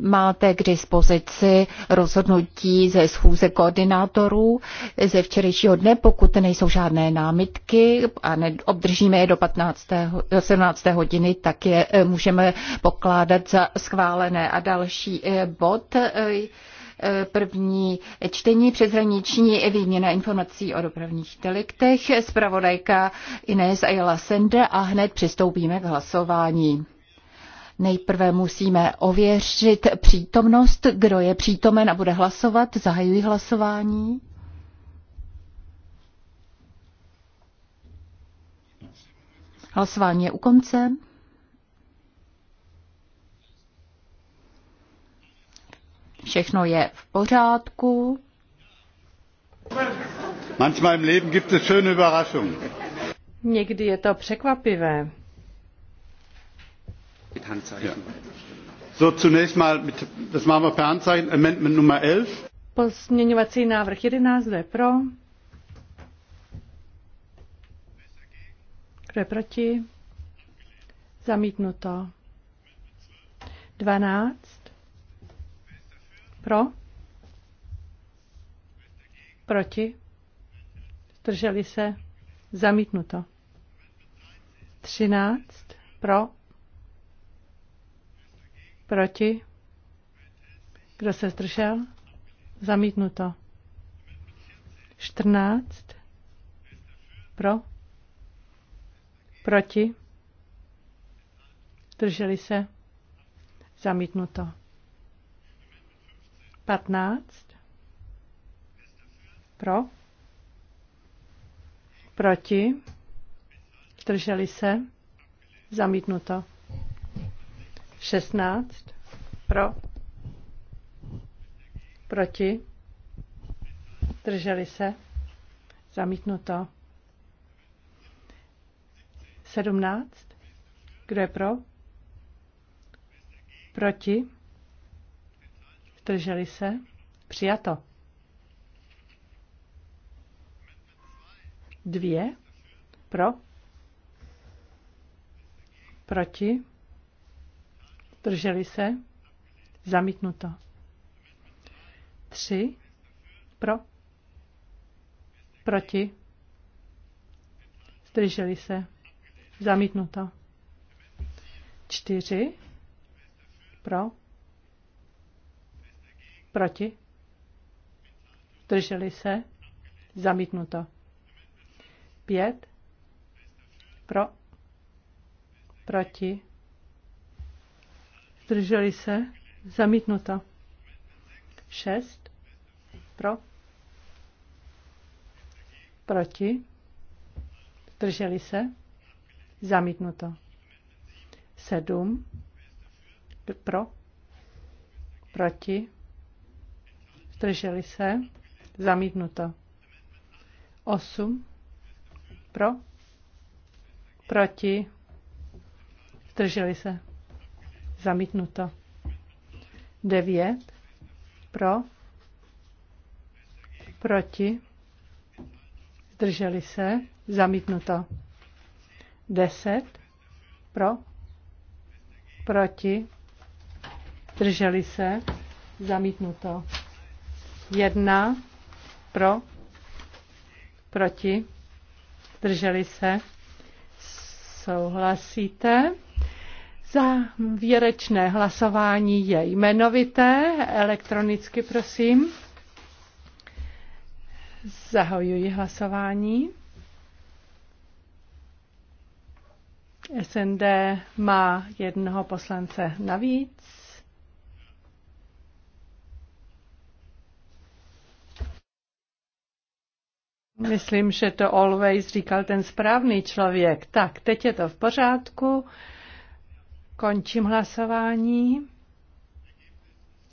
máte k dispozici rozhodnutí ze schůze koordinátorů ze včerejšího dne, pokud nejsou žádné námitky a obdržíme je do 15. 17. hodiny, tak je eh, můžeme pokládat za schválené. A další eh, bod eh, první čtení přeshraniční výměna informací o dopravních deliktech. Spravodajka Inés Ayala Sende a hned přistoupíme k hlasování. Nejprve musíme ověřit přítomnost, kdo je přítomen a bude hlasovat. Zahajuji hlasování. Hlasování je u konce. Všechno je v pořádku. Manchmal im Leben gibt es schöne Überraschungen. Někdy je to překvapivé. So zunächst mal, mit, das machen wir per Handzeichen, Amendment Nummer 11. Pozměňovací návrh 11, kdo je pro? Kdo je proti? Zamítnuto. 12. Pro? Proti? Zdrželi se? Zamítnuto. 13. Pro? Proti? Kdo se zdržel? Zamítnuto. 14. Pro? Proti? Drželi se? Zamítnuto. 15. Pro? Proti? Drželi se? Zamítnuto. 16 pro, proti, drželi se, zamítnuto. 17, kdo je pro, proti, drželi se, přijato. Dvě, pro, proti, Drželi se? Zamítnuto. Tři. Pro. Proti. Zdrželi se. Zamítnuto. Čtyři. Pro. Proti. Zdrželi se. Zamítnuto. Pět. Pro. Proti zdrželi se, zamítnuto. šest pro, proti, zdrželi se, zamítnuto. sedm pro, proti, zdrželi se, zamítnuto. osm pro, proti, zdrželi se. Zamítnuto. 9. Pro. Proti. Zdrželi se. Zamítnuto. 10. Pro. Proti. Zdrželi se. Zamítnuto. 1. Pro. Proti. Zdrželi se. Souhlasíte? Závěrečné hlasování je jmenovité, elektronicky prosím. Zahajuji hlasování. SND má jednoho poslance navíc. Myslím, že to always říkal ten správný člověk. Tak, teď je to v pořádku. Končím hlasování.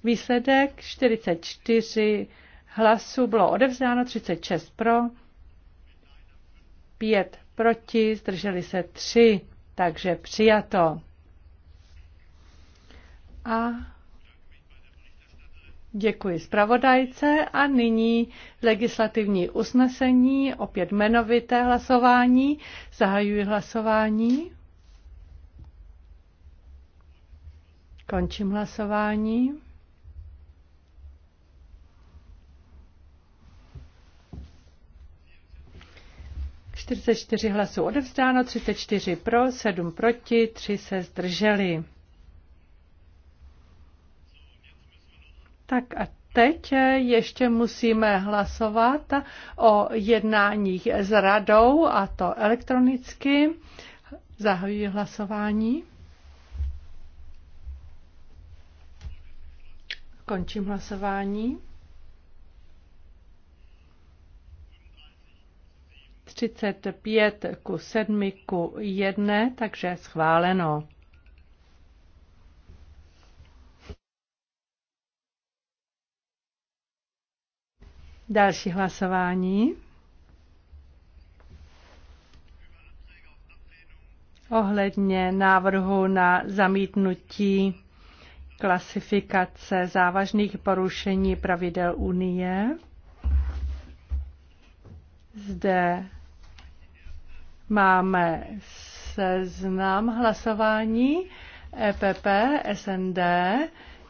Výsledek 44 hlasů bylo odevzdáno, 36 pro, 5 proti, zdrželi se 3, takže přijato. A děkuji zpravodajce a nyní legislativní usnesení, opět jmenovité hlasování. Zahajuji hlasování. Končím hlasování. čtyři hlasů odevzdáno, 34 pro, 7 proti, 3 se zdrželi. Tak a teď ještě musíme hlasovat o jednáních s radou, a to elektronicky. Zahajuji hlasování. Končím hlasování. 35 ku 7 ku 1, takže schváleno. Další hlasování. Ohledně návrhu na zamítnutí klasifikace závažných porušení pravidel Unie. Zde máme seznam hlasování EPP, SND.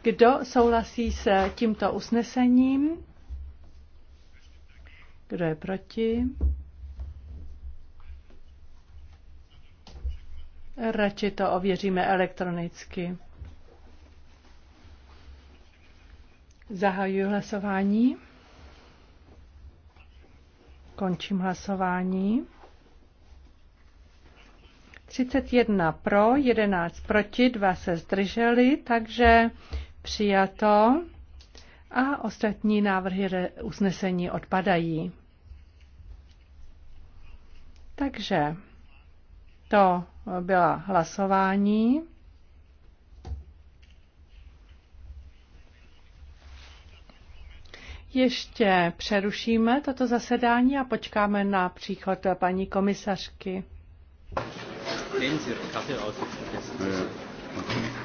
Kdo souhlasí s tímto usnesením? Kdo je proti? Radši to ověříme elektronicky. Zahajuji hlasování. Končím hlasování. 31 pro, 11 proti, 2 se zdrželi, takže přijato a ostatní návrhy usnesení odpadají. Takže to byla hlasování. Ještě přerušíme toto zasedání a počkáme na příchod paní komisařky. Nehmen Sie Kaffee aus. Ja, okay.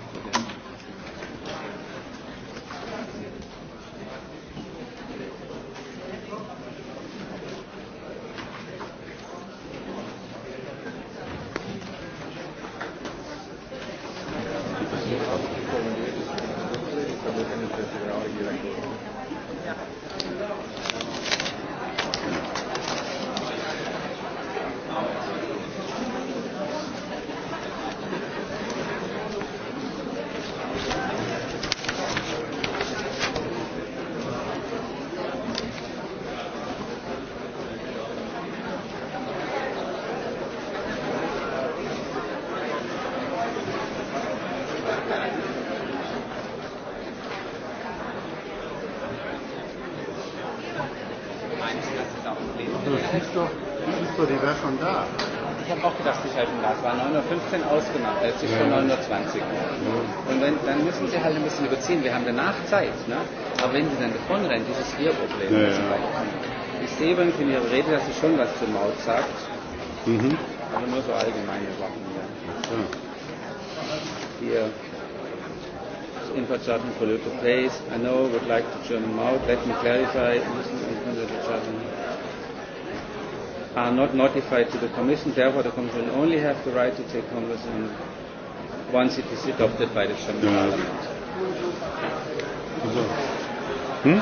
Zeit. Ne? Aber wenn sie dann davon rennen, das ist ihr Problem. Ja, ja. Ich sehe übrigens in Ihrer Rede, dass Sie schon was zur Maut sagt. Mhm. Aber nur so allgemeine Sachen. Ja. Ja. Hier. Infrastructure for you to place. I know would like the German mouth. Let me clarify. Are not notified to the Commission. Therefore, the Commission only have the right to take Congress in once it is adopted by the German yeah. Parliament. Hm?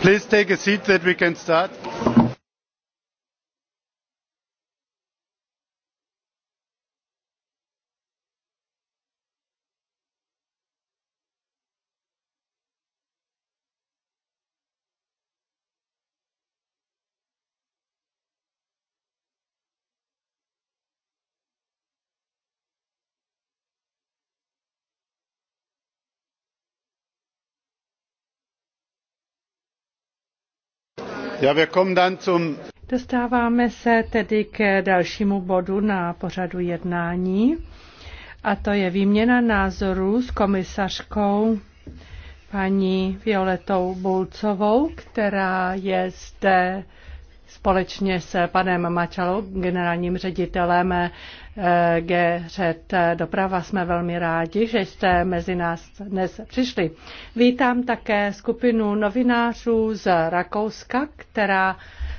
please take a seat that we can start. Ja, wir kommen dann zum... Dostáváme se tedy k dalšímu bodu na pořadu jednání a to je výměna názorů s komisařkou paní Violetou Bulcovou, která je zde společně s panem Mačalou, generálním ředitelem eh, GŘET Doprava. Jsme velmi rádi, že jste mezi nás dnes přišli. Vítám také skupinu novinářů z Rakouska, která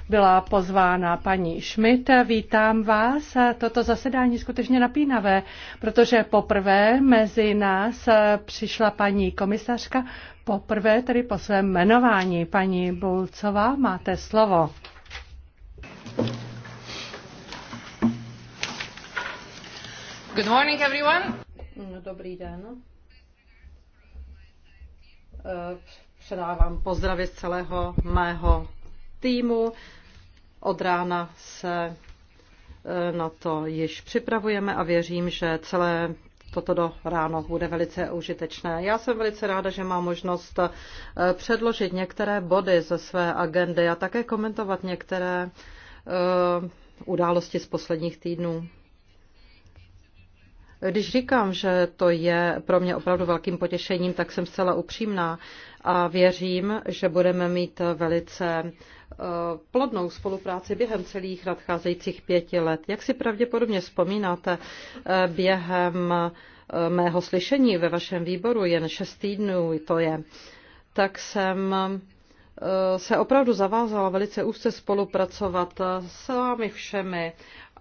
byla pozvána paní Schmidt. Vítám vás. Toto zasedání je skutečně napínavé, protože poprvé mezi nás přišla paní komisařka, poprvé tedy po svém jmenování. Paní Bulcová, máte slovo. Good morning, everyone. Mm, dobrý den. Eh, předávám pozdravy z celého mého týmu. Od rána se eh, na to již připravujeme a věřím, že celé toto do ráno bude velice užitečné. Já jsem velice ráda, že mám možnost eh, předložit některé body ze své agendy a také komentovat některé Eh, události z posledních týdnů. Když říkám, že to je pro mě opravdu velkým potěšením, tak jsem zcela upřímná a věřím, že budeme mít velice eh, plodnou spolupráci během celých nadcházejících pěti let. Jak si pravděpodobně vzpomínáte, eh, během mého slyšení ve vašem výboru, jen šest týdnů to je, tak jsem Eh, se opravdu zavázala velice úzce spolupracovat s vámi všemi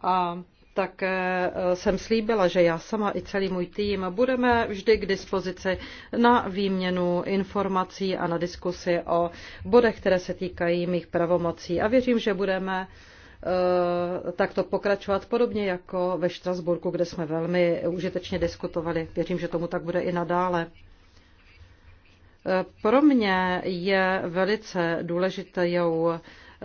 a tak eh, jsem slíbila, že já sama i celý můj tým budeme vždy k dispozici na výměnu informací a na diskusy o bodech, které se týkají mých pravomocí. A věřím, že budeme eh, takto pokračovat podobně jako ve Štrasburku, kde jsme velmi užitečně diskutovali. Věřím, že tomu tak bude i nadále. Pro mě je velice důležitou,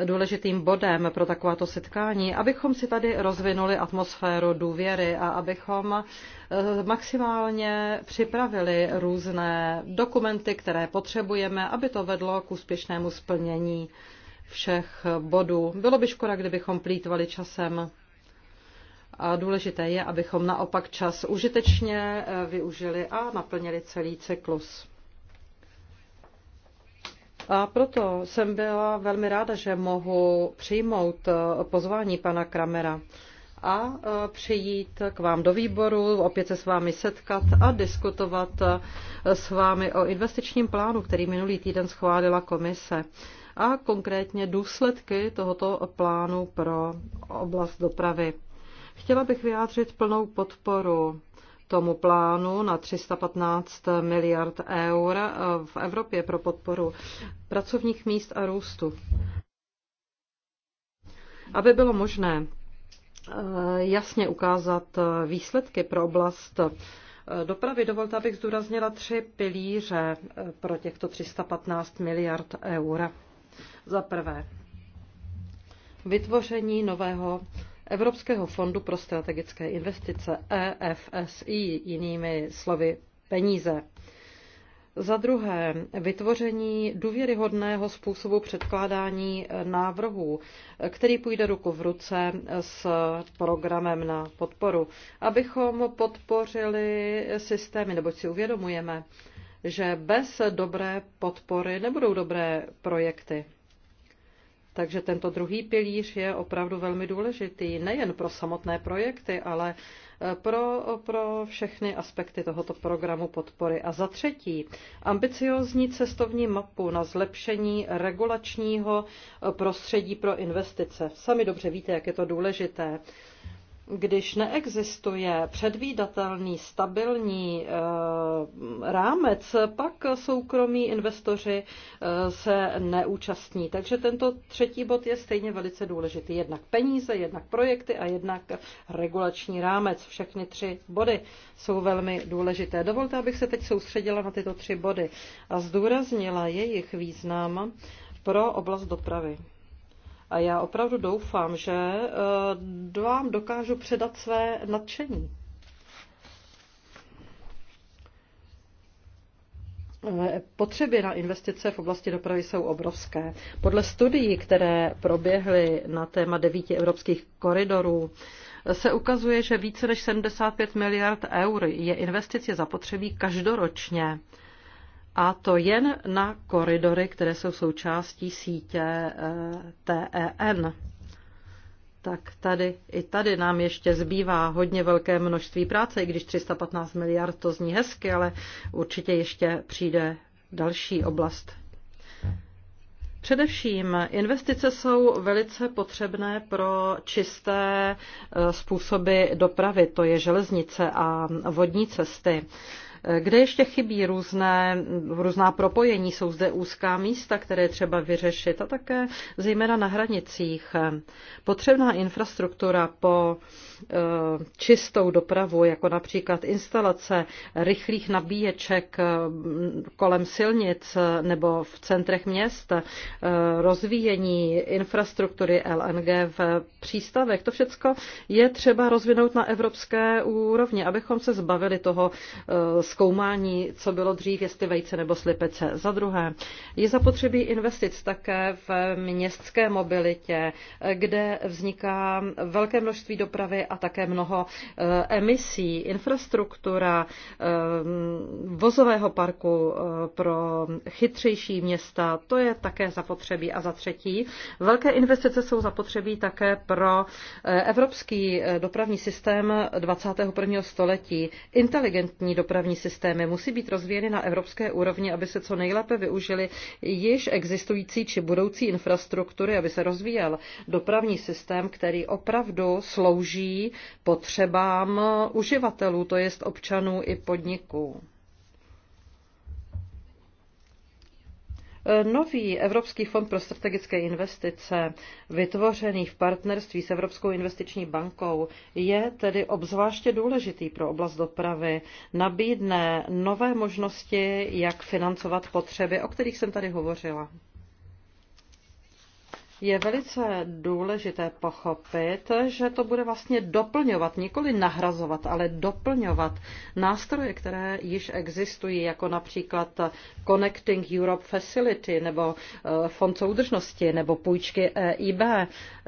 důležitým bodem pro takováto setkání, abychom si tady rozvinuli atmosféru důvěry a abychom eh, maximálně připravili různé dokumenty, které potřebujeme, aby to vedlo k úspěšnému splnění všech bodů. Bylo by škoda, kdybychom plítvali časem. A důležité je, abychom naopak čas užitečně eh, využili a naplnili celý cyklus. A proto jsem byla velmi ráda, že mohu přijmout eh, pozvání pana Kramera a eh, přijít k vám do výboru, opět se s vámi setkat a diskutovat eh, s vámi o investičním plánu, který minulý týden schválila komise a konkrétně důsledky tohoto plánu pro oblast dopravy. Chtěla bych vyjádřit plnou podporu tomu plánu na 315 miliard eur eh, v Evropě pro podporu pracovních míst a růstu. Aby bylo možné eh, jasně ukázat eh, výsledky pro oblast dopravy, dovolte, abych zdůraznila tři pilíře pro těchto 315 miliard eur. Za prvé, vytvoření nového Evropského fondu pro strategické investice EFSI, jinými slovy peníze. Za druhé, vytvoření důvěryhodného způsobu předkládání návrhů, který půjde ruku v ruce s programem na podporu, abychom podpořili systémy, neboť si uvědomujeme, že bez dobré podpory nebudou dobré projekty. Takže tento druhý pilíř je opravdu velmi důležitý, nejen pro samotné projekty, ale eh, pro, pro všechny aspekty tohoto programu podpory. A za třetí, ambiciozní cestovní mapu na zlepšení regulačního eh, prostředí pro investice. Sami dobře víte, jak je to důležité když neexistuje předvídatelný, stabilní eh, rámec, pak soukromí investoři eh, se neúčastní. Takže tento třetí bod je stejně velice důležitý. Jednak peníze, jednak projekty a jednak regulační rámec. Všechny tři body jsou velmi důležité. Dovolte, abych se teď soustředila na tyto tři body a zdůraznila jejich význam pro oblast dopravy. A já opravdu doufám, že eh, vám dokážu předat své nadšení. Eh, potřeby na investice v oblasti dopravy jsou obrovské. Podle studií, které proběhly na téma devíti evropských koridorů, eh, se ukazuje, že více než 75 miliard eur je investice zapotřebí každoročně a to jen na koridory, které jsou součástí sítě eh, TEN. Tak tady, i tady nám ještě zbývá hodně velké množství práce, i když 315 miliard to zní hezky, ale určitě ještě přijde další oblast. Především investice jsou velice potřebné pro čisté eh, způsoby dopravy, to je železnice a vodní cesty. Kde ještě chybí různé, různá propojení, jsou zde úzká místa, které třeba vyřešit a také zejména na hranicích. Potřebná infrastruktura po e, čistou dopravu, jako například instalace rychlých nabíječek e, kolem silnic nebo v centrech měst, e, rozvíjení infrastruktury LNG v přístavech, to všechno je třeba rozvinout na evropské úrovni, abychom se zbavili toho zkoumání, co bylo dřív, jestli vejce nebo slipice. Za druhé, je zapotřebí investic také v městské mobilitě, kde vzniká velké množství dopravy a také mnoho eh, emisí, infrastruktura eh, vozového parku eh, pro chytřejší města, to je také zapotřebí. A za třetí, velké investice jsou zapotřebí také pro evropský dopravní systém 21. století, inteligentní dopravní systém systémy musí být rozvíjeny na evropské úrovni, aby se co nejlépe využily již existující či budoucí infrastruktury, aby se rozvíjel dopravní systém, který opravdu slouží potřebám uživatelů, to jest občanů i podniků. Nový Evropský fond pro strategické investice, vytvořený v partnerství s Evropskou investiční bankou, je tedy obzvláště důležitý pro oblast dopravy. Nabídne nové možnosti, jak financovat potřeby, o kterých jsem tady hovořila je velice důležité pochopit, že to bude vlastně doplňovat, nikoli nahrazovat, ale doplňovat nástroje, které již existují, jako například Connecting Europe Facility nebo eh, Fond soudržnosti nebo půjčky EIB,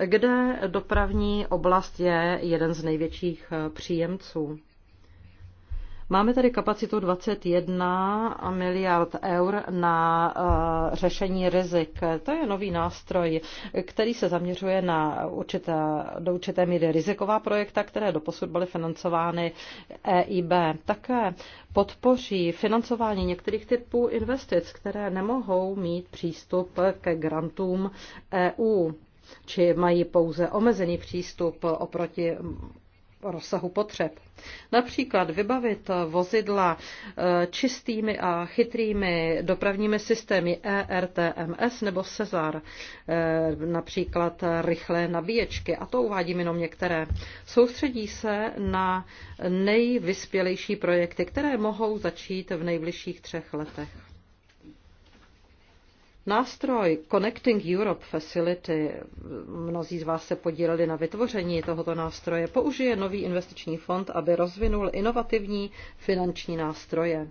kde dopravní oblast je jeden z největších eh, příjemců. Máme tady kapacitu 21 miliard eur na eh, řešení rizik. To je nový nástroj, který se zaměřuje na určité, do určité míry riziková projekta, které doposud byly financovány EIB. Také podpoří financování některých typů investic, které nemohou mít přístup ke grantům EU či mají pouze omezený přístup oproti rozsahu potřeb. Například vybavit vozidla eh, čistými a chytrými dopravními systémy ERTMS nebo Cezar, eh, například rychlé nabíječky, a to uvádím jenom některé. Soustředí se na nejvyspělejší projekty, které mohou začít v nejbližších třech letech. Nástroj Connecting Europe Facility, mnozí z vás se podíleli na vytvoření tohoto nástroje, použije nový investiční fond, aby rozvinul inovativní finanční nástroje.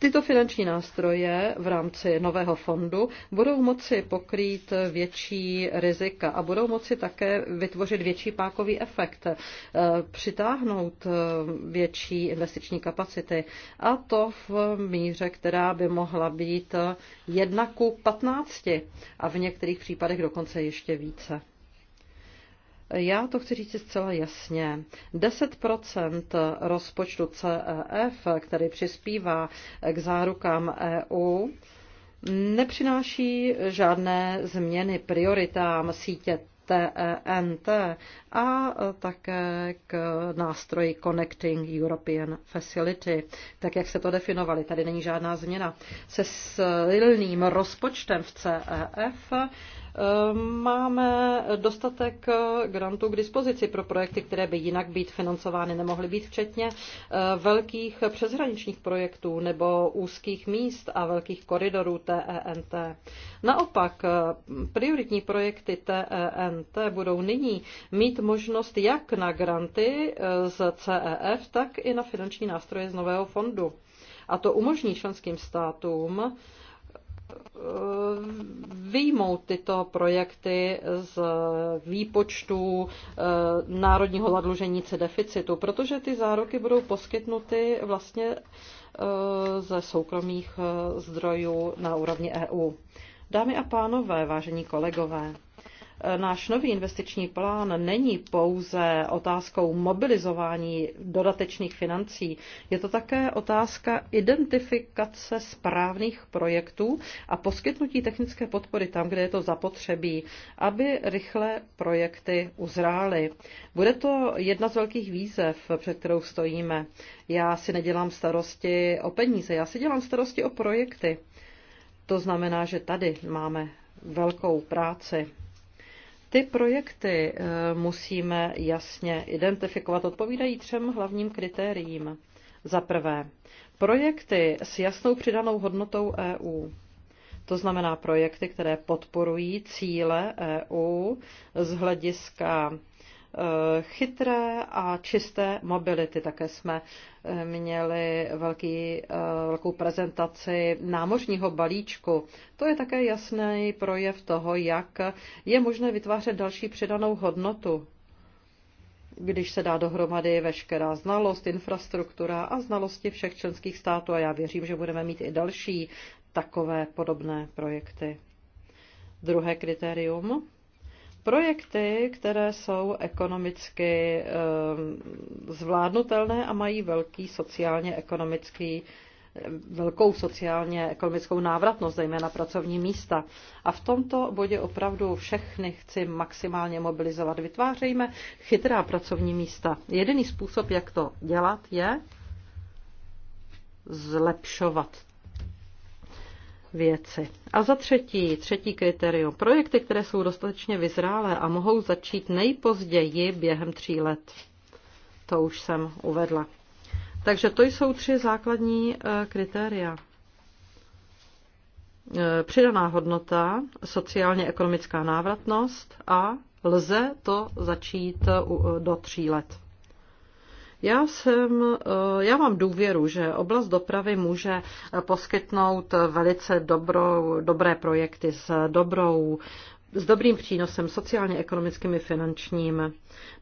Tyto finanční nástroje v rámci nového fondu budou moci pokrýt větší rizika a budou moci také vytvořit větší pákový efekt, eh, přitáhnout eh, větší investiční kapacity a to v míře, která by mohla být 1 ku 15 a v některých případech dokonce ještě více. Já to chci říct zcela jasně. 10 rozpočtu CEF, který přispívá k zárukám EU, nepřináší žádné změny prioritám sítě TENT e a také k nástroji Connecting European Facility. Tak, jak se to definovali, tady není žádná změna. Se silným rozpočtem v CEF Ehm, máme dostatek eh, grantů k dispozici pro projekty, které by jinak být financovány nemohly být, včetně eh, velkých přeshraničních projektů nebo úzkých míst a velkých koridorů TENT. E Naopak, eh, prioritní projekty TENT e budou nyní mít možnost jak na granty z CEF, tak i na finanční nástroje z nového fondu. A to umožní členským státům Eh, vyjmout tyto projekty z výpočtu eh, národního se deficitu, protože ty záruky budou poskytnuty vlastně eh, ze soukromých zdrojů na úrovni EU. Dámy a pánové, vážení kolegové, náš nový investiční plán není pouze otázkou mobilizování dodatečných financí, je to také otázka identifikace správných projektů a poskytnutí technické podpory tam, kde je to zapotřebí, aby rychle projekty uzrály. Bude to jedna z velkých výzev, před kterou stojíme. Já si nedělám starosti o peníze, já si dělám starosti o projekty. To znamená, že tady máme velkou práci. Ty projekty eh, musíme jasně identifikovat. Odpovídají třem hlavním kritériím. Za prvé, projekty s jasnou přidanou hodnotou EU. To znamená projekty, které podporují cíle EU z hlediska Eh, chytré a čisté mobility. Také jsme eh, měli velký, eh, velkou prezentaci námořního balíčku. To je také jasný projev toho, jak je možné vytvářet další přidanou hodnotu když se dá dohromady veškerá znalost, infrastruktura a znalosti všech členských států. A já věřím, že budeme mít i další takové podobné projekty. Druhé kritérium Projekty, které jsou ekonomicky ehm, zvládnutelné a mají velký sociálně ekonomický velkou sociálně ekonomickou návratnost, zejména pracovní místa. A v tomto bodě opravdu všechny chci maximálně mobilizovat. Vytvářejme chytrá pracovní místa. Jediný způsob, jak to dělat, je zlepšovat věci. A za třetí, třetí kritérium, projekty, které jsou dostatečně vyzrálé a mohou začít nejpozději během tří let. To už jsem uvedla. Takže to jsou tři základní eh, kritéria. Eh, přidaná hodnota, sociálně-ekonomická návratnost a lze to začít eh, do tří let. Já, jsem, eh, já mám důvěru, že oblast dopravy může poskytnout velice dobrou, dobré projekty s dobrou s dobrým přínosem sociálně, ekonomickým i finančním.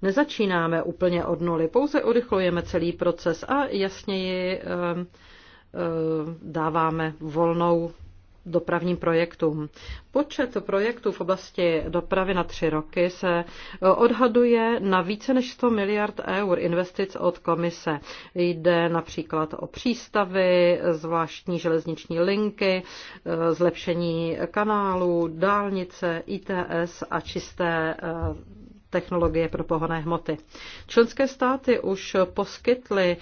Nezačínáme úplně od nuly, pouze urychlujeme celý proces a jasněji eh, eh, dáváme volnou dopravním projektům. Počet projektů v oblasti dopravy na tři roky se e, odhaduje na více než 100 miliard eur investic od komise. Jde například o přístavy, zvláštní železniční linky, e, zlepšení kanálů, dálnice, ITS a čisté e, technologie pro pohonné hmoty. Členské státy už poskytly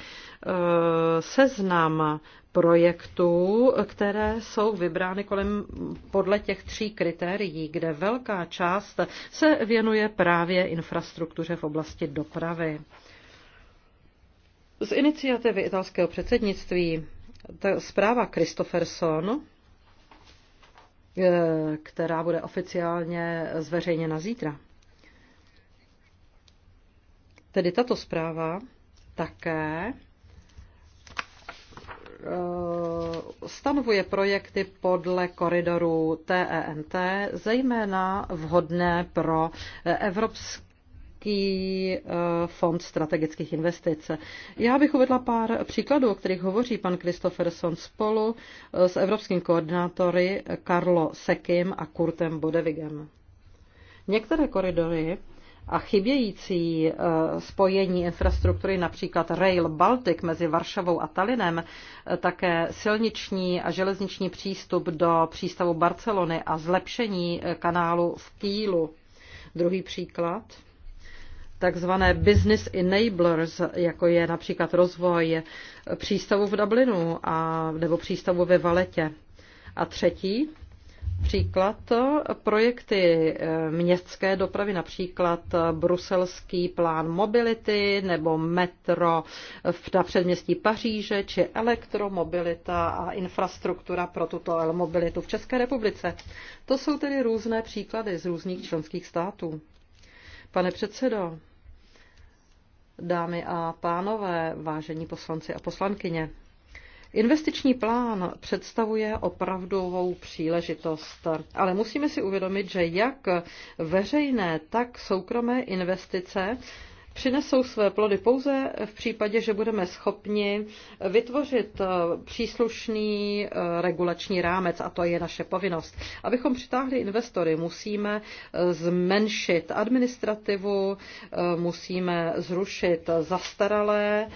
seznam projektů, které jsou vybrány kolem podle těch tří kritérií, kde velká část se věnuje právě infrastruktuře v oblasti dopravy. Z iniciativy italského předsednictví ta zpráva Christopherson, eh, která bude oficiálně zveřejněna zítra. Tedy tato zpráva také Eh, stanovuje projekty podle koridoru TENT, e zejména vhodné pro evropské Evropský eh, fond strategických investic. Já bych uvedla pár příkladů, o kterých hovoří pan Kristofferson spolu eh, s evropským koordinátory Karlo Sekim a Kurtem Bodevigem. Některé koridory a chybějící eh, spojení infrastruktury, například Rail Baltic mezi Varšavou a Talinem, eh, také silniční a železniční přístup do přístavu Barcelony a zlepšení eh, kanálu v Kýlu. Druhý příklad takzvané business enablers, jako je například rozvoj přístavu v Dublinu a, nebo přístavu ve Valetě. A třetí příklad projekty eh, městské dopravy, například eh, bruselský plán mobility nebo metro na předměstí Paříže či elektromobilita a infrastruktura pro tuto mobilitu v České republice. To jsou tedy různé příklady z různých členských států. Pane předsedo, dámy a pánové, vážení poslanci a poslankyně, Investiční plán představuje opravdovou příležitost, ale musíme si uvědomit, že jak veřejné, tak soukromé investice přinesou své plody pouze v případě, že budeme schopni vytvořit eh, příslušný eh, regulační rámec, a to je naše povinnost. Abychom přitáhli investory, musíme eh, zmenšit administrativu, musíme zrušit zastaralé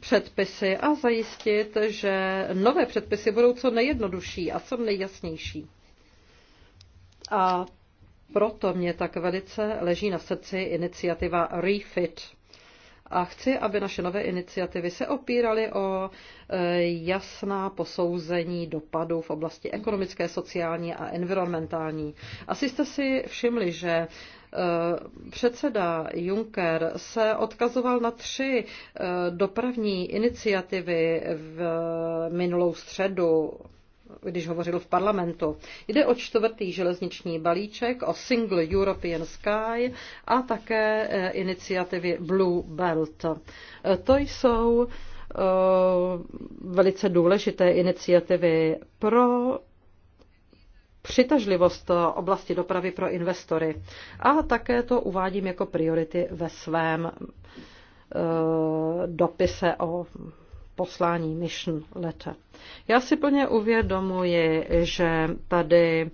předpisy a zajistit, že nové předpisy budou co nejjednodušší a co nejjasnější. A proto mě tak velice leží na srdci iniciativa Refit. A chci, aby naše nové iniciativy se opíraly o e, jasná posouzení dopadů v oblasti ekonomické, sociální a environmentální. Asi jste si všimli, že e, předseda Juncker se odkazoval na tři e, dopravní iniciativy v minulou středu když hovořil v parlamentu. Jde o čtvrtý železniční balíček, o Single European Sky a také eh, iniciativy Blue Belt. Eh, to jsou eh, velice důležité iniciativy pro přitažlivost oblasti dopravy pro investory. A také to uvádím jako priority ve svém dopise o poslání mission letter. Já si plně uvědomuji, že tady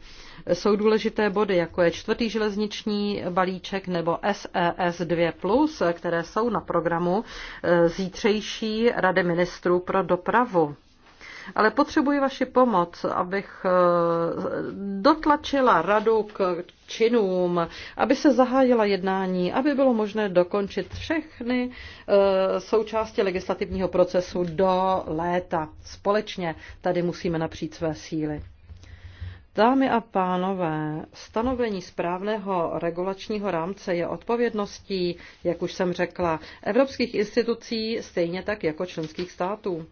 jsou důležité body, jako je čtvrtý železniční balíček nebo SES 2+, e které jsou na programu eh, zítřejší Rady ministrů pro dopravu ale potřebuji vaši pomoc, abych eh, dotlačila radu k činům, aby se zahájila jednání, aby bylo možné dokončit všechny eh, součásti legislativního procesu do léta. Společně tady musíme napřít své síly. Dámy a pánové, stanovení správného regulačního rámce je odpovědností, jak už jsem řekla, evropských institucí stejně tak jako členských států.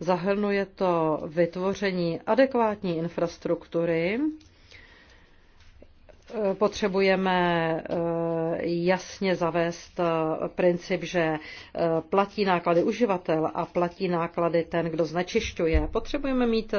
Zahrnuje to vytvoření adekvátní infrastruktury Eh, potřebujeme eh, jasně zavést eh, princip, že platí náklady uživatel a platí náklady ten, kdo znečišťuje. Potřebujeme mít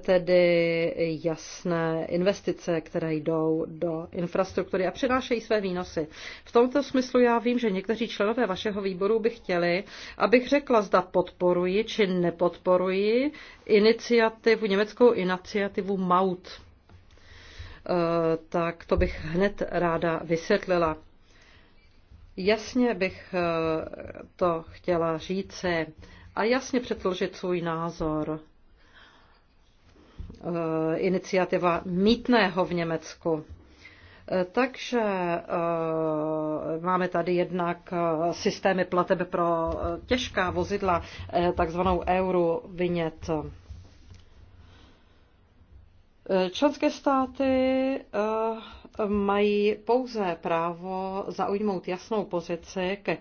tedy jasné investice, které jdou do infrastruktury a přinášejí své výnosy. V tomto smyslu já vím, že někteří členové vašeho výboru by chtěli, abych řekla, zda podporuji či nepodporuji iniciativu, německou iniciativu MAUT Eh, tak to bych hned ráda vysvětlila. Jasně bych eh, to chtěla říci a jasně předložit svůj názor. Eh, iniciativa mítného v Německu. Takže máme tady jednak systémy plateb pro těžká vozidla, takzvanou eurovinět. vinět Eh, členské státy eh, mají pouze právo zaujmout jasnou pozici ke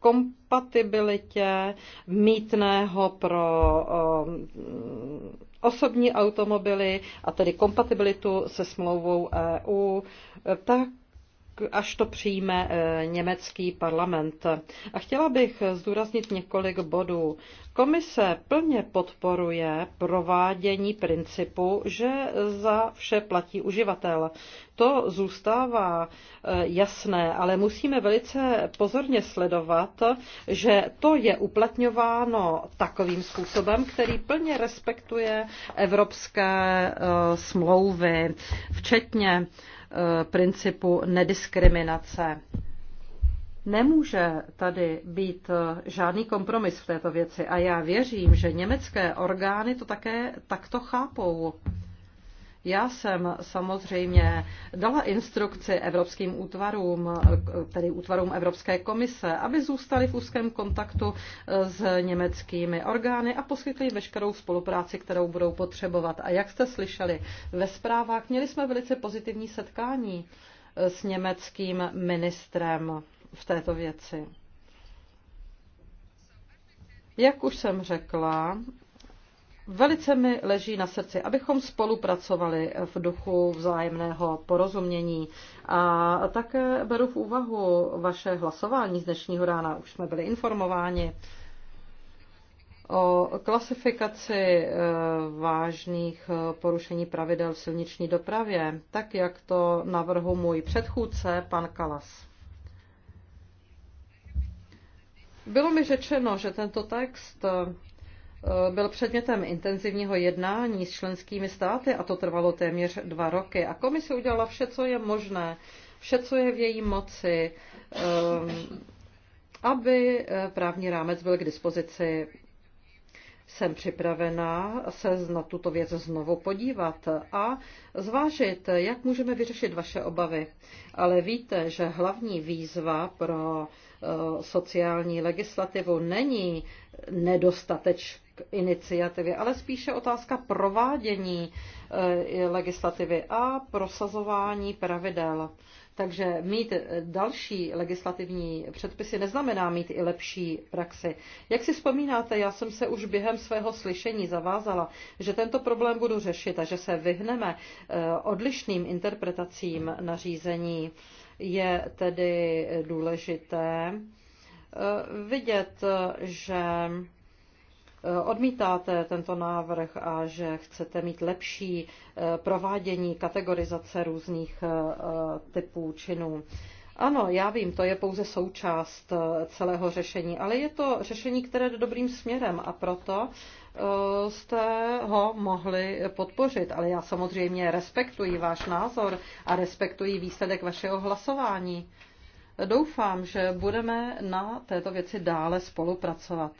kompatibilitě mítného pro eh, osobní automobily a tedy kompatibilitu se smlouvou EU, tak až to přijme eh, německý parlament. A chtěla bych zdůraznit několik bodů. Komise plně podporuje provádění principu, že za vše platí uživatel. To zůstává eh, jasné, ale musíme velice pozorně sledovat, že to je uplatňováno takovým způsobem, který plně respektuje evropské eh, smlouvy, včetně Eh, principu nediskriminace. Nemůže tady být eh, žádný kompromis v této věci a já věřím, že německé orgány to také takto chápou. Já jsem samozřejmě dala instrukci evropským útvarům, tedy útvarům Evropské komise, aby zůstali v úzkém kontaktu s německými orgány a poskytli veškerou spolupráci, kterou budou potřebovat. A jak jste slyšeli ve zprávách, měli jsme velice pozitivní setkání s německým ministrem v této věci. Jak už jsem řekla, Velice mi leží na srdci, abychom spolupracovali v duchu vzájemného porozumění. A také beru v úvahu vaše hlasování z dnešního rána. Už jsme byli informováni o klasifikaci eh, vážných eh, porušení pravidel v silniční dopravě, tak jak to navrhu můj předchůdce, pan Kalas. Bylo mi řečeno, že tento text eh, Eh, byl předmětem intenzivního jednání s členskými státy a to trvalo téměř dva roky. A komise udělala vše, co je možné, vše, co je v její moci, eh, aby eh, právní rámec byl k dispozici. Jsem připravená se na tuto věc znovu podívat a zvážit, jak můžeme vyřešit vaše obavy. Ale víte, že hlavní výzva pro sociální legislativu není nedostateč k iniciativě, ale spíše otázka provádění eh, legislativy a prosazování pravidel. Takže mít další legislativní předpisy neznamená mít i lepší praxi. Jak si vzpomínáte, já jsem se už během svého slyšení zavázala, že tento problém budu řešit a že se vyhneme eh, odlišným interpretacím nařízení. Je tedy důležité eh, vidět, že odmítáte tento návrh a že chcete mít lepší eh, provádění kategorizace různých eh, typů činů. Ano, já vím, to je pouze součást eh, celého řešení, ale je to řešení, které jde dobrým směrem a proto jste ho mohli podpořit. Ale já samozřejmě respektuji váš názor a respektuji výsledek vašeho hlasování. Doufám, že budeme na této věci dále spolupracovat.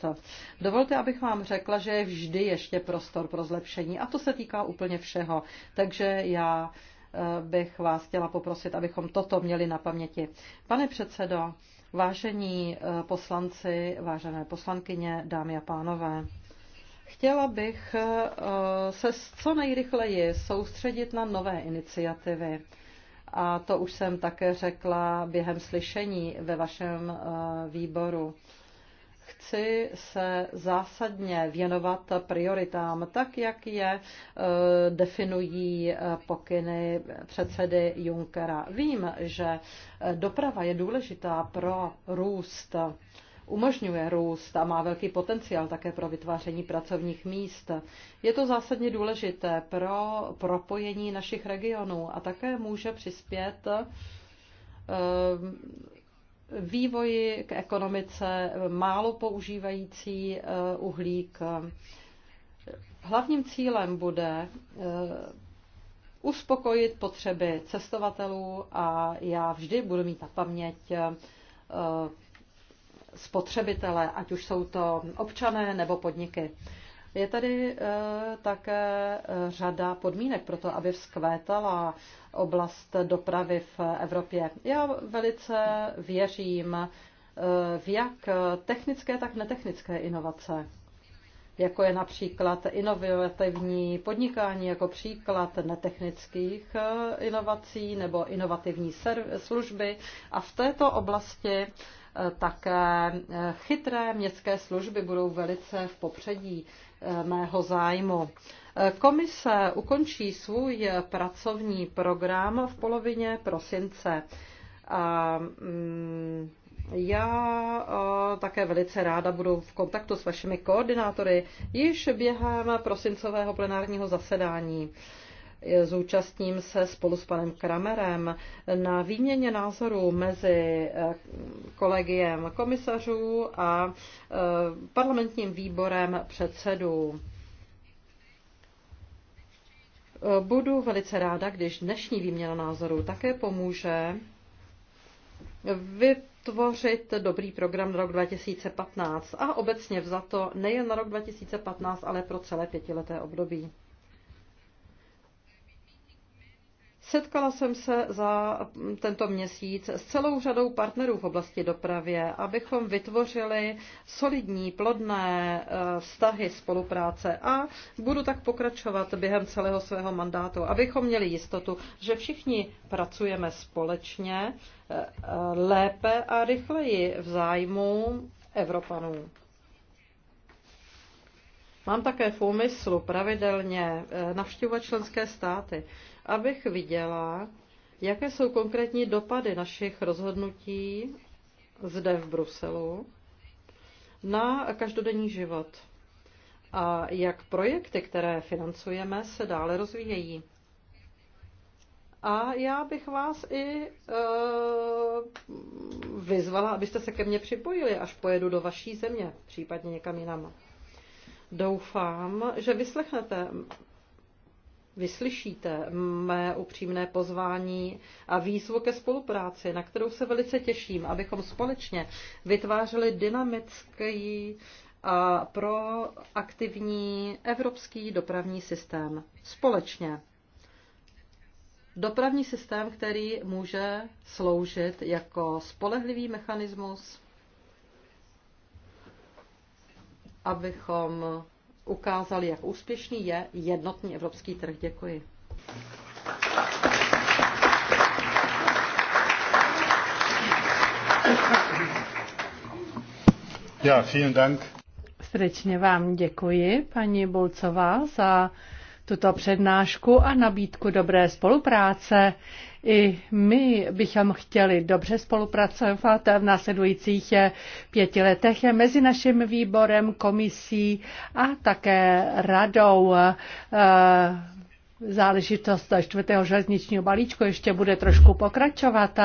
Dovolte, abych vám řekla, že je vždy ještě prostor pro zlepšení a to se týká úplně všeho. Takže já eh, bych vás chtěla poprosit, abychom toto měli na paměti. Pane předsedo, vážení eh, poslanci, vážené poslankyně, dámy a pánové, chtěla bych eh, se co nejrychleji soustředit na nové iniciativy a to už jsem také řekla během slyšení ve vašem eh, výboru. Chci se zásadně věnovat prioritám, tak jak je eh, definují eh, pokyny předsedy Junckera. Vím, že doprava je důležitá pro růst umožňuje růst a má velký potenciál také pro vytváření pracovních míst. Je to zásadně důležité pro propojení našich regionů a také může přispět eh, vývoji k ekonomice málo používající eh, uhlík. Hlavním cílem bude eh, uspokojit potřeby cestovatelů a já vždy budu mít na paměť spotřebitele, ať už jsou to občané nebo podniky. Je tady eh, také eh, řada podmínek pro to, aby vzkvétala oblast dopravy v Evropě. Já velice věřím eh, v jak technické, tak netechnické inovace jako je například inovativní podnikání jako příklad netechnických inovací nebo inovativní služby. A v této oblasti také eh, chytré městské služby budou velice v popředí eh, mého zájmu. Eh, komise ukončí svůj pracovní program v polovině prosince. A mm, já také velice ráda budu v kontaktu s vašimi koordinátory již během prosincového plenárního zasedání. Zúčastním se spolu s panem Kramerem na výměně názorů mezi eh, kolegiem komisařů a eh, parlamentním výborem předsedů. Budu velice ráda, když dnešní výměna názorů také pomůže vytvořit dobrý program na rok 2015 a obecně vzato nejen na rok 2015, ale pro celé pětileté období. Setkala jsem se za tento měsíc s celou řadou partnerů v oblasti dopravě, abychom vytvořili solidní, plodné eh, vztahy spolupráce a budu tak pokračovat během celého svého mandátu, abychom měli jistotu, že všichni pracujeme společně eh, eh, lépe a rychleji v zájmu Evropanů. Mám také v úmyslu pravidelně navštěvovat členské státy abych viděla, jaké jsou konkrétní dopady našich rozhodnutí zde v Bruselu na každodenní život a jak projekty, které financujeme, se dále rozvíjejí. A já bych vás i e, vyzvala, abyste se ke mně připojili, až pojedu do vaší země, případně někam jinam. Doufám, že vyslechnete vyslyšíte mé upřímné pozvání a výzvu ke spolupráci, na kterou se velice těším, abychom společně vytvářeli dynamický a proaktivní evropský dopravní systém. Společně. Dopravní systém, který může sloužit jako spolehlivý mechanismus, abychom ukázali, jak úspěšný je jednotný evropský trh. Děkuji. Ja, vielen Dank. Srdečně vám děkuji, paní Bolcová, za tuto přednášku a nabídku dobré spolupráce. I my bychom chtěli dobře spolupracovat v následujících pěti letech mezi naším výborem, komisí a také radou záležitost čtvrtého železničního balíčku ještě bude trošku pokračovat,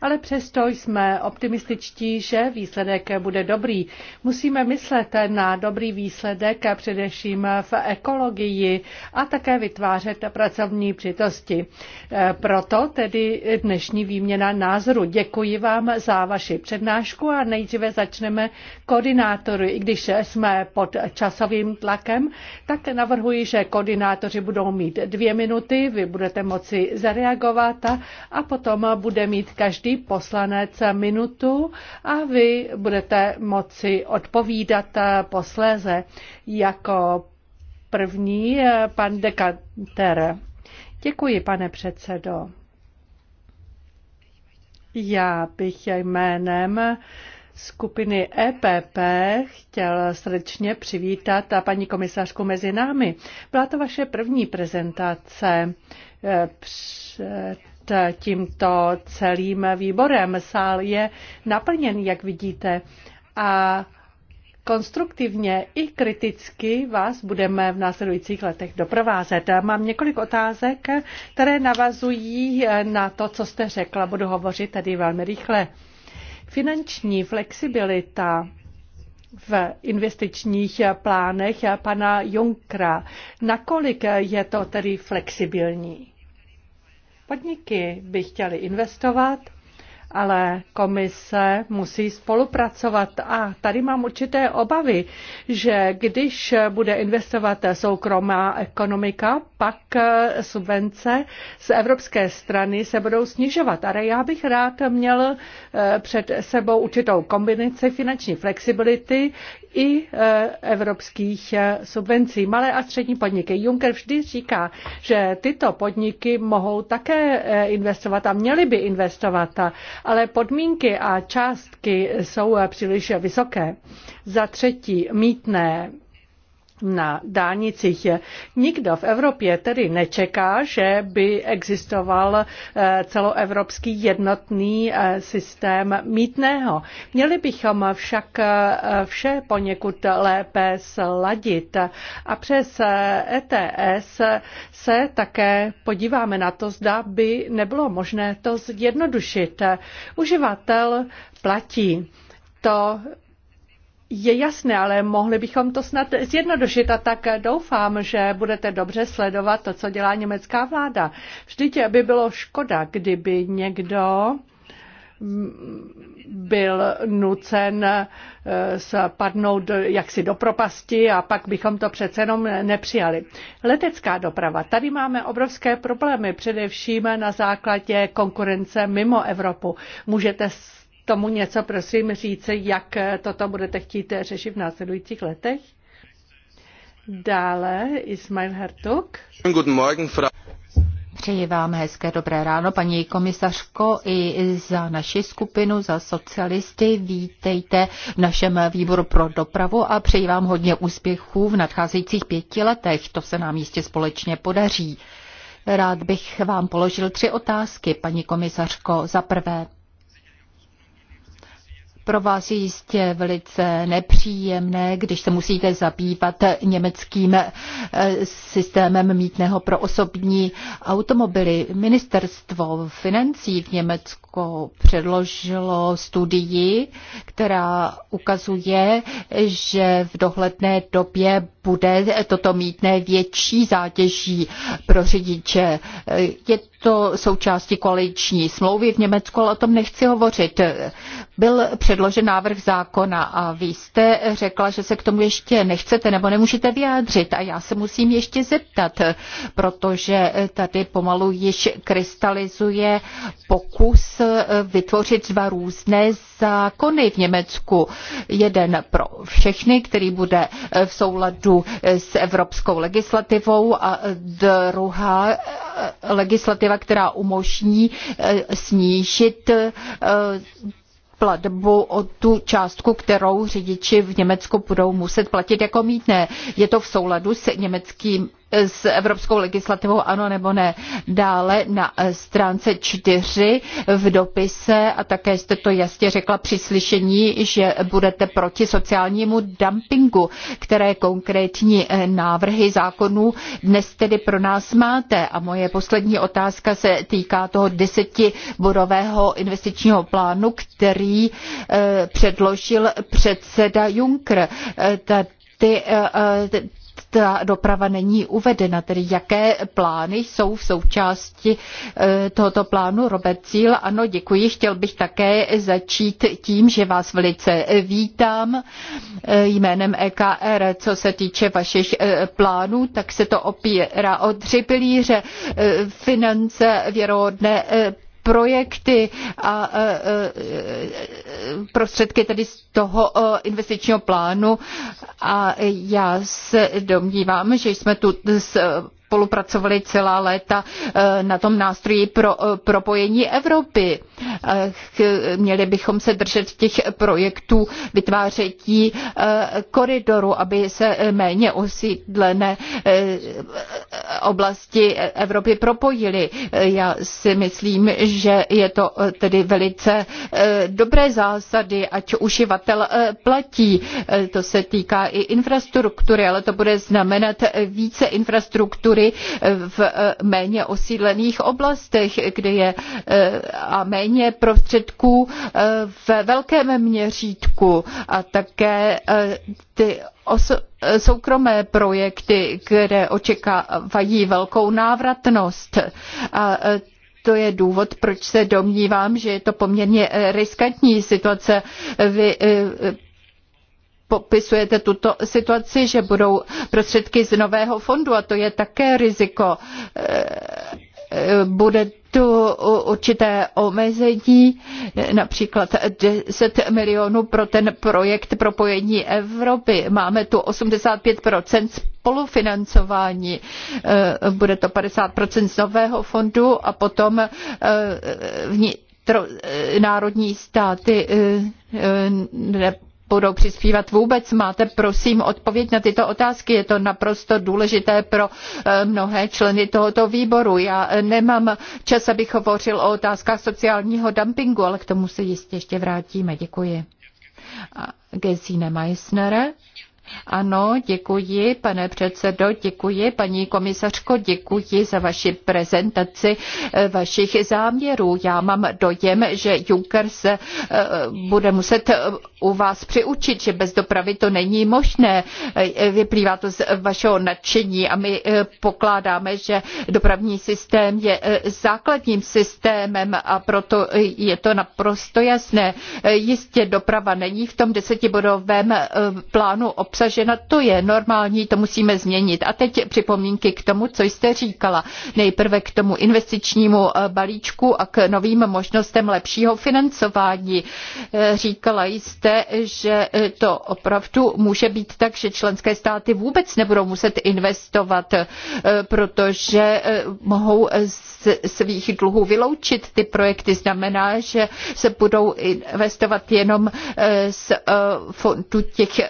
ale přesto jsme optimističtí, že výsledek bude dobrý. Musíme myslet na dobrý výsledek především v ekologii a také vytvářet pracovní přitosti. E, proto tedy dnešní výměna názoru. Děkuji vám za vaši přednášku a nejdříve začneme koordinátory. I když jsme pod časovým tlakem, tak navrhuji, že koordinátoři budou mít dvě minuty, vy budete moci zareagovat a potom bude mít každý poslanec minutu a vy budete moci odpovídat posléze jako první pan Dekanter. Děkuji, pane předsedo. Já bych jménem skupiny EPP chtěl srdečně přivítat a paní komisařku mezi námi. Byla to vaše první prezentace eh, před tímto celým výborem. Sál je naplněn, jak vidíte, a konstruktivně i kriticky vás budeme v následujících letech doprovázet. Mám několik otázek, které navazují na to, co jste řekla. Budu hovořit tedy velmi rychle. Finanční flexibilita v investičních plánech pana Junkra. Nakolik je to tedy flexibilní? Podniky by chtěly investovat, ale komise musí spolupracovat a tady mám určité obavy, že když bude investovat soukromá ekonomika, pak subvence z evropské strany se budou snižovat. Ale já bych rád měl eh, před sebou určitou kombinaci finanční flexibility i e, evropských e, subvencí. Malé a střední podniky. Juncker vždy říká, že tyto podniky mohou také e, investovat a měly by investovat, ale podmínky a částky jsou příliš vysoké. Za třetí, mítné na dálnicích. Nikdo v Evropě tedy nečeká, že by existoval eh, celoevropský jednotný eh, systém mítného. Měli bychom však eh, vše poněkud lépe sladit a přes ETS e se také podíváme na to, zda by nebylo možné to zjednodušit. Uživatel platí to je jasné, ale mohli bychom to snad zjednodušit a tak doufám, že budete dobře sledovat to, co dělá německá vláda. Vždyť by bylo škoda, kdyby někdo mm, byl nucen eh, spadnout jaksi do propasti a pak bychom to přece jenom nepřijali. Letecká doprava. Tady máme obrovské problémy, především na základě konkurence mimo Evropu. Můžete tomu něco prosím říci, jak toto budete chtít řešit v následujících letech? Dále Ismail Hertuk. Guten Morgen, Frau. Přeji vám hezké dobré ráno, paní komisařko, i za naši skupinu, za socialisty. Vítejte v našem výboru pro dopravu a přeji vám hodně úspěchů v nadcházejících pěti letech. To se nám jistě společně podaří. Rád bych vám položil tři otázky, paní komisařko. Za prvé, pro vás je jistě velice nepříjemné, když se musíte zabývat německým eh, systémem mítného pro osobní automobily. Ministerstvo financí v Německu předložilo studii, která ukazuje, že v dohledné době bude toto mítné větší zátěží pro řidiče. Eh, je to součástí koaliční smlouvy v Německu, ale o tom nechci hovořit. Byl předložen návrh zákona a vy jste řekla, že se k tomu ještě nechcete nebo nemůžete vyjádřit a já se musím ještě zeptat, protože tady pomalu již krystalizuje pokus vytvořit dva různé zákony v Německu. Jeden pro všechny, který bude v souladu s evropskou legislativou a druhá legislativa legislativa, která umožní eh, snížit eh, platbu o tu částku, kterou řidiči v Německu budou muset platit jako mítné. Je to v souladu s německým s evropskou legislativou ano nebo ne. Dále na stránce 4 v dopise, a také jste to jasně řekla při slyšení, že budete proti sociálnímu dumpingu, které konkrétní eh, návrhy zákonů dnes tedy pro nás máte. A moje poslední otázka se týká toho desetibodového investičního plánu, který eh, předložil předseda Juncker. Eh, Tady ty ta doprava není uvedena, tedy jaké plány jsou v součásti e, tohoto plánu. Robert Cíl, ano, děkuji. Chtěl bych také začít tím, že vás velice e, vítám e, jménem EKR. Co se týče vašich plánů, tak se to opírá o tři pilíře finance, věrohodné projekty a e, e, prostředky tedy z toho e, investičního plánu. A já se domnívám, že jsme tu s spolupracovali celá léta eh, na tom nástroji pro eh, propojení Evropy. Eh, měli bychom se držet těch projektů vytvářetí koridoru, aby se méně osídlené oblasti Evropy propojily. Já si myslím, že je to tedy velice dobré zásady, ať uživatel platí. To se týká i infrastruktury, ale to bude znamenat více infrastruktury Eh, v eh, méně osídlených oblastech, kde je eh, a méně prostředků ve velkém měřítku a také ty oso- soukromé projekty, které očekávají velkou návratnost. A to je důvod, proč se domnívám, že je to poměrně riskantní situace. Vy popisujete tuto situaci, že budou prostředky z nového fondu a to je také riziko. Eh, bude tu určité omezení, například 10 milionů pro ten projekt propojení Evropy. Máme tu 85% spolufinancování, eh, bude to 50% z nového fondu a potom eh, vnitř národní státy ne budou přispívat vůbec? Máte prosím odpověď na tyto otázky. Je to naprosto důležité pro eh, mnohé členy tohoto výboru. Já eh, nemám čas, abych hovořil o otázkách sociálního dumpingu, ale k tomu se jistě ještě vrátíme. Děkuji. Gesine Meissnere. Ano, děkuji, pane předsedo, děkuji, paní komisařko, děkuji za vaši prezentaci eh, vašich záměrů. Já mám dojem, že Juncker se eh, bude muset eh, u vás přiučit, že bez dopravy to není možné. Vyplývá to z vašeho nadšení a my pokládáme, že dopravní systém je základním systémem a proto je to naprosto jasné. Jistě doprava není v tom desetibodovém plánu obsažena obsažena. To je normální, to musíme změnit. A teď připomínky k tomu, co jste říkala. Nejprve k tomu investičnímu eh, balíčku a k novým možnostem lepšího financování. Eh, říkala jste, že eh, to opravdu může být tak, že členské státy vůbec nebudou muset investovat, protože mohou z svých dluhů vyloučit ty projekty. Znamená, že se budou investovat jenom z fondu těch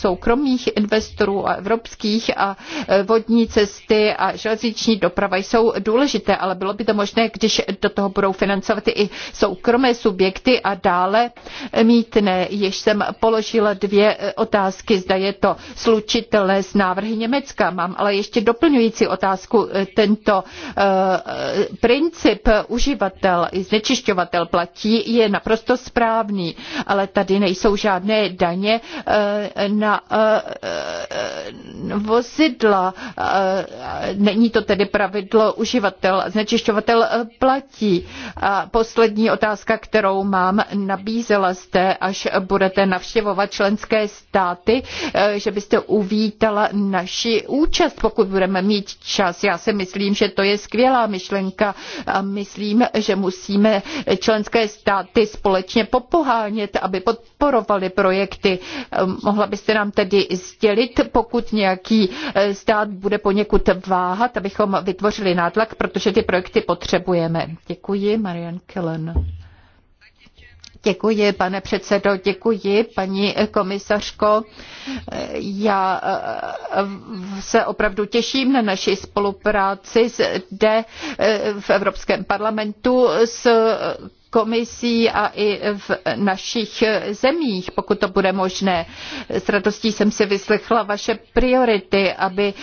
soukromých investorů a evropských a e, vodní cesty a železniční doprava jsou důležité, ale bylo by to možné, když do toho budou financovat i soukromé subjekty a dále mítné. Již jsem položila dvě e, otázky, zda je to slučitelné s návrhy Německa. Mám ale ještě doplňující otázku. E, tento princip uživatel i znečišťovatel platí je naprosto správný, ale tady nejsou žádné daně na na eh, eh, vozidla. Eh, není to tedy pravidlo uživatel, znečišťovatel platí. A poslední otázka, kterou mám, nabízela jste, až budete navštěvovat členské státy, že byste uvítala naši účast, pokud budeme mít čas. Já si myslím, že to je skvělá myšlenka a myslím, že musíme členské státy společně popohánět, aby podporovali projekty. Mohla byste nám tedy sdělit, pokud nějaký e, stát bude poněkud váhat, abychom vytvořili nátlak, protože ty projekty potřebujeme. Děkuji, Marian Kellen. Děkuji, pane předsedo, děkuji, paní komisařko. Já e, se opravdu těším na naši spolupráci zde e, v Evropském parlamentu s komisí a i v našich zemích, pokud to bude možné. S radostí jsem si vyslechla vaše priority, aby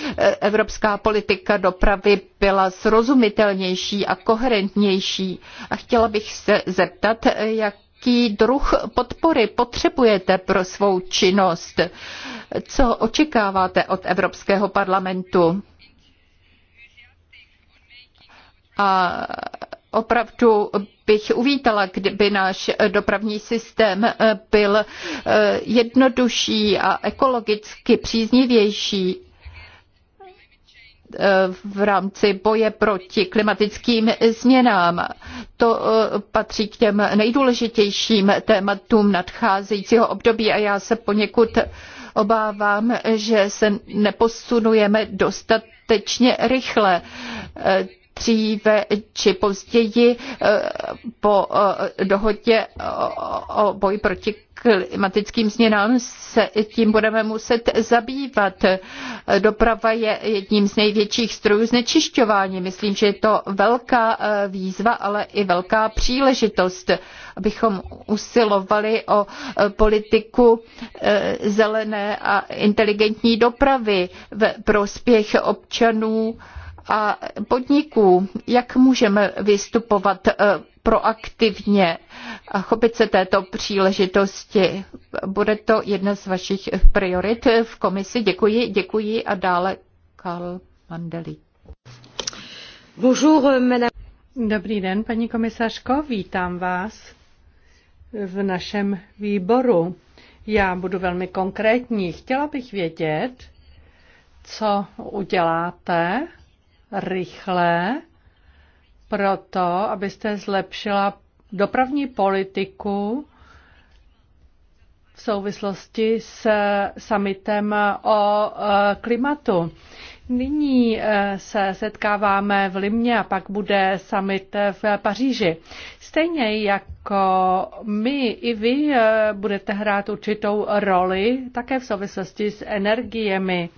evropská politika dopravy byla srozumitelnější a koherentnější. A chtěla bych se zeptat, jak jaký druh podpory potřebujete pro svou činnost? Co očekáváte od Evropského parlamentu? A opravdu bych uvítala, kdyby náš dopravní systém eh, byl eh, jednodušší a ekologicky příznivější eh, v rámci boje proti klimatickým změnám. To patří k těm nejdůležitějším tématům nadcházejícího období a já se poněkud obávám, že se neposunujeme dostatečně rychle dříve či později eh, po eh, dohodě o boji proti klimatickým změnám se tím budeme muset zabývat. Doprava je jedním z největších strojů znečišťování. Myslím, že je to velká eh, výzva, ale i velká příležitost, abychom usilovali o politiku zelené a inteligentní dopravy ve prospěch občanů a podniků. Jak můžeme vystupovat eh, proaktivně a chopit se této příležitosti? Bude to jedna z vašich priorit v komisi. Děkuji, děkuji a dále Karl Mandeli. Bonjour, euh, madame. Dobrý den, paní komisařko, vítám vás v našem výboru. Já budu velmi konkrétní. Chtěla bych vědět, co uděláte rychle proto, abyste zlepšila dopravní politiku v souvislosti s summitem o e, klimatu. Nyní eh, se setkáváme v Limě a pak bude summit eh, v Paříži. Stejně jako my, i vy eh, budete hrát určitou roli také v souvislosti s energiemi.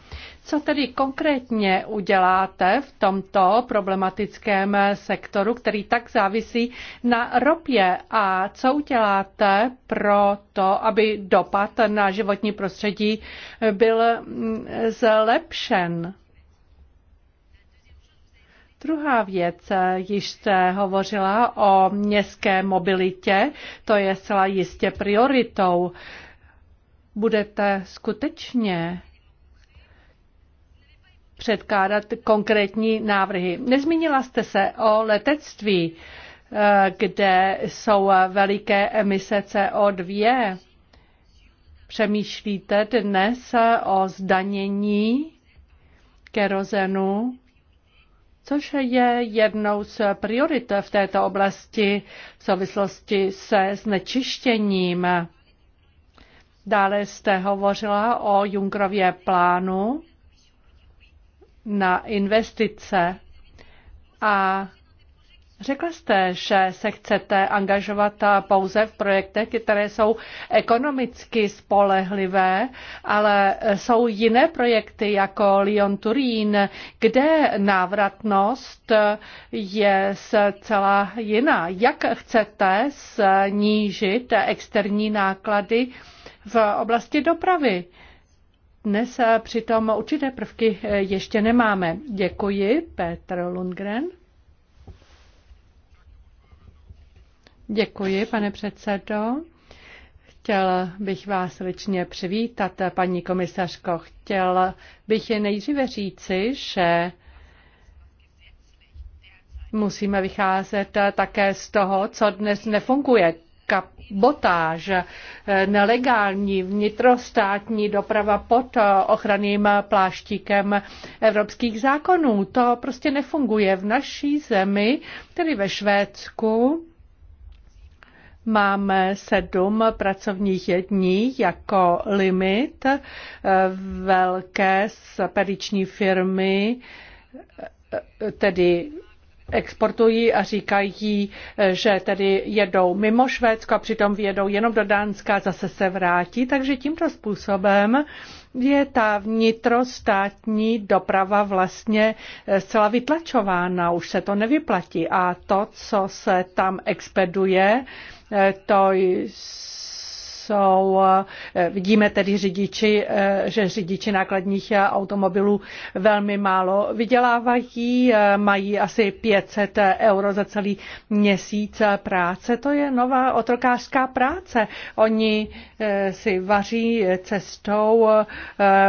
Co tedy konkrétně uděláte v tomto problematickém sektoru, který tak závisí na ropě a co uděláte pro to, aby dopad na životní prostředí byl mm, zlepšen? Druhá věc, již jste hovořila o městské mobilitě, to je zcela jistě prioritou. Budete skutečně předkládat konkrétní návrhy. Nezmínila jste se o letectví, eh, kde jsou veliké emise CO2. Přemýšlíte dnes o zdanění kerozenu což je jednou z priorit v této oblasti v souvislosti se znečištěním. Dále jste hovořila o Junkrově plánu na investice a Řekla jste, že se chcete angažovat pouze v projektech, které jsou ekonomicky spolehlivé, ale jsou jiné projekty jako Lyon Turín, kde návratnost je zcela jiná. Jak chcete snížit externí náklady v oblasti dopravy? Dnes přitom určité prvky ještě nemáme. Děkuji, Petr Lundgren. Děkuji, pane předsedo. Chtěl bych vás srdečně přivítat, paní komisařko. Chtěl bych je nejdříve říci, že musíme vycházet také z toho, co dnes nefunguje. Kabotáž, nelegální vnitrostátní doprava pod ochranným pláštíkem evropských zákonů. To prostě nefunguje v naší zemi, tedy ve Švédsku Máme sedm pracovních dní jako limit. Eh, velké saperiční firmy eh, tedy exportují a říkají, že tedy jedou mimo Švédsko a přitom jedou jenom do Dánska a zase se vrátí. Takže tímto způsobem je ta vnitrostátní doprava vlastně eh, zcela vytlačována, už se to nevyplatí. A to, co se tam expeduje, Eh, to jsou, eh, vidíme tedy řidiči, eh, že řidiči nákladních eh, automobilů velmi málo vydělávají, mají asi 500 euro za celý měsíc práce. To je nová otrokářská práce. Oni si vaří cestou,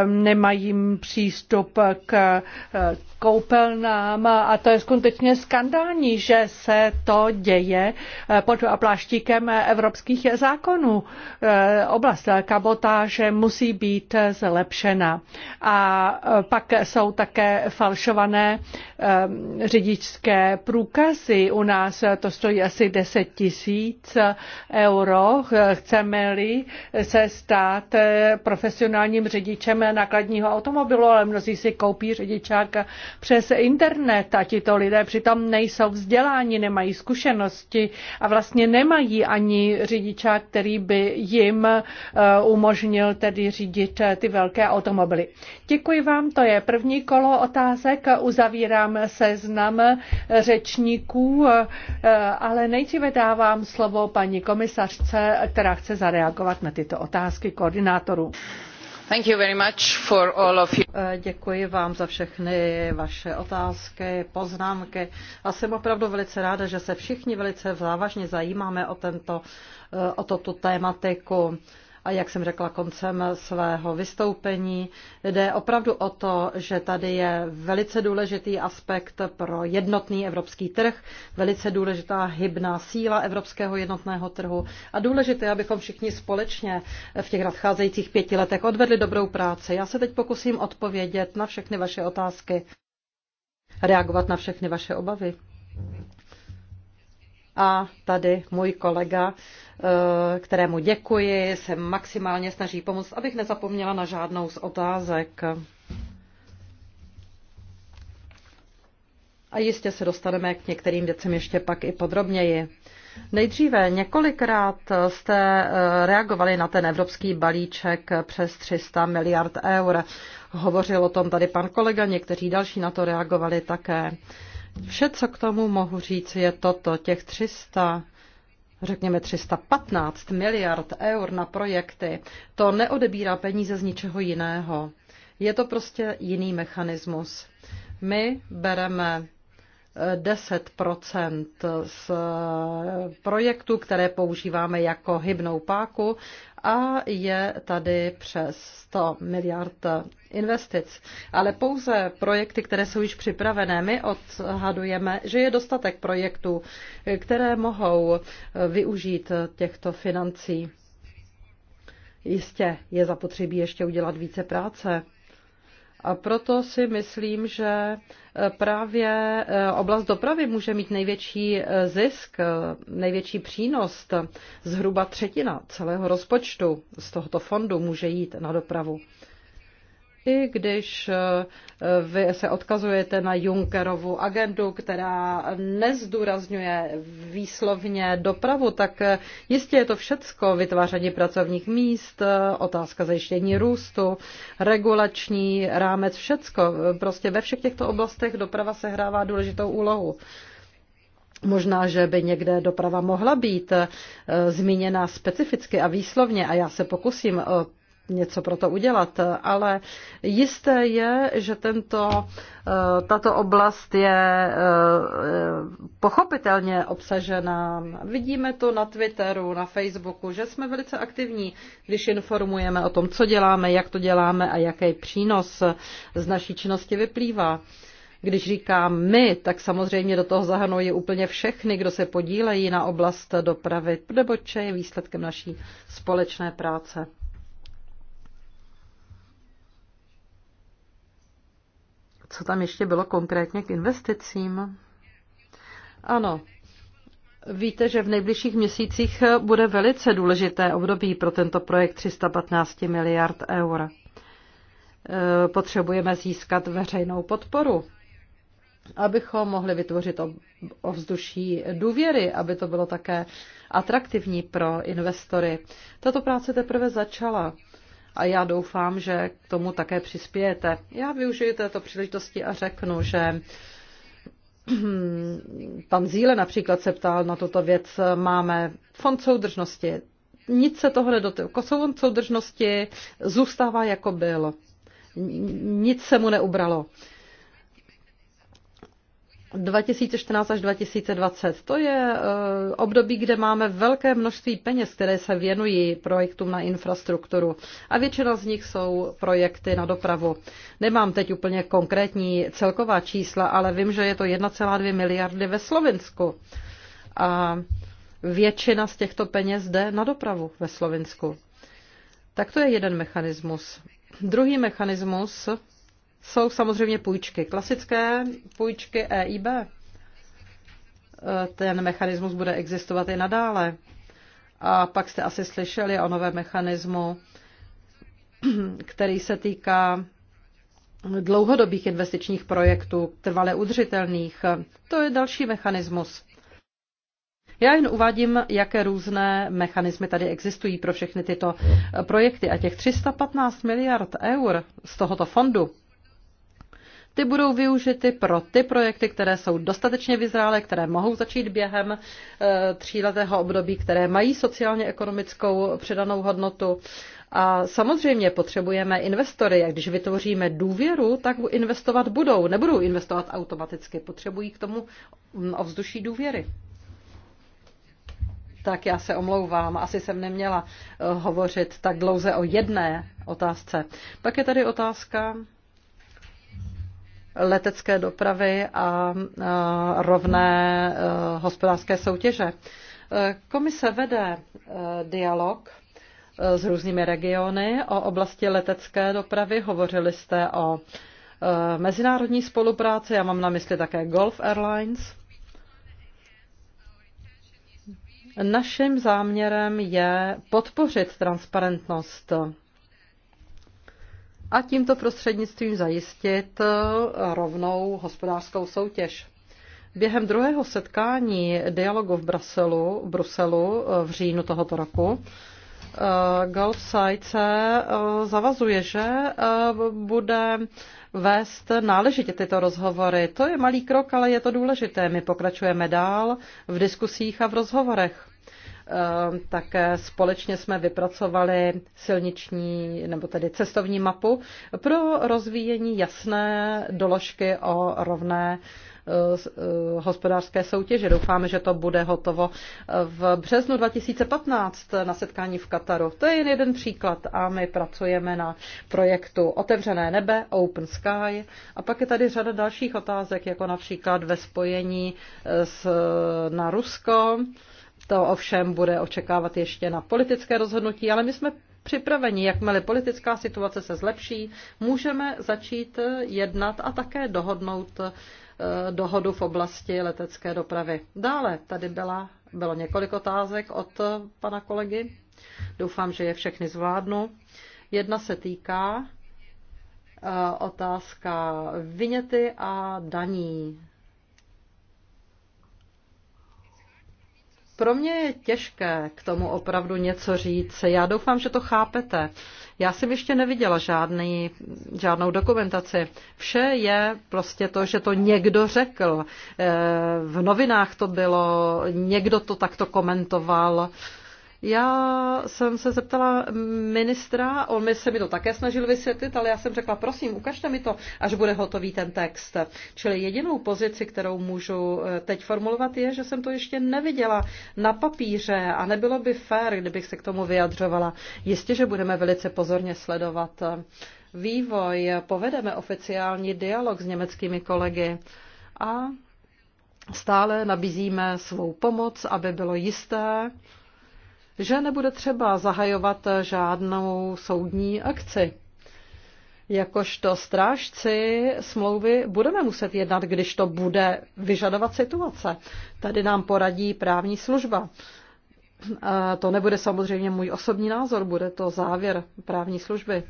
nemají přístup k koupelnám a to je skutečně skandální, že se to děje pod pláštíkem evropských zákonů. E, oblast e, kabotáže musí být zlepšena. A e, pak jsou také falšované řidičské průkazy. U nás to stojí asi 10 tisíc euro. Chceme-li se stát profesionálním řidičem nákladního automobilu, ale mnozí si koupí řidičák přes internet a tito lidé přitom nejsou vzděláni, nemají zkušenosti a vlastně nemají ani řidičák, který by jim jim eh, umožnil tedy řídit eh, ty velké automobily. Děkuji vám, to je první kolo otázek. Uzavírám seznam eh, řečníků, ale nejdříve dávám slovo paní komisařce, která chce zareagovat na tyto otázky koordinátorů. Eh, děkuji vám za všechny vaše otázky, poznámky a jsem opravdu velice ráda, že se všichni velice závažně zajímáme o, tuto eh, tematiku. A jak jsem řekla koncem svého vystoupení, jde opravdu o to, že tady je velice důležitý aspekt pro jednotný evropský trh, velice důležitá hybná síla evropského jednotného trhu a důležité, abychom všichni společně v těch nadcházejících pěti letech odvedli dobrou práci. Já se teď pokusím odpovědět na všechny vaše otázky, reagovat na všechny vaše obavy. A tady můj kolega, eh, kterému děkuji, se maximálně snaží pomoct, abych nezapomněla na žádnou z otázek. A jistě se dostaneme k některým věcem ještě pak i podrobněji. Nejdříve několikrát jste eh, reagovali na ten evropský balíček přes 300 miliard eur. Hovořil o tom tady pan kolega, někteří další na to reagovali také. Vše, co k tomu mohu říct, je toto. Těch 300 řekněme 315 miliard eur na projekty, to neodebírá peníze z ničeho jiného. Je to prostě jiný mechanismus. My bereme 10 z projektů, které používáme jako hybnou páku a je tady přes 100 miliard investic. Ale pouze projekty, které jsou již připravené, my odhadujeme, že je dostatek projektů, které mohou využít těchto financí. Jistě je zapotřebí ještě udělat více práce a proto si myslím, že eh, právě eh, oblast dopravy může mít největší eh, zisk, největší přínos. Zhruba třetina celého rozpočtu z tohoto fondu může jít na dopravu i když eh, vy se odkazujete na Junckerovu agendu, která nezdůrazňuje výslovně dopravu, tak eh, jistě je to všecko vytváření pracovních míst, eh, otázka zajištění růstu, regulační rámec, všecko. Prostě ve všech těchto oblastech doprava sehrává důležitou úlohu. Možná, že by někde doprava mohla být zmíněna specificky a výslovně a já se pokusím něco pro to udělat, ale jisté je, že tento, eh, tato oblast je eh, pochopitelně obsažená. Vidíme to na Twitteru, na Facebooku, že jsme velice aktivní, když informujeme o tom, co děláme, jak to děláme a jaký přínos z naší činnosti vyplývá. Když říkám my, tak samozřejmě do toho zahrnují úplně všechny, kdo se podílejí na oblast dopravy, če je výsledkem naší společné práce. co tam ještě bylo konkrétně k investicím? Ano, Víte, že v nejbližších měsících bude velice důležité období pro tento projekt 315 miliard eur. E, potřebujeme získat veřejnou podporu, abychom mohli vytvořit ovzduší důvěry, aby to bylo také atraktivní pro investory. Tato práce teprve začala a já doufám, že k tomu také přispějete. Já využiju této příležitosti a řeknu, že pan Zíle například se ptal na tuto věc, máme fond soudržnosti, nic se toho nedotýká. Fond soudržnosti zůstává jako byl. Nic se mu neubralo. 2014 až 2020. To je eh, období, kde máme velké množství peněz, které se věnují projektům na infrastrukturu. A většina z nich jsou projekty na dopravu. Nemám teď úplně konkrétní celková čísla, ale vím, že je to 1,2 miliardy ve Slovensku. A většina z těchto peněz jde na dopravu ve Slovensku. Tak to je jeden mechanismus. Druhý mechanismus jsou samozřejmě půjčky. Klasické půjčky EIB. E, ten mechanismus bude existovat i nadále. A pak jste asi slyšeli o novém mechanismu, který se týká dlouhodobých investičních projektů, trvale udržitelných. To je další mechanismus. Já jen uvádím, jaké různé mechanismy tady existují pro všechny tyto projekty. A těch 315 miliard eur z tohoto fondu ty budou využity pro ty projekty, které jsou dostatečně vyzrálé, které mohou začít během eh, tříletého období, které mají sociálně-ekonomickou přidanou hodnotu. A samozřejmě potřebujeme investory, a když vytvoříme důvěru, tak investovat budou. Nebudou investovat automaticky, potřebují k tomu ovzduší důvěry. Tak já se omlouvám, asi jsem neměla eh, hovořit tak dlouze o jedné otázce. Pak je tady otázka letecké dopravy a rovné e, hospodářské soutěže. E, komise vede e, dialog s různými regiony o oblasti letecké dopravy. Hovořili jste o mezinárodní spolupráci, já mám na mysli také Gulf Airlines. Naším záměrem je podpořit transparentnost a tímto prostřednictvím zajistit eh, rovnou hospodářskou soutěž. Během druhého setkání dialogu v Bruselu, Bruselu eh, v říjnu tohoto roku eh, Gulf se zavazuje, že bude vést náležitě tyto rozhovory. To je malý krok, ale je to důležité. My pokračujeme dál v diskusích a v rozhovorech. Ehm, tak eh, společně jsme vypracovali silniční nebo tedy cestovní mapu pro rozvíjení jasné doložky o rovné eh, eh, hospodářské soutěže. Doufáme, že to bude hotovo v březnu 2015 na setkání v Kataru. To je jen jeden příklad a my pracujeme na projektu Otevřené nebe, Open Sky a pak je tady řada dalších otázek, jako například ve spojení s, na Rusko, to ovšem bude očekávat ještě na politické rozhodnutí, ale my jsme připraveni. Jakmile politická situace se zlepší, můžeme začít jednat a také dohodnout eh, dohodu v oblasti letecké dopravy. Dále tady byla, bylo několik otázek od pana kolegy. Doufám, že je všechny zvládnu. Jedna se týká eh, otázka vyněty a daní. Pro mě je těžké k tomu opravdu něco říct. Já doufám, že to chápete. Já jsem ještě neviděla žádný, žádnou dokumentaci. Vše je prostě to, že to někdo řekl. Eh, v novinách to bylo, někdo to takto komentoval. Já jsem se zeptala ministra, on mi se mi to také snažil vysvětlit, ale já jsem řekla, prosím, ukažte mi to, až bude hotový ten text. Čili jedinou pozici, kterou můžu eh, teď formulovat, je, že jsem to ještě neviděla na papíře a nebylo by fér, kdybych se k tomu vyjadřovala. Jistě, že budeme velice pozorně sledovat eh, vývoj, povedeme oficiální dialog s německými kolegy a stále nabízíme svou pomoc, aby bylo jisté, že nebude třeba zahajovat žádnou soudní akci. Jakožto strážci smlouvy budeme muset jednat, když to bude vyžadovat situace. Tady nám poradí právní služba. To nebude samozřejmě můj osobní názor, bude to závěr právní služby.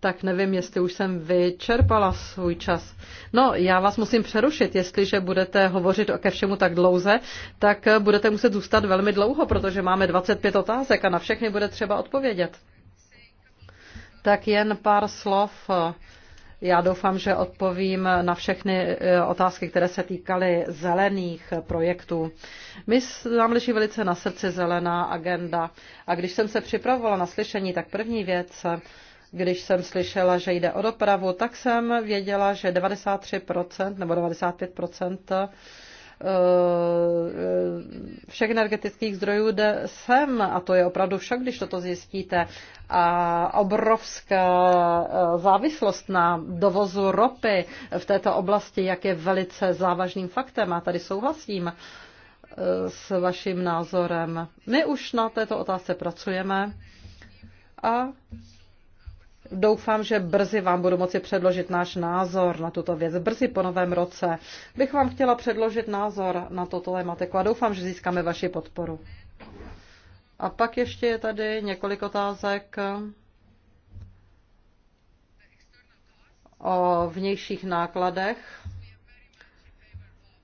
tak nevím, jestli už jsem vyčerpala svůj čas. No, já vás musím přerušit. Jestliže budete hovořit ke všemu tak dlouze, tak eh, budete muset zůstat velmi dlouho, protože máme 25 otázek a na všechny bude třeba odpovědět. Tak jen pár slov. Já doufám, že odpovím na všechny eh, otázky, které se týkaly zelených projektů. My nám leží velice na srdci zelená agenda. A když jsem se připravovala na slyšení, tak první věc, když jsem slyšela, že jde o dopravu, tak jsem věděla, že 93% nebo 95% eh, všech energetických zdrojů jde sem a to je opravdu však, když toto zjistíte. A obrovská eh, závislost na dovozu ropy v této oblasti, jak je velice závažným faktem a tady souhlasím eh, s vaším názorem. My už na této otázce pracujeme a Doufám, že brzy vám budu moci předložit náš názor na tuto věc. Brzy po novém roce bych vám chtěla předložit názor na toto tématiku a doufám, že získáme vaši podporu. A pak ještě je tady několik otázek o vnějších nákladech.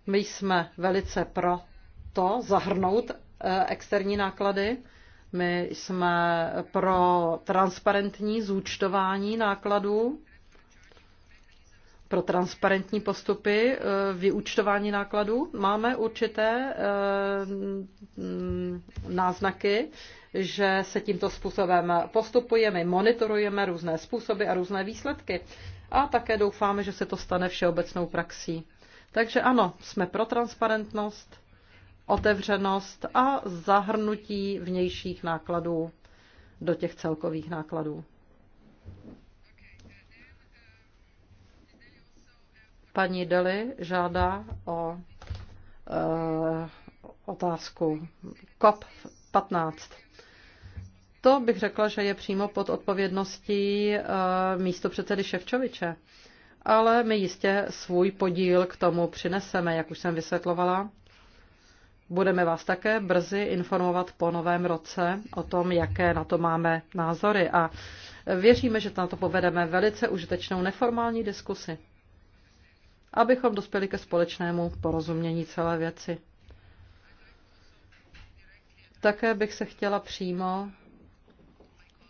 My jsme velice pro to zahrnout eh, externí náklady. My jsme pro transparentní zúčtování nákladů, pro transparentní postupy eh, vyúčtování nákladů. Máme určité eh, mm, náznaky, že se tímto způsobem postupujeme, monitorujeme různé způsoby a různé výsledky. A také doufáme, že se to stane všeobecnou praxí. Takže ano, jsme pro transparentnost otevřenost a zahrnutí vnějších nákladů do těch celkových nákladů. Paní Deli žádá o e, otázku COP15. To bych řekla, že je přímo pod odpovědností e, eh, místo předsedy Ševčoviče. Ale my jistě svůj podíl k tomu přineseme, jak už jsem vysvětlovala Budeme vás také brzy informovat po novém roce o tom, jaké na to máme názory a věříme, že na to povedeme velice užitečnou neformální diskusi, abychom dospěli ke společnému porozumění celé věci. Také bych se chtěla přímo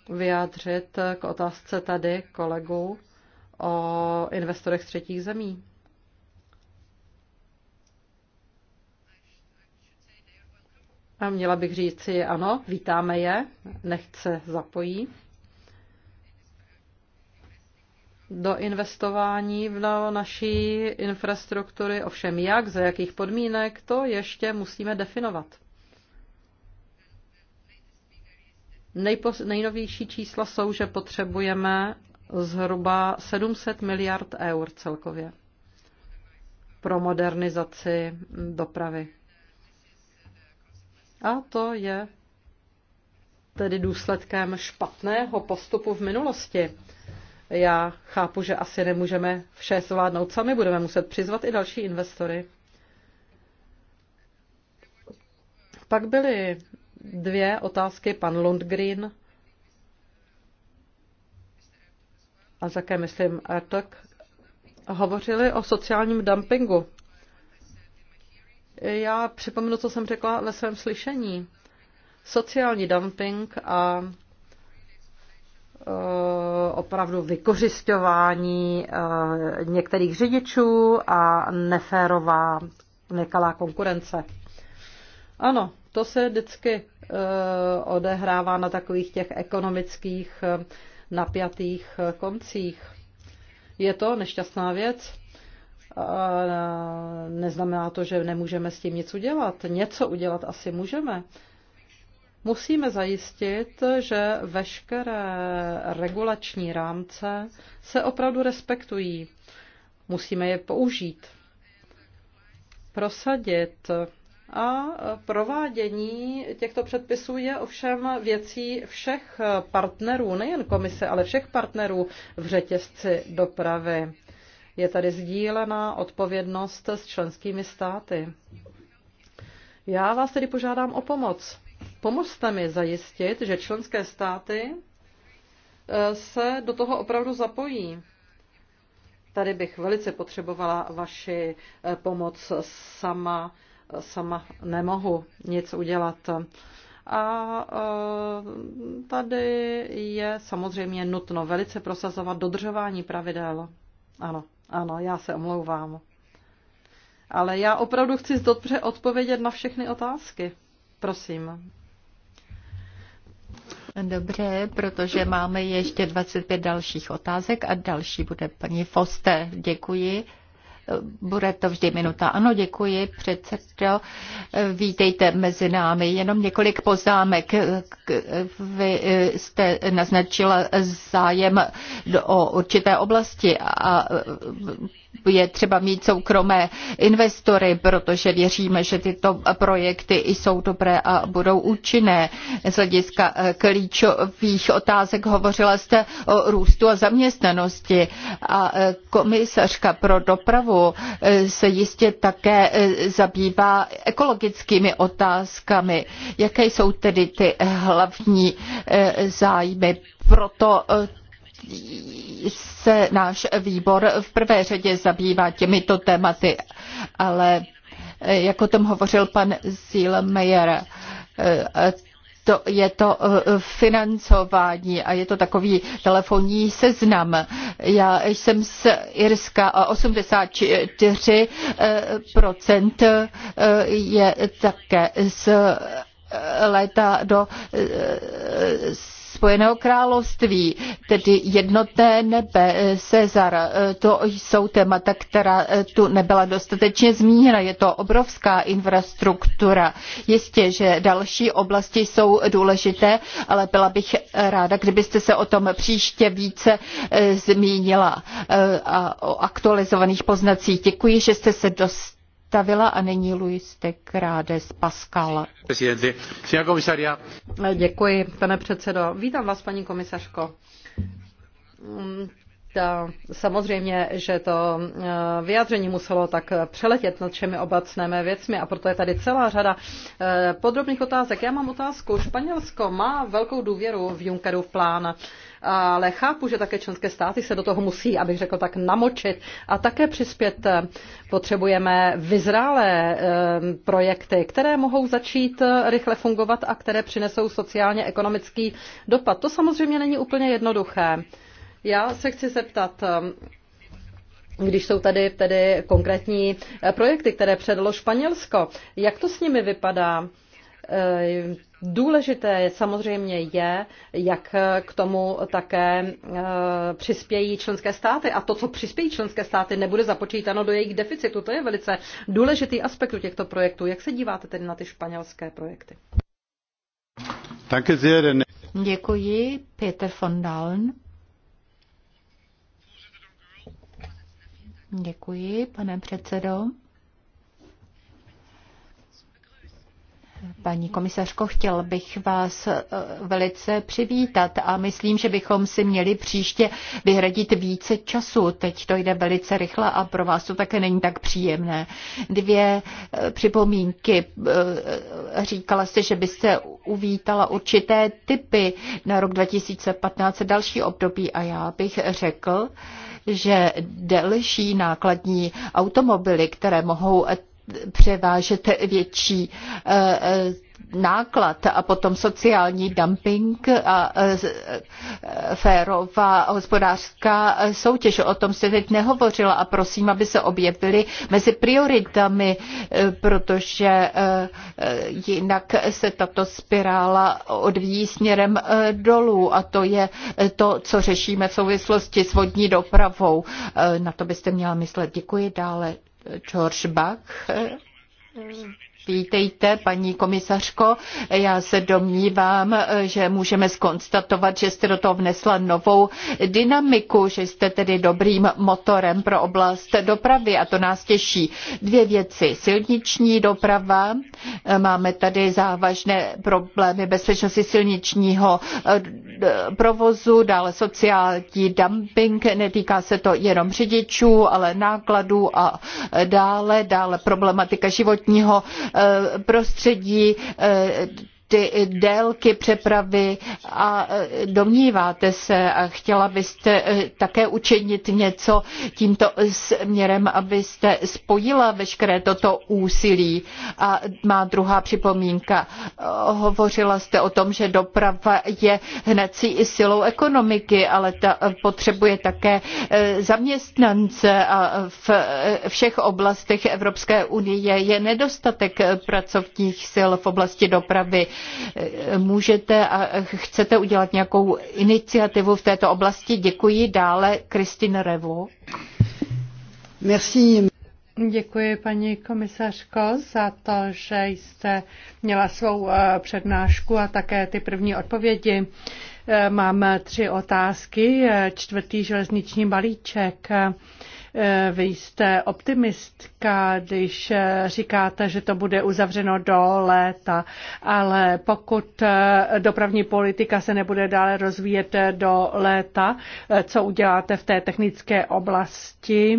vyjádřit k otázce tady kolegů o investorech z třetích zemí. A měla bych říci, ano, vítáme je, nechce zapojí do investování v naší infrastruktury, ovšem jak, za jakých podmínek, to ještě musíme definovat. Nejpos, nejnovější čísla jsou, že potřebujeme zhruba 700 miliard eur celkově pro modernizaci dopravy. A to je tedy důsledkem špatného postupu v minulosti. Já chápu, že asi nemůžeme vše zvládnout sami, budeme muset přizvat i další investory. Pak byly dvě otázky pan Lundgren a také, myslím, Artok. hovořili o sociálním dumpingu. Já připomenu, co jsem řekla ve svém slyšení. Sociální dumping a e, opravdu vykořišťování e, některých řidičů a neférová nekalá konkurence. Ano, to se vždycky e, odehrává na takových těch ekonomických napjatých koncích. Je to nešťastná věc neznamená to, že nemůžeme s tím nic udělat. Něco udělat asi můžeme. Musíme zajistit, že veškeré regulační rámce se opravdu respektují. Musíme je použít, prosadit. A provádění těchto předpisů je ovšem věcí všech partnerů, nejen komise, ale všech partnerů v řetězci dopravy. Je tady sdílená odpovědnost s členskými státy. Já vás tedy požádám o pomoc. Pomozte mi zajistit, že členské státy eh, se do toho opravdu zapojí. Tady bych velice potřebovala vaši eh, pomoc sama. Eh, sama nemohu nic udělat. A tady je samozřejmě nutno velice prosazovat dodržování pravidel. Ano. Ano, já se omlouvám. Ale já opravdu chci dobře odpovědět na všechny otázky. Prosím. Dobře, protože máme ještě 25 dalších otázek a další bude paní Foste. Děkuji. Bude to vždy minuta. Ano, děkuji, předsedo. Vítejte mezi námi. Jenom několik poznámek. Vy jste naznačila zájem o určité oblasti a je třeba mít soukromé investory, protože věříme, že tyto projekty jsou dobré a budou účinné. Z hlediska eh, klíčových otázek hovořila jste o růstu a zaměstnanosti a eh, komisařka pro dopravu eh, se jistě také zabývá ekologickými otázkami. Jaké jsou tedy ty hlavní zájmy? Proto se náš výbor v prvé řadě zabývá těmito tématy, ale eh, jak o tom hovořil pan Zielmeier, eh, to je to eh, financování a je to takový telefonní seznam. Já jsem z Irska a 84% je také z léta do Spojeného království, tedy jednotné nebe, Cezar. Eh, eh, to jsou témata, která eh, tu nebyla dostatečně zmíněna. Je to obrovská infrastruktura. Jistě, že další oblasti jsou důležité, ale byla bych ráda, kdybyste se o tom příště více zmínila a o aktualizovaných poznacích. Děkuji, že jste se dostali Tavila a nyní Luis de Grades Pascal. Eh, děkuji, pane předsedo. Vítám vás, paní komisařko. Mm, ta, samozřejmě, že to eh, vyjádření muselo tak přeletět nad všemi obacnými věcmi a proto je tady celá řada eh, podrobných otázek. Já mám otázku. Španělsko má velkou důvěru v Junckerův plán ale chápu, že také členské státy se do toho musí, abych řekl tak, namočit a také přispět. Eh, potřebujeme vyzrálé eh, projekty, které mohou začít eh, rychle fungovat a které přinesou sociálně-ekonomický dopad. To samozřejmě není úplně jednoduché. Já se chci zeptat, když jsou tady tedy konkrétní projekty, které předlo Španělsko, jak to s nimi vypadá? Eh, důležité samozřejmě je, jak k tomu také eh, přispějí členské státy a to, co přispějí členské státy, nebude započítáno do jejich deficitu. To je velice důležitý aspekt u těchto projektů. Jak se díváte tedy na ty španělské projekty? Děkuji. Peter von Dahlen. Děkuji, pane předsedo. Paní komisařko, chtěl bych vás eh, velice přivítat a myslím, že bychom si měli příště vyhradit více času. Teď to jde velice rychle a pro vás to také není tak příjemné. Dvě eh, připomínky. Eh, říkala jste, že byste uvítala určité typy na rok 2015 další období a já bych řekl, že delší nákladní automobily, které mohou převážet větší eh, eh, náklad a potom sociální dumping a eh, férová hospodářská soutěž. O tom se teď nehovořila a prosím, aby se objevily mezi prioritami, protože jinak se tato spirála odvíjí směrem dolů a to je to, co řešíme v souvislosti s vodní dopravou. Na to byste měla myslet. Děkuji dále. George Buck Vítejte, paní komisařko. Já se domnívám, že můžeme skonstatovat, že jste do toho vnesla novou dynamiku, že jste tedy dobrým motorem pro oblast dopravy a to nás těší. Dvě věci. Silniční doprava. Máme tady závažné problémy bezpečnosti silničního eh, provozu, dále sociální dumping. Netýká se to jenom řidičů, ale nákladů a dále, dále problematika životního Eh, prostředí eh, ty délky přepravy a e, domníváte se a chtěla byste e, také učinit něco tímto směrem, abyste spojila veškeré toto úsilí. A má druhá připomínka. Hovořila jste o tom, že doprava je hnací silou ekonomiky, ale ta potřebuje také e, zaměstnance a v všech oblastech Evropské unie je nedostatek pracovních sil v oblasti dopravy můžete a chcete udělat nějakou iniciativu v této oblasti. Děkuji dále Kristine Revo. Merci. Děkuji, paní komisařko, za to, že jste měla svou eh, přednášku a také ty první odpovědi. Eh, mám tři otázky. Eh, čtvrtý železniční balíček. Vy jste optimist když eh, říkáte, že to bude uzavřeno do léta, ale pokud eh, dopravní politika se nebude dále rozvíjet eh, do léta, co uděláte v té technické oblasti?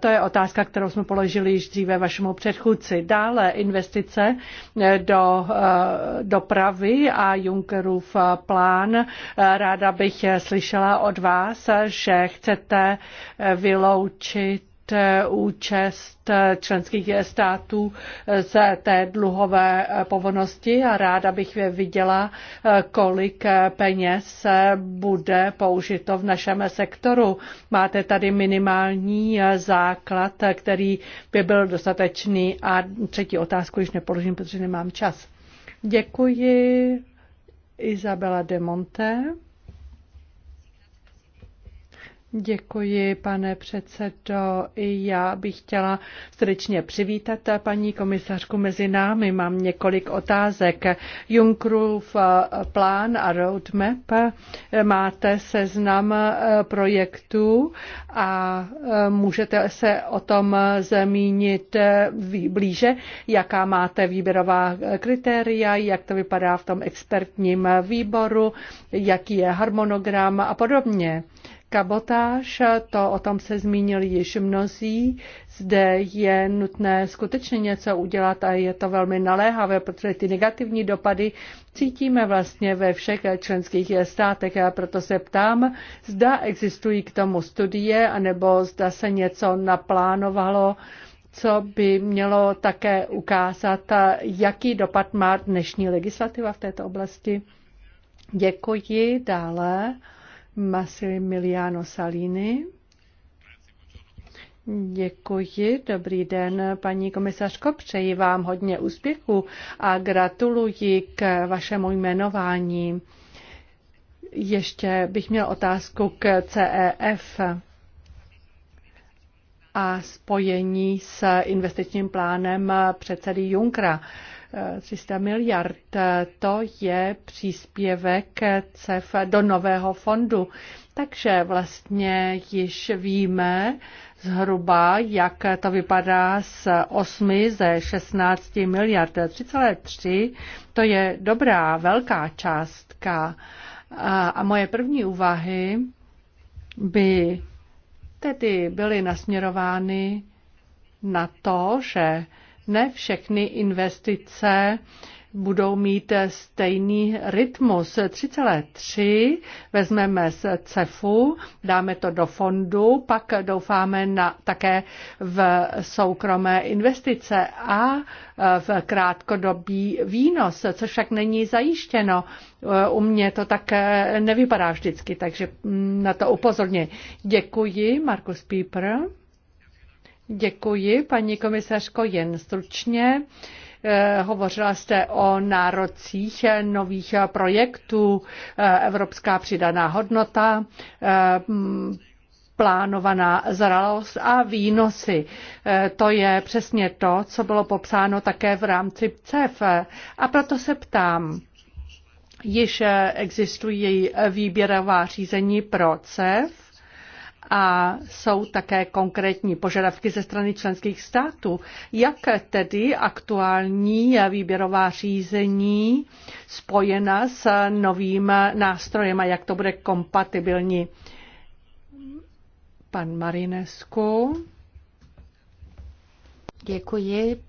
To je otázka, kterou jsme položili již dříve vašemu předchůdci. Dále investice do dopravy a Junckerův plán. Ráda bych slyšela od vás, že chcete vyloučit Eh, účast eh, členských států eh, z té dluhové povinnosti a ráda bych viděla, kolik peněz bude použito v našem sektoru. Máte tady minimální základ, který by byl dostatečný a třetí otázku již nepoložím, protože nemám čas. Děkuji. Isabela de Monte. Děkuji, pane předsedo. I já bych chtěla srdečně přivítat paní komisařku mezi námi. Mám několik otázek. Junckerův eh, plán a roadmap. Máte seznam eh, projektů a eh, můžete se o tom zmínit blíže, jaká máte výběrová kritéria, jak to vypadá v tom expertním výboru, jaký je harmonogram a podobně. Kabotáž, to o tom se zmínili již mnozí. Zde je nutné skutečně něco udělat a je to velmi naléhavé, protože ty negativní dopady cítíme vlastně ve všech členských státech. A proto se ptám, zda existují k tomu studie, anebo zda se něco naplánovalo, co by mělo také ukázat, jaký dopad má dnešní legislativa v této oblasti. Děkuji. Dále. Massimiliano Salini. Děkuji, dobrý den, paní komisařko, přeji vám hodně úspěchu a gratuluji k vašemu jmenování. Ještě bych měl otázku k CEF a spojení s investičním plánem předsedy Junkra. 300 miliard. To je příspěvek CEF do nového fondu. Takže vlastně již víme zhruba, jak to vypadá z 8 ze 16 miliard. 3,3 to je dobrá velká částka. A moje první úvahy by tedy byly nasměrovány na to, že ne všechny investice budou mít stejný rytmus. 3,3 vezmeme z CEFu, dáme to do fondu, pak doufáme na, také v soukromé investice a e, v krátkodobý výnos, což však není zajištěno. E, u mě to tak e, nevypadá vždycky, takže mm, na to upozorně. Děkuji, Markus Pieper. Děkuji, paní komisařko, jen stručně. Eh, hovořila jste o nárocích eh, nových projektů, eh, evropská přidaná hodnota, plánovaná zralost a výnosy. To je přesně to, co bylo popsáno také v rámci CEF. A proto se ptám, již existují výběrová řízení pro CEF? a jsou také konkrétní požadavky ze strany členských států. Jak tedy aktuální výběrová řízení spojena s novým nástrojem a jak to bude kompatibilní? Pan Marinesku. Děkuji,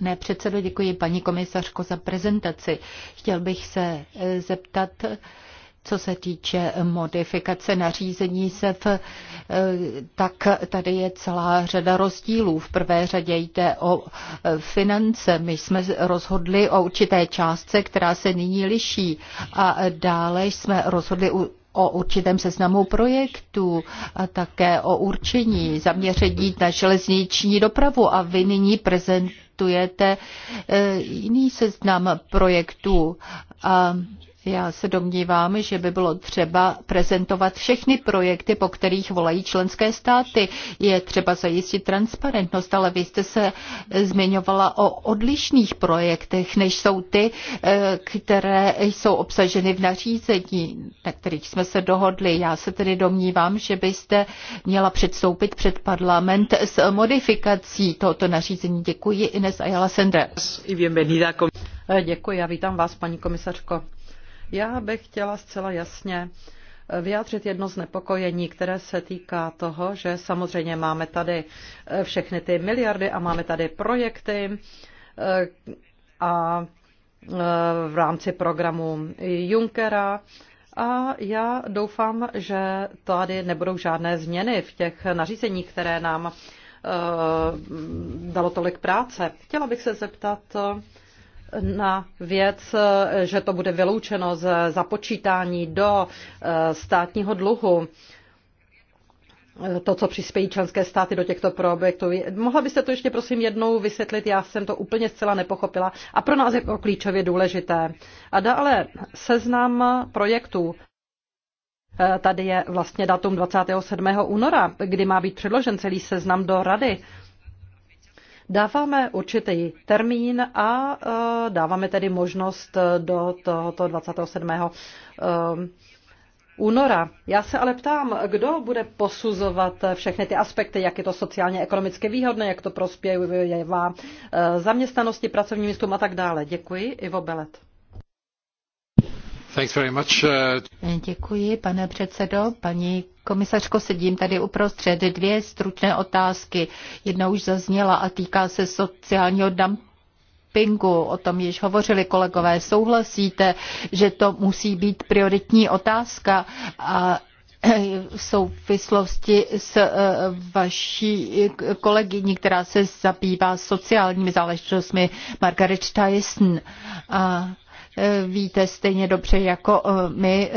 ne předsedo, děkuji paní komisařko za prezentaci. Chtěl bych se eh, zeptat, co se týče modifikace nařízení SEF, eh, tak tady je celá řada rozdílů. V prvé řadě jde o eh, finance. My jsme rozhodli o určité částce, která se nyní liší. A dále jsme rozhodli o určitém seznamu projektů a také o určení zaměření na železniční dopravu a vy nyní prezentujete eh, jiný seznam projektů. A já se domnívám, že by bylo třeba prezentovat všechny projekty, po kterých volají členské státy. Je třeba zajistit transparentnost, ale vy jste se zmiňovala o odlišných projektech, než jsou ty, eh, které jsou obsaženy v nařízení, na kterých jsme se dohodli. Já se tedy domnívám, že byste měla předstoupit před parlament s modifikací tohoto nařízení. Děkuji Ines Ayala Sender. Eh, děkuji a vítám vás, paní komisařko. Já bych chtěla zcela jasně vyjádřit jedno znepokojení, které se týká toho, že samozřejmě máme tady eh, všechny ty miliardy a máme tady projekty eh, a eh, v rámci programu Junckera. A já doufám, že tady nebudou žádné změny v těch nařízeních, které nám dalo tolik práce. Chtěla bych se zeptat, na věc, že to bude vyloučeno z započítání do eh, státního dluhu to, co přispějí členské státy do těchto projektů. Mohla byste to ještě prosím jednou vysvětlit, já jsem to úplně zcela nepochopila a pro nás je to klíčově důležité. A dále seznam projektů. Eh, tady je vlastně datum 27. února, kdy má být předložen celý seznam do rady. Dáváme určitý termín a eh, dáváme tedy možnost eh, do tohoto 27. Eh, února. Já se ale ptám, kdo bude posuzovat všechny ty aspekty, jak je to sociálně ekonomicky výhodné, jak to prospěje vám zaměstnanosti, pracovním místům a tak dále. Děkuji, Ivo Belet. Děkuji, pane předsedo, paní komisařko, sedím tady uprostřed. Dvě stručné otázky. Jedna už zazněla a týká se sociálního dumpingu. O tom již hovořili kolegové. Souhlasíte, že to musí být prioritní otázka a v souvislosti s eh, vaší kolegyní, která se zabývá sociálními záležitostmi, Margaret Tyson. A eh, víte stejně dobře jako eh, my,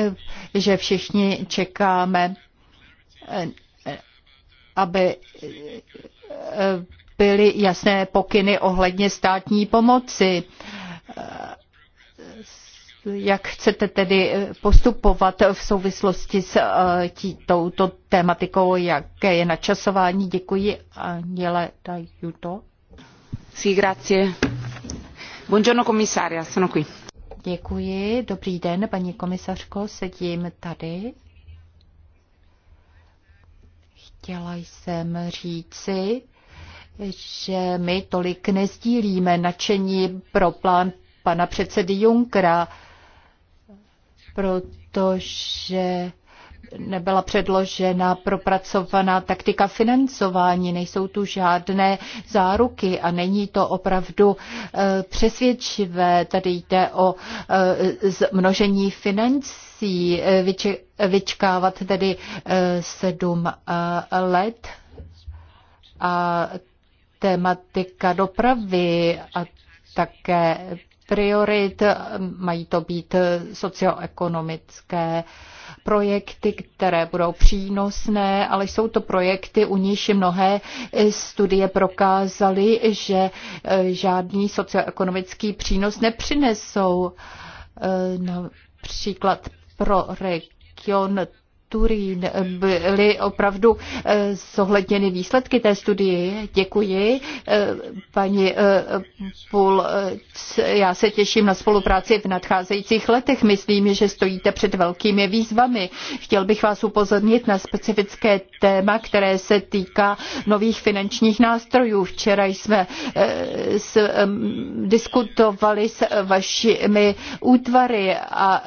že všichni čekáme aby eh, byly jasné pokyny ohledně státní pomoci. Jak chcete tedy postupovat v souvislosti s eh, tí, touto tématikou, jaké je načasování? Děkuji, Angele Dajuto. Sí, grazie. Buongiorno commissaria, sono qui. Děkuji, dobrý den, paní komisařko, sedím tady. Chtěla jsem říci, že my tolik nezdílíme nadšení pro plán pana předsedy Junkra, protože nebyla předložena propracovaná taktika financování, nejsou tu žádné záruky a není to opravdu e, přesvědčivé. Tady jde o e, zmnožení financí, e, vyčkávat tedy sedm let a tematika dopravy a také priorit, mají to být socioekonomické projekty, které budou přínosné, ale jsou to projekty, u níž mnohé studie prokázaly, že eh, žádný socioekonomický přínos nepřinesou. Eh, například pro region Turín byly opravdu eh, zohledněny výsledky té studie. Děkuji, eh, paní eh, Půl. Já se těším na spolupráci v nadcházejících letech. Myslím, že stojíte před velkými výzvami. Chtěl bych vás upozornit na specifické téma, které se týká nových finančních nástrojů. Včera jsme s, diskutovali s vašimi útvary a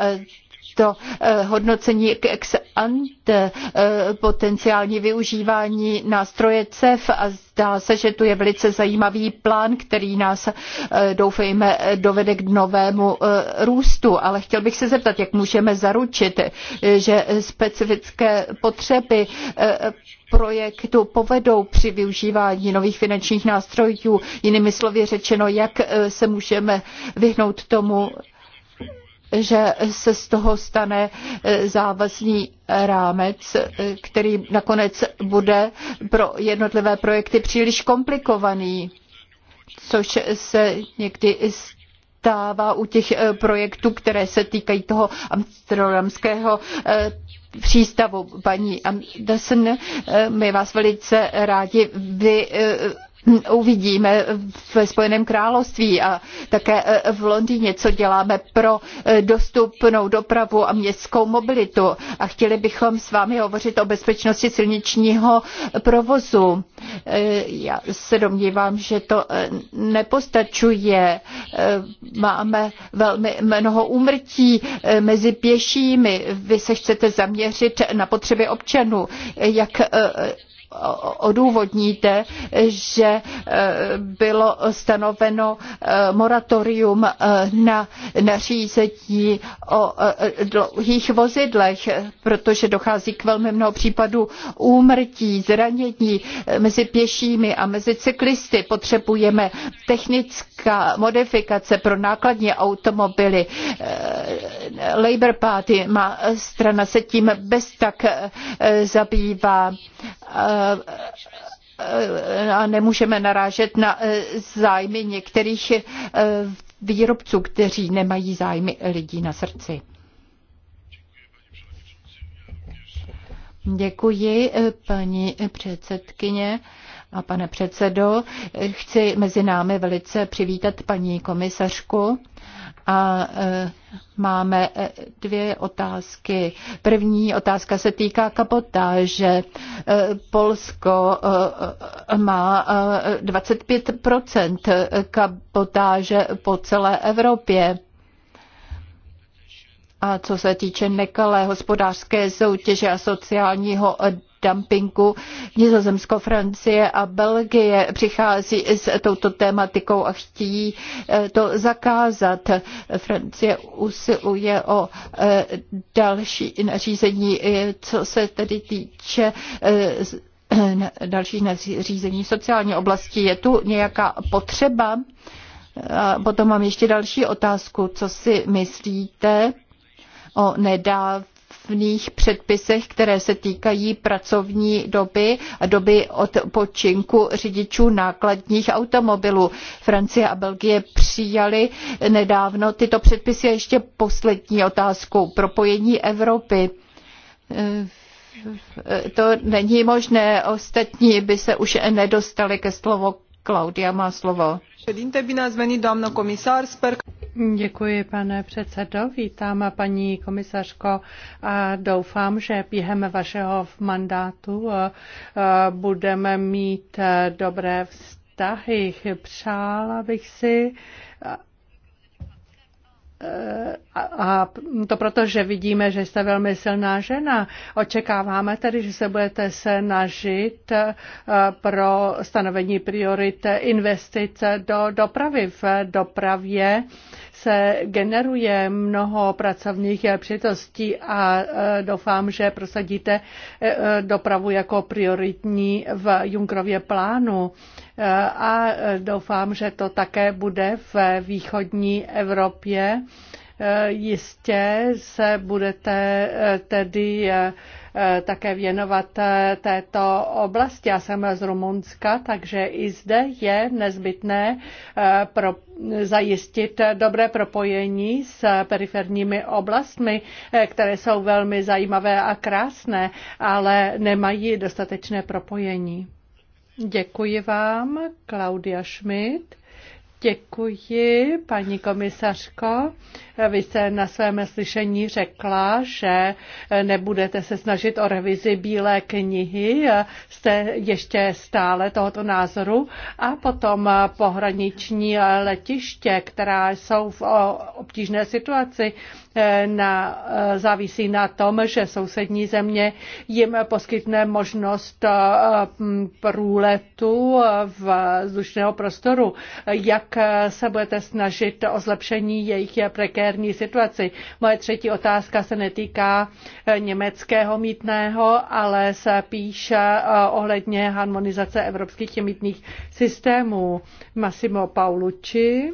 to eh, hodnocení k ex ante eh, potenciální využívání nástroje CEF a zdá se, že tu je velice zajímavý plán, který nás, eh, doufejme, dovede k novému růstu. Ale chtěl bych se zeptat, jak můžeme zaručit, že specifické potřeby projektu povedou při využívání nových finančních nástrojů. Jinými slovy řečeno, jak se můžeme vyhnout tomu, že se z toho stane eh, závazný rámec, eh, který nakonec bude pro jednotlivé projekty příliš komplikovaný, což se někdy stává u těch eh, projektů, které se týkají toho amsterdamského přístavu. Paní Andersen, my vás velice rádi vy uvidíme ve Spojeném království a také eh, v Londýně, co děláme pro eh, dostupnou dopravu a městskou mobilitu. A chtěli bychom s vámi hovořit o bezpečnosti silničního provozu. Eh, já se domnívám, že to nepostačuje. Máme velmi mnoho úmrtí mezi pěšími. Vy se chcete zaměřit na potřeby občanů. Jak odůvodníte, že eh, bylo stanoveno eh, moratorium eh, na nařízení o dlouhých vozidlech, protože dochází k velmi mnoho případů úmrtí, zranění mezi pěšími a mezi cyklisty. Potřebujeme technická modifikace pro nákladní automobily. Labour Party, má strana se tím bez tak zabývá a nemůžeme narážet na eh, zájmy některých eh, výrobců, kteří nemají zájmy lidí na srdci. Děkuji, eh, paní předsedkyně a pane předsedo. Chci mezi námi velice přivítat paní komisařku. A e, máme e, dvě otázky. První otázka se týká kabotáže. E, Polsko má 25 kapotáže po celé Evropě. A co se týče nekalé hospodářské soutěže a sociálního dumpingu. Nizozemsko, Francie a Belgie přichází s touto tématikou a chtějí eh, to zakázat. Francie usiluje o eh, další nařízení, eh, co se tedy týče dalších nařízení v sociální oblasti. Je tu nějaká potřeba? A potom mám ještě další otázku. Co si myslíte o nedáv? právních předpisech, které se týkají pracovní doby a doby odpočinku řidičů nákladních automobilů. Francie a Belgie přijali nedávno tyto předpisy. A ještě poslední otázku. Propojení Evropy eh, to není možné. Ostatní by se už nedostali ke slovu. Claudia má slovo. Děkuji, pane předsedo. Vítám paní komisařko a doufám, že během vašeho mandátu eh, eh, budeme mít eh, dobré vztahy. Přála bych si, a to proto, že vidíme, že jste velmi silná žena. Očekáváme tedy, že se budete snažit eh, pro stanovení priorit investice do dopravy. V dopravě se generuje mnoho pracovních příležitostí a eh, doufám, že prosadíte eh, dopravu jako prioritní v Junkrově plánu a doufám, že to také bude v východní Evropě. Jistě se budete tedy eh, eh, také věnovat eh, této oblasti. Já jsem z Rumunska, takže i zde je nezbytné pro, zajistit dobré propojení s periferními oblastmi, které jsou velmi zajímavé a krásné, ale nemají dostatečné propojení. Děkuji vám, Claudia Schmidt. Děkuji, paní komisařko. Vy jste na svém slyšení řekla, že nebudete se snažit o revizi Bílé knihy. Jste ještě stále tohoto názoru. A potom pohraniční letiště, která jsou v obtížné situaci, na, závisí na tom, že sousední země jim poskytne možnost eh, průletu v zdušného prostoru. Jak jak se budete snažit o zlepšení jejich prekérní situaci. Moje třetí otázka se netýká eh, německého mítného, ale se píše eh, ohledně harmonizace evropských mítných systémů. Massimo Paulucci.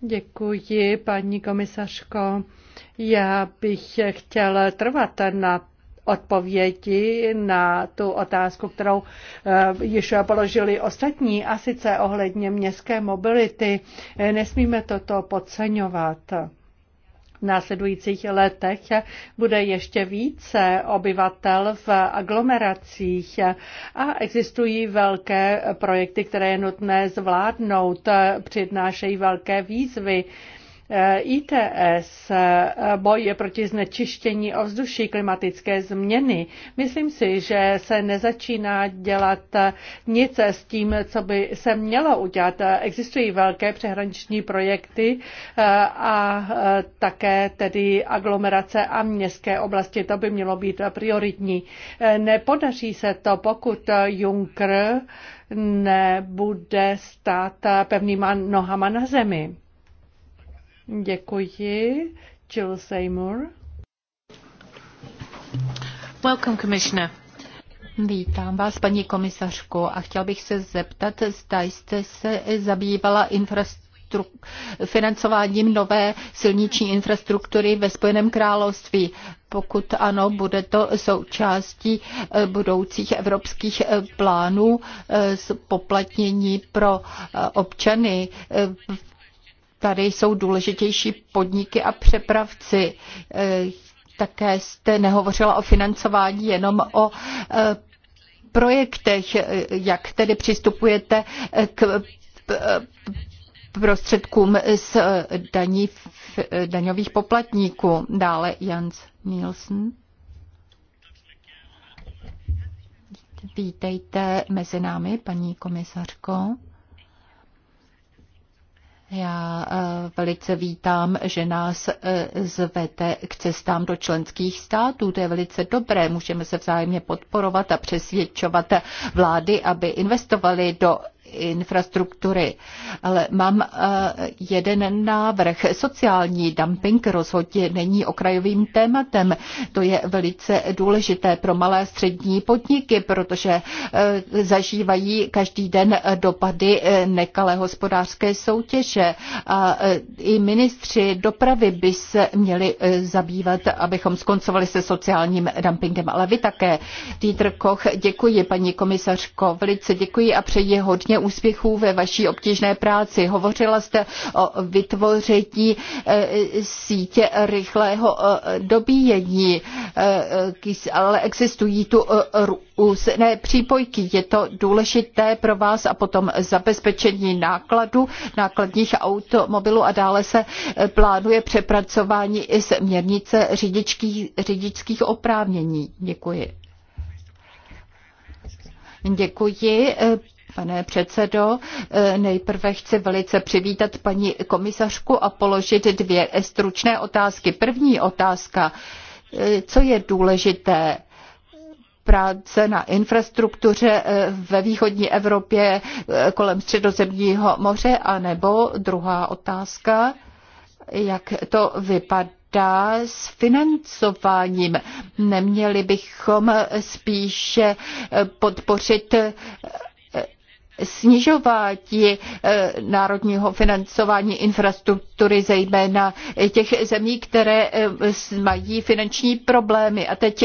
Děkuji, paní komisařko. Já bych chtěl trvat na odpovědi na tu otázku, kterou eh, již položili ostatní, a sice ohledně městské mobility. Eh, nesmíme toto podceňovat následujících letech bude ještě více obyvatel v aglomeracích a existují velké projekty, které je nutné zvládnout, přednášejí velké výzvy. Eh, ITS, eh, boj proti znečištění ovzduší, klimatické změny. Myslím si, že se nezačíná dělat eh, nic s tím, co by se mělo udělat. Existují velké přehraniční projekty a také tedy aglomerace a městské oblasti. To by mělo být prioritní. Nepodaří se to, pokud Juncker nebude stát pevnýma nohama na zemi. Děkuji. Jill Seymour. Welcome, Commissioner. Vítám vás, paní komisařko, a chtěl bych se zeptat, zda jste se zabývala financováním nové silniční infrastruktury ve Spojeném království. Pokud ano, bude to součástí eh, budoucích evropských eh, plánů eh, s poplatnění pro občany tady jsou důležitější podniky a přepravci. Eh, také jste nehovořila o financování, jenom o eh, projektech, eh, jak tedy přistupujete k prostředkům z daní, daňových poplatníků. Dále Jans Nielsen. Vítejte mezi námi, paní komisařko. Já eh, velice vítám, že nás eh, zvete k cestám do členských států. To je velice dobré. Můžeme se vzájemně podporovat a přesvědčovat vlády, aby investovali do infrastruktury. Ale mám eh, jeden návrh. Sociální dumping rozhodně není okrajovým tématem. To je velice důležité pro malé a střední podniky, protože eh, zažívají každý den dopady eh, nekalé hospodářské soutěže. A I ministři dopravy by se měli zabývat, abychom skoncovali se sociálním dumpingem. Ale vy také, Dieter Koch, děkuji paní komisařko, velice děkuji a přeji hodně hodně úspěchů ve vaší obtížné práci. Hovořila jste o vytvoření eh, sítě rychlého eh, dobíjení, eh, ale existují tu různé přípojky. Je to důležité pro vás a potom zabezpečení nákladu, nákladních automobilů a dále se plánuje přepracování i směrnice řidičkých, řidičských oprávnění. Děkuji. Děkuji, Pane předsedo, eh, nejprve chci velice přivítat paní komisařku a položit dvě stručné otázky. První otázka, eh, co je důležité práce na infrastruktuře eh, ve východní Evropě kolem Středozemního moře, a nebo druhá otázka, jak to vypadá s financováním. Neměli bychom spíše podpořit snižování eh, národního financování infrastruktury, zejména eh, těch zemí, které eh, mají finanční problémy. A teď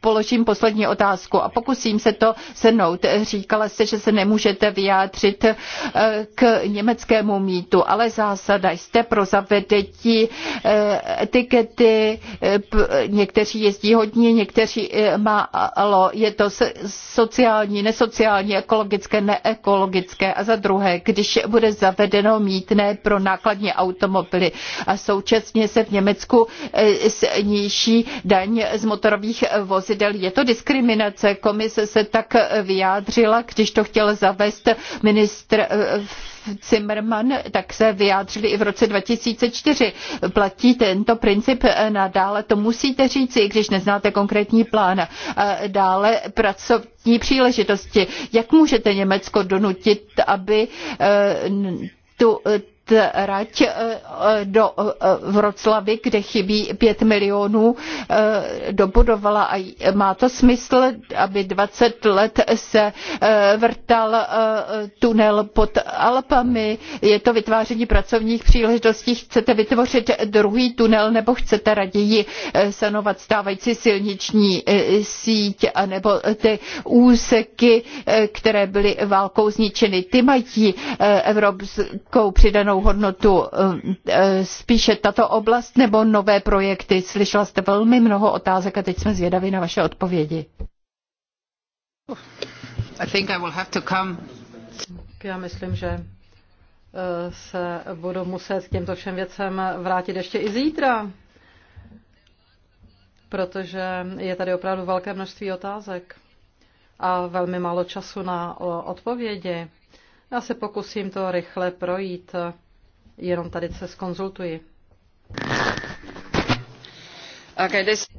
položím poslední otázku a pokusím se to sednout. Říkala jste, že se nemůžete vyjádřit k německému mítu, ale zásada jste pro zavedení etikety. Někteří jezdí hodně, někteří málo. Je to sociální, nesociální, ekologické, neekologické ekologické A za druhé, když bude zavedeno mítné pro nákladní automobily a současně se v Německu eh, sníží daň z motorových vozidel, je to diskriminace. Komise se tak eh, vyjádřila, když to chtěl zavést ministr eh, Zimmerman, tak se vyjádřili i v roce 2004. Platí tento princip eh, nadále, to musíte říci, i když neznáte konkrétní plán. Eh, dále pracovní příležitosti. Jak můžete Německo donutit, aby eh, tu trať eh, eh, do eh, Vroclavy, kde chybí 5 milionů, dobudovala a má to smysl, aby 20 let se vrtal tunel pod Alpami. Je to vytváření pracovních příležitostí. Chcete vytvořit druhý tunel nebo chcete raději sanovat stávající silniční síť anebo ty úseky, které byly válkou zničeny. Ty mají evropskou přidanou přidanou hodnotu eh, eh, spíše tato oblast nebo nové projekty? Slyšela jste velmi mnoho otázek a teď jsme zvědaví na vaše odpovědi. I think I will have to come. Já myslím, že eh, se budu muset s těmto všem věcem vrátit ještě i zítra, protože je tady opravdu velké množství otázek a velmi málo času na odpovědi. Já se pokusím to rychle projít. Jenom tady se skonzultuji.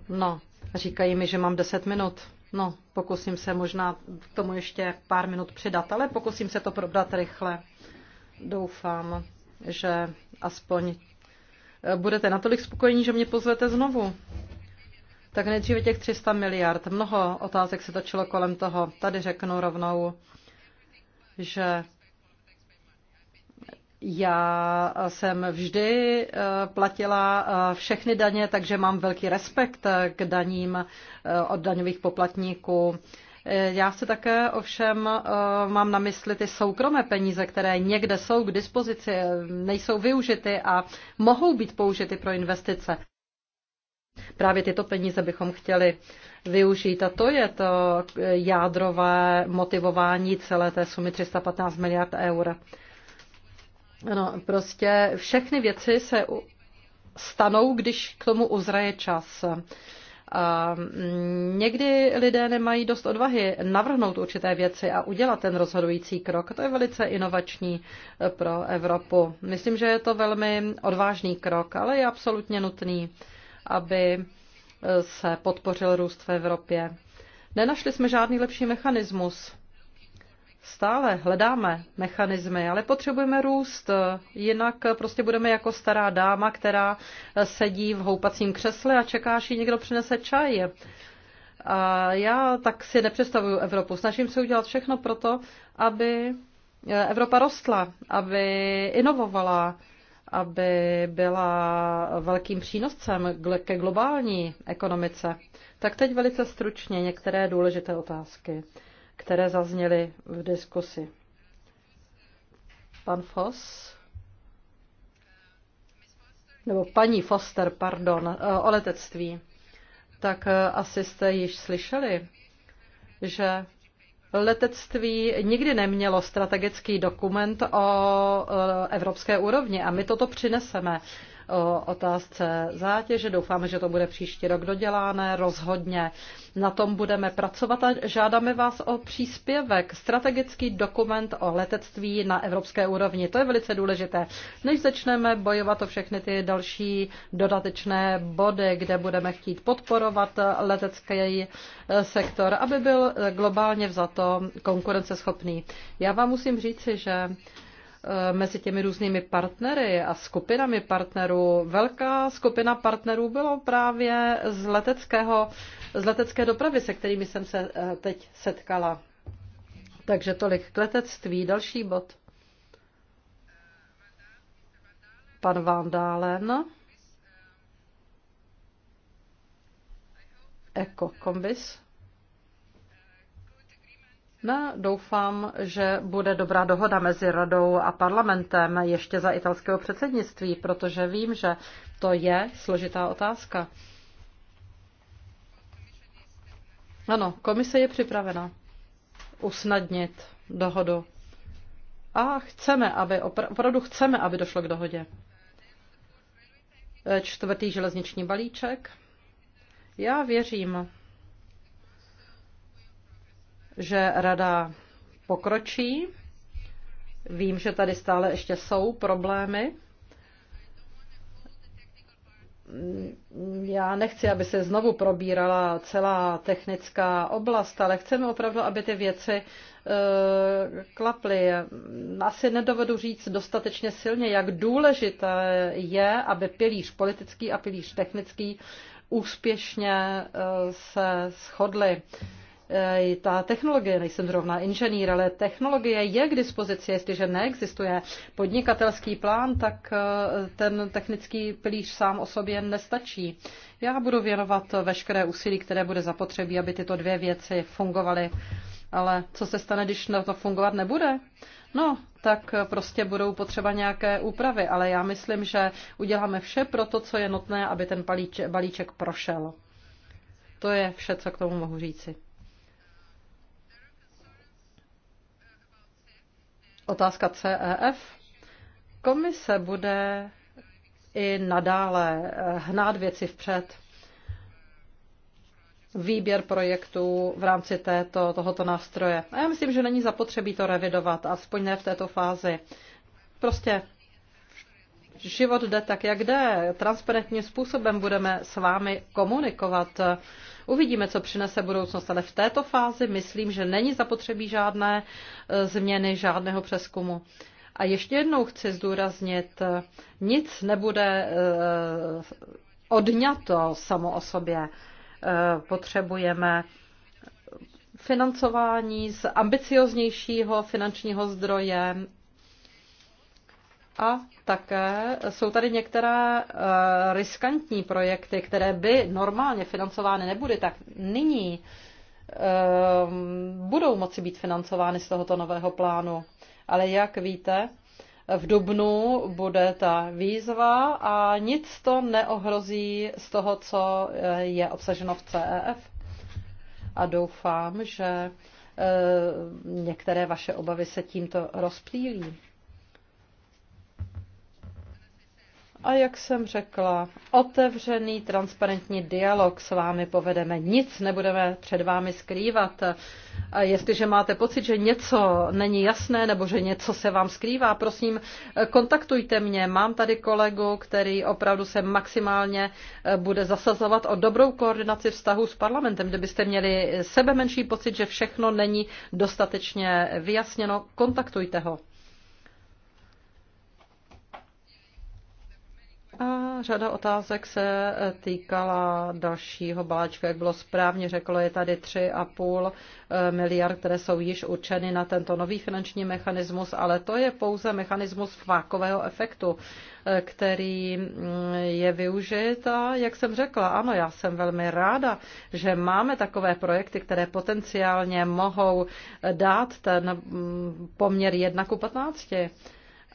No, říkají mi, že mám 10 minut. No, pokusím se možná k tomu ještě pár minut přidat, ale pokusím se to probrat rychle. Doufám, že aspoň eh, budete natolik spokojení, že mě pozvete znovu. Tak nejdříve těch 300 miliard. Mnoho otázek se točilo kolem toho. Tady řeknu rovnou, že já jsem vždy eh, platila eh, všechny daně, takže mám velký respekt eh, k daním od daňových poplatníků. Já se také ovšem mám na mysli ty soukromé peníze, které někde jsou k dispozici, nejsou využity a mohou být použity pro investice. Právě tyto peníze bychom chtěli využít a to je to jádrové motivování celé té sumy 315 miliard eur. Ano, prostě všechny věci se stanou, když k tomu uzraje čas. A mm, někdy lidé nemají dost odvahy navrhnout určité věci a udělat ten rozhodující krok. To je velice inovační e, pro Evropu. Myslím, že je to velmi odvážný krok, ale je absolutně nutný, aby e, se podpořil růst v Evropě. Nenašli jsme žádný lepší mechanismus Stále hledáme mechanismy, ale potřebujeme růst, jinak prostě budeme jako stará dáma, která sedí v houpacím křesle a čeká, až jí někdo přinese čaj. A já tak si nepředstavuju Evropu. Snažím se udělat všechno pro to, aby Evropa rostla, aby inovovala, aby byla velkým přínoscem ke globální ekonomice. Tak teď velice stručně některé důležité otázky které zazněly v diskusi. Pan Foss? Nebo paní Foster, pardon, eh, o letectví. Tak eh, asi jste již slyšeli, že letectví nikdy nemělo strategický dokument o eh, evropské úrovni a my toto přineseme o otázce zátěže. Doufáme, že to bude příští rok doděláné. Rozhodně na tom budeme pracovat a žádáme vás o příspěvek. Strategický dokument o letectví na evropské úrovni. To je velice důležité. Než začneme bojovat o všechny ty další dodatečné body, kde budeme chtít podporovat letecký eh, sektor, aby byl globálně vzato konkurenceschopný. Já vám musím říci, že Eh, mezi těmi různými partnery a skupinami partnerů. Velká skupina partnerů bylo právě z, leteckého, z letecké dopravy, se kterými jsem se eh, teď setkala. Takže tolik k letectví. Další bod. Pan Van Dalen. Eko kombis. No, doufám, že bude dobrá dohoda mezi radou a parlamentem ještě za italského předsednictví, protože vím, že to je složitá otázka. Ano, komise je připravena usnadnit dohodu. A chceme, aby, opravdu chceme, aby došlo k dohodě. Čtvrtý železniční balíček. Já věřím, že rada pokročí. Vím, že tady stále ještě jsou problémy. Já nechci, aby se znovu probírala celá technická oblast, ale chceme opravdu, aby ty věci e, klaply. Asi nedovedu říct dostatečně silně, jak důležité je, aby pilíř politický a pilíř technický úspěšně e, se shodly. Eh, ta technologie, nejsem zrovna inženýr, ale technologie je k dispozici, jestliže neexistuje podnikatelský plán, tak eh, ten technický pilíř sám o sobě nestačí. Já budu věnovat veškeré úsilí, které bude zapotřebí, aby tyto dvě věci fungovaly. Ale co se stane, když to fungovat nebude? No, tak prostě budou potřeba nějaké úpravy, ale já myslím, že uděláme vše pro to, co je nutné, aby ten balíček prošel. To je vše, co k tomu mohu říci. Otázka CEF. Komise bude i nadále eh, hnát věci vpřed. Výběr projektů v rámci této, tohoto nástroje. A já myslím, že není zapotřebí to revidovat, aspoň ne v této fázi. Prostě život jde tak, jak jde. Transparentním způsobem budeme s vámi komunikovat. Uvidíme, co přinese budoucnost, ale v této fázi myslím, že není zapotřebí žádné eh, změny, žádného přeskumu. A ještě jednou chci zdůraznit, eh, nic nebude eh, odňato samo o sobě. Potřebujeme financování z ambicioznějšího finančního zdroje a také jsou tady některé eh, riskantní projekty, které by normálně financovány nebyly, tak nyní eh, budou moci být financovány z tohoto nového plánu. Ale jak víte, v dubnu bude ta výzva a nic to neohrozí z toho, co eh, je obsaženo v CEF. A doufám, že některé vaše obavy se tímto rozptýlí. A jak jsem řekla, otevřený, transparentní dialog s vámi povedeme. Nic nebudeme před vámi skrývat. A jestliže máte pocit, že něco není jasné nebo že něco se vám skrývá, prosím, kontaktujte mě. Mám tady kolegu, který opravdu se maximálně eh, bude zasazovat o dobrou koordinaci vztahu s parlamentem. Kdybyste měli sebe menší pocit, že všechno není dostatečně vyjasněno, kontaktujte ho. A řada otázek se eh, týkala dalšího balíčku, jak bylo správně řeklo, je tady 3,5 eh, miliard, které jsou již určeny na tento nový finanční mechanismus, ale to je pouze mechanismus fákového efektu, eh, který mm, je využit a jak jsem řekla, ano, já jsem velmi ráda, že máme takové projekty, které potenciálně mohou dát ten mm, poměr 1 ku 15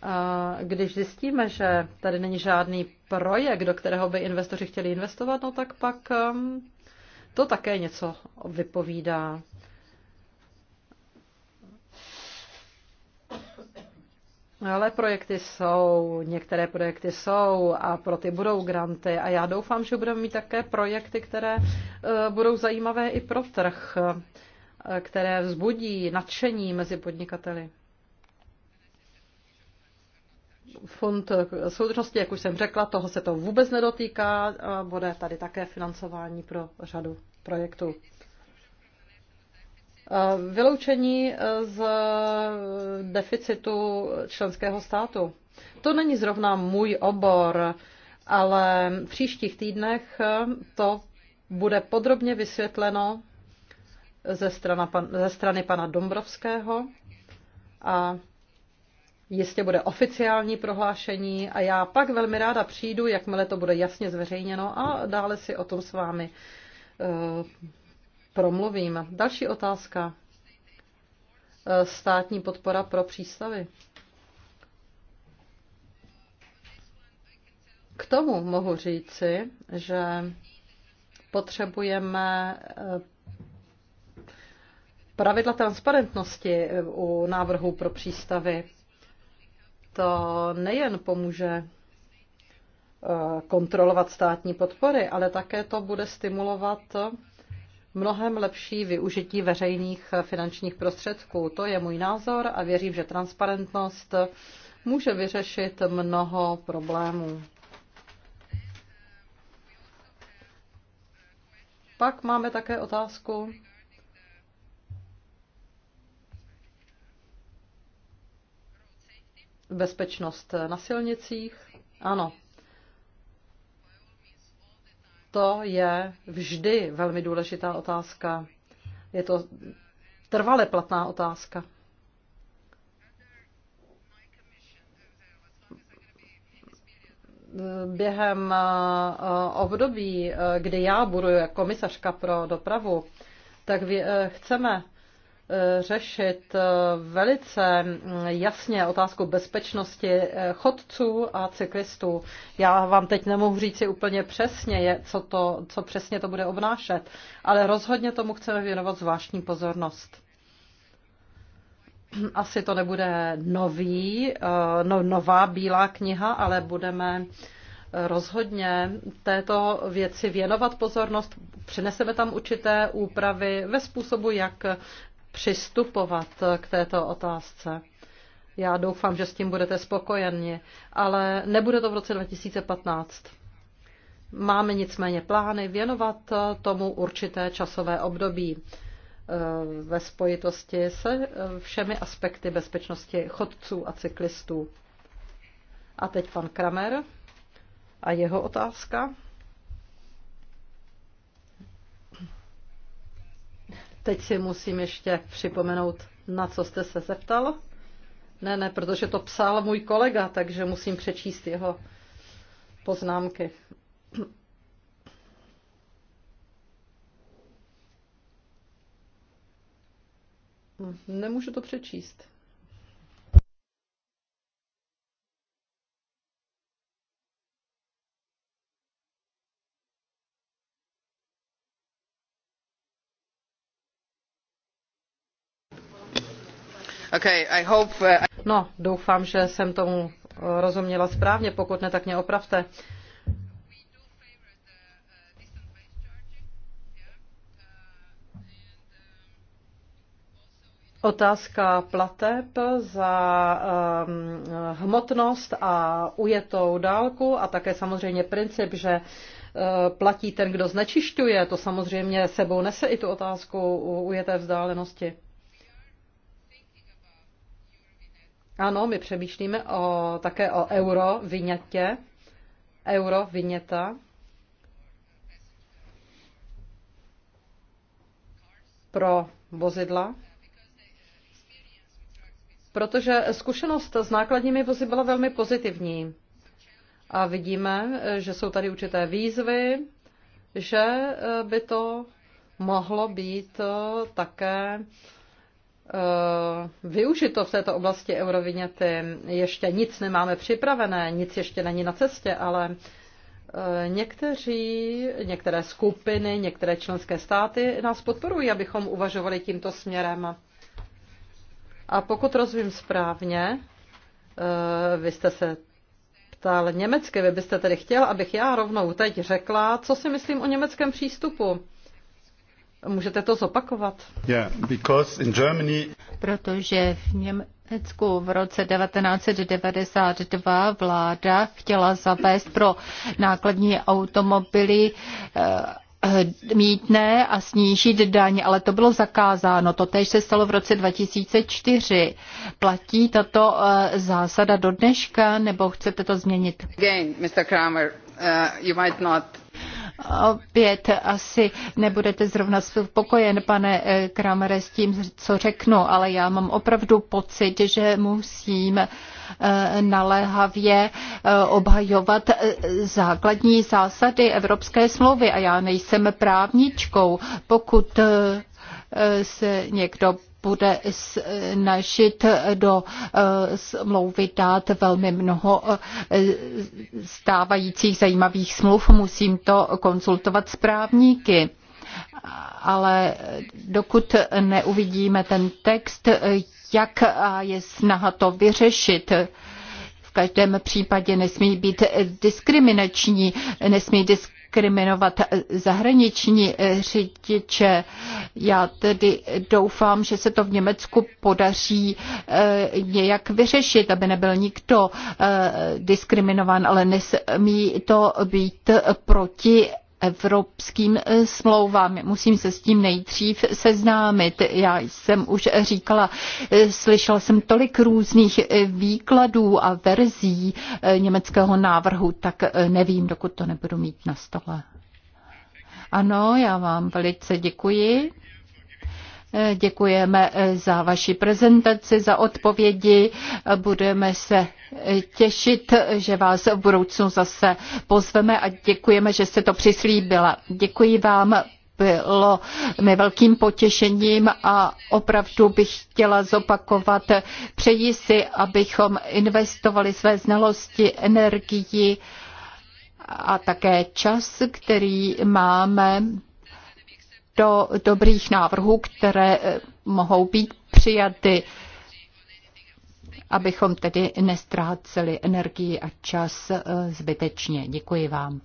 a když zjistíme, že tady není žádný projekt, do kterého by investoři chtěli investovat, no tak pak um, to také něco vypovídá. Ale projekty jsou, některé projekty jsou a pro ty budou granty a já doufám, že budeme mít také projekty, které uh, budou zajímavé i pro trh, uh, které vzbudí nadšení mezi podnikateli fond soudržnosti, jak už jsem řekla, toho se to vůbec nedotýká. Bude tady také financování pro řadu projektů. Vyloučení e, z deficitu členského státu. To není zrovna můj obor, ale v příštích týdnech to bude podrobně vysvětleno ze, strana, ze strany pana Dombrovského a Jistě bude oficiální prohlášení a já pak velmi ráda přijdu, jakmile to bude jasně zveřejněno a dále si o tom s vámi eh, promluvím. Další otázka. Eh, státní podpora pro přístavy. K tomu mohu říci, že potřebujeme eh, pravidla transparentnosti u návrhu pro přístavy to nejen pomůže eh, kontrolovat státní podpory, ale také to bude stimulovat mnohem lepší využití veřejných finančních prostředků. To je můj názor a věřím, že transparentnost může vyřešit mnoho problémů. Pak máme také otázku bezpečnost na silnicích. Ano, to je vždy velmi důležitá otázka. Je to trvale platná otázka. Během eh, období, eh, kdy já budu jako komisařka pro dopravu, tak eh, chceme Eh, řešit eh, velice mm, jasně otázku bezpečnosti eh, chodců a cyklistů. Já vám teď nemohu říct si úplně přesně, co, to, co přesně to bude obnášet, ale rozhodně tomu chceme věnovat zvláštní pozornost. Asi to nebude nový, no, nová bílá kniha, ale budeme rozhodně této věci věnovat pozornost. Přineseme tam určité úpravy ve způsobu, jak přistupovat k této otázce. Já doufám, že s tím budete spokojeni, ale nebude to v roce 2015. Máme nicméně plány věnovat tomu určité časové období eh, ve spojitosti se eh, všemi aspekty bezpečnosti chodců a cyklistů. A teď pan Kramer a jeho otázka. Teď si musím ještě připomenout, na co jste se zeptal. Ne, ne, protože to psal můj kolega, takže musím přečíst jeho poznámky. Nemůžu to přečíst. Uh, no, doufám, že jsem tomu uh, rozuměla správně, pokud ne, tak mě opravte. Otázka plateb za um, hmotnost a ujetou dálku a také samozřejmě princip, že uh, platí ten, kdo znečišťuje, to samozřejmě sebou nese i tu otázku ujeté vzdálenosti. Ano, my přemýšlíme o, také o euro vynětě. Euro vyněta. Pro vozidla. Protože zkušenost s nákladními vozy byla velmi pozitivní. A vidíme, že jsou tady určité výzvy, že eh, by to mohlo být eh, také Eh, využito v této oblasti eurovinety. Ještě nic nemáme připravené, nic ještě není na cestě, ale eh, někteří, některé skupiny, některé členské státy nás podporují, abychom uvažovali tímto směrem. A pokud rozumím správně, eh, vy jste se ptal německy, vy byste tedy chtěl, abych já rovnou teď řekla, co si myslím o německém přístupu. Můžete to zopakovat? Yeah, because in Germany... Protože v Německu v roce 1992 vláda chtěla zavést pro nákladní automobily eh, mítné a snížit daň, ale to bylo zakázáno. To tež se stalo v roce 2004. Platí tato eh, zásada do dneška, nebo chcete to změnit? Again, Mr. Kramer, uh, you might not Opět asi nebudete zrovna spokojen, pane eh, Kramere, s tím, co řeknu, ale já mám opravdu pocit, že musím eh, naléhavě eh, obhajovat základní zásady Evropské smlouvy a já nejsem právničkou. Pokud se někdo bude snažit do eh, smlouvy dát velmi mnoho eh, stávajících zajímavých smluv. Musím to konsultovat s právníky. Ale dokud neuvidíme ten text, jak je snaha to vyřešit, v každém případě nesmí být diskriminační, nesmí diskriminační diskriminovat zahraniční eh, řidiče. Já tedy doufám, že se to v Německu podaří eh, nějak vyřešit, aby nebyl nikdo eh, diskriminován, ale nesmí to být proti evropským eh, smlouvám. Musím se s tím nejdřív seznámit. Já jsem už říkala, eh, slyšela jsem tolik různých eh, výkladů a verzí německého návrhu, tak nevím, dokud to nebudu mít na stole. Ano, já vám velice děkuji. Děkujeme eh, za vaši prezentaci, za odpovědi. Budeme se eh, těšit, že vás v budoucnu zase pozveme a děkujeme, že jste to přislíbila. Děkuji vám bylo mi velkým potěšením a opravdu bych chtěla zopakovat, eh, přeji si, abychom investovali své znalosti, energii a také čas, který máme do dobrých návrhů, které eh, mohou být přijaty, abychom tedy nestráceli energii a čas eh, zbytečně. Děkuji vám.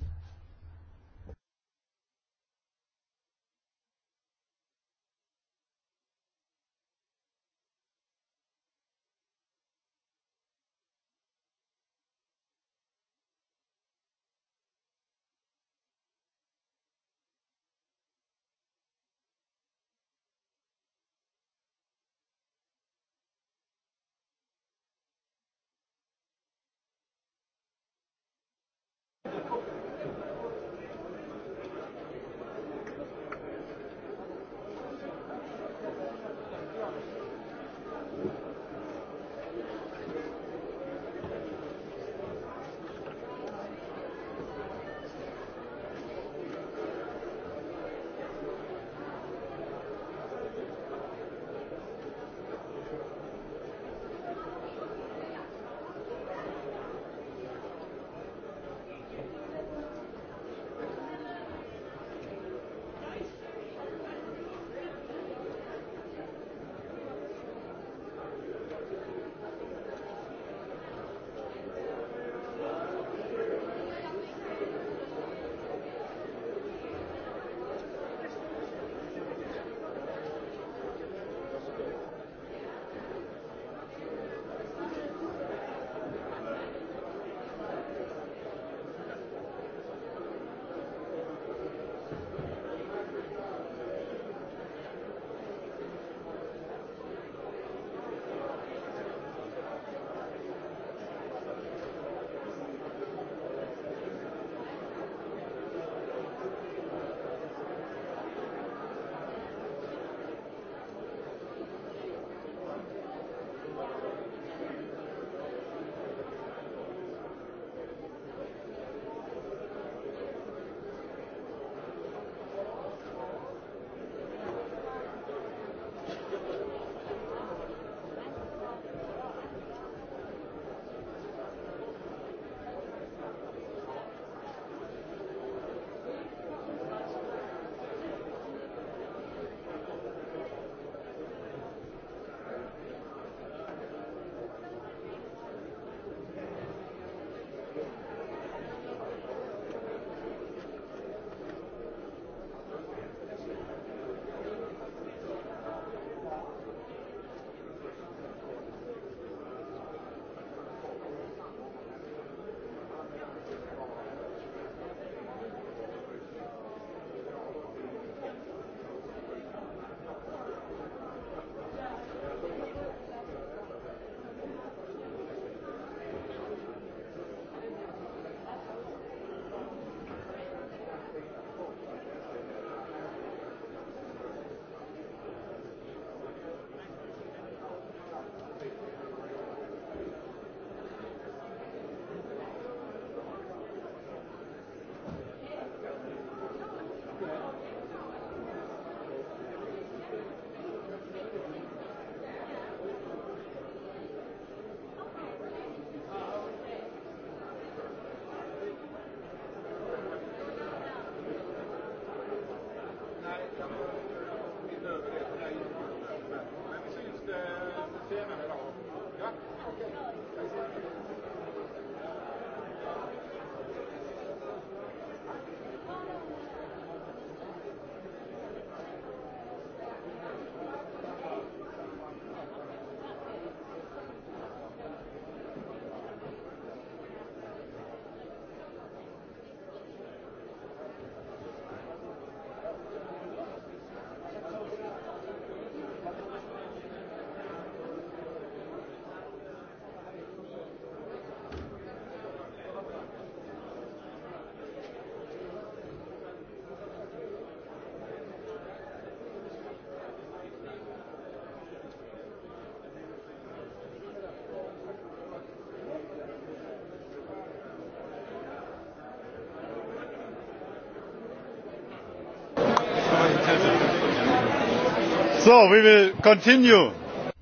So, we will continue.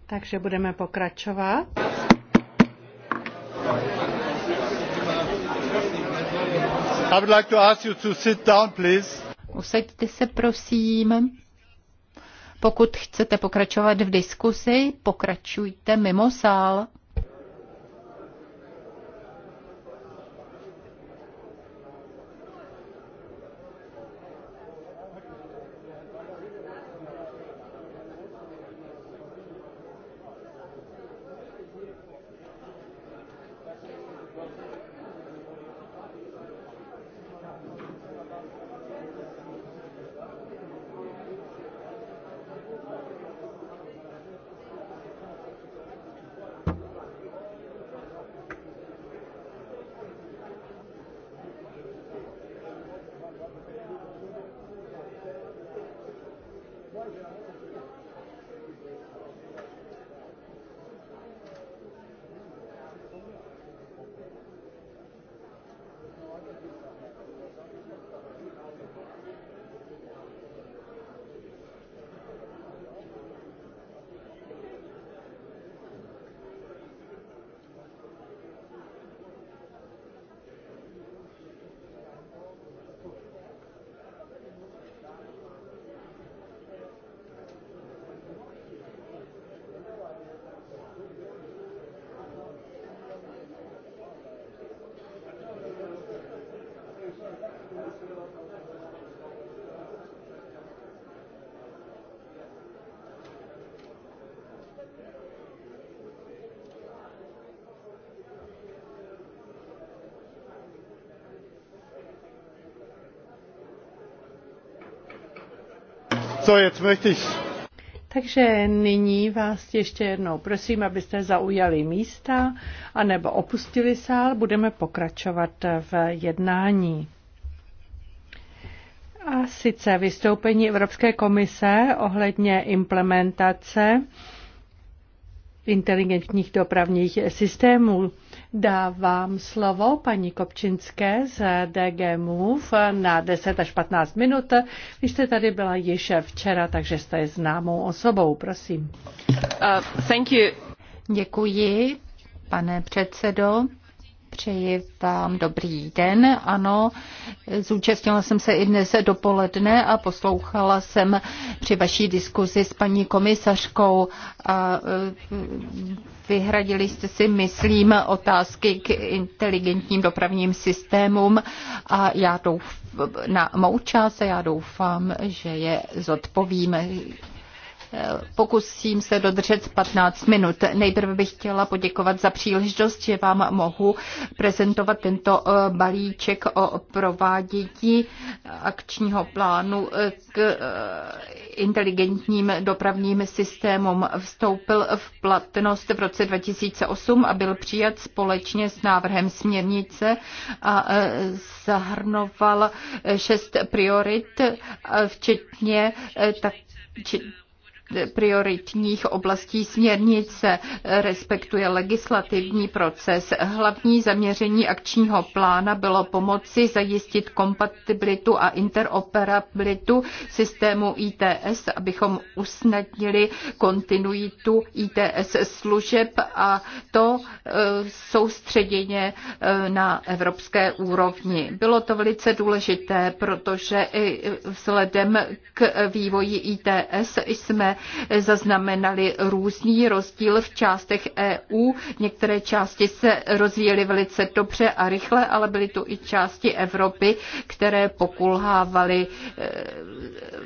Takže budeme pokračovat. I would like to ask you to sit down, please. Usaďte se, prosím. Pokud chcete pokračovat v diskusi, pokračujte mimo sál. So, jetzt möchte ich... Takže nyní vás ještě jednou prosím, abyste zaujali místa anebo opustili sál. Budeme pokračovat v jednání. A sice vystoupení Evropské komise ohledně implementace inteligentních dopravních systémů. Dávám slovo paní Kopčinské z DG Move na 10 až 15 minut. Vy jste tady byla již včera, takže jste známou osobou. Prosím. Uh, thank you. Děkuji, pane předsedo. Přeji vám dobrý den. Ano, zúčastnila jsem se i dnes dopoledne a poslouchala jsem při vaší diskuzi s paní komisařkou a e, vyhradili jste si, myslím, otázky k inteligentním dopravním systémům a já doufám, na mou část a já doufám, že je zodpovíme. Pokusím se dodržet 15 minut. Nejprve bych chtěla poděkovat za příležitost, že vám mohu prezentovat tento eh, balíček o provádění akčního plánu eh, k eh, inteligentním dopravním systémům. Vstoupil v platnost v roce 2008 a byl přijat společně s návrhem směrnice a zahrnoval šest priorit, včetně tak prioritních oblastí směrnice, respektuje legislativní proces. Hlavní zaměření akčního plána bylo pomoci zajistit kompatibilitu a interoperabilitu systému ITS, abychom usnadnili kontinuitu ITS služeb a to eh, soustředěně eh, na evropské úrovni. Bylo to velice důležité, protože vzhledem k vývoji ITS jsme zaznamenali různý rozdíl v částech EU. Některé části se rozvíjely velice dobře a rychle, ale byly tu i části Evropy, které pokulhávaly eh,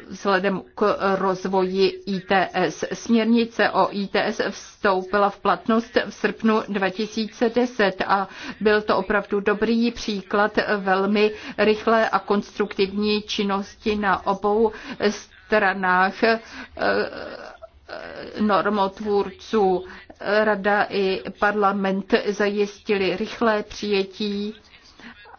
vzhledem k rozvoji ITS. Směrnice o ITS vstoupila v platnost v srpnu 2010 a byl to opravdu dobrý příklad velmi rychlé a konstruktivní činnosti na obou stranách stranách eh, normotvůrců. Rada i parlament zajistili rychlé přijetí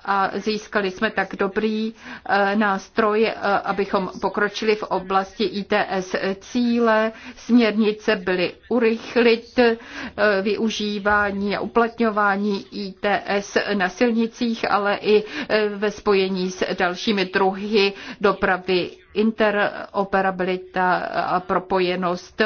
a získali jsme tak dobrý eh, nástroj, eh, abychom pokročili v oblasti ITS cíle. Směrnice byly urychlit využívání a uplatňování ITS na silnicích, ale i ve spojení s dalšími druhy dopravy interoperabilita a propojenost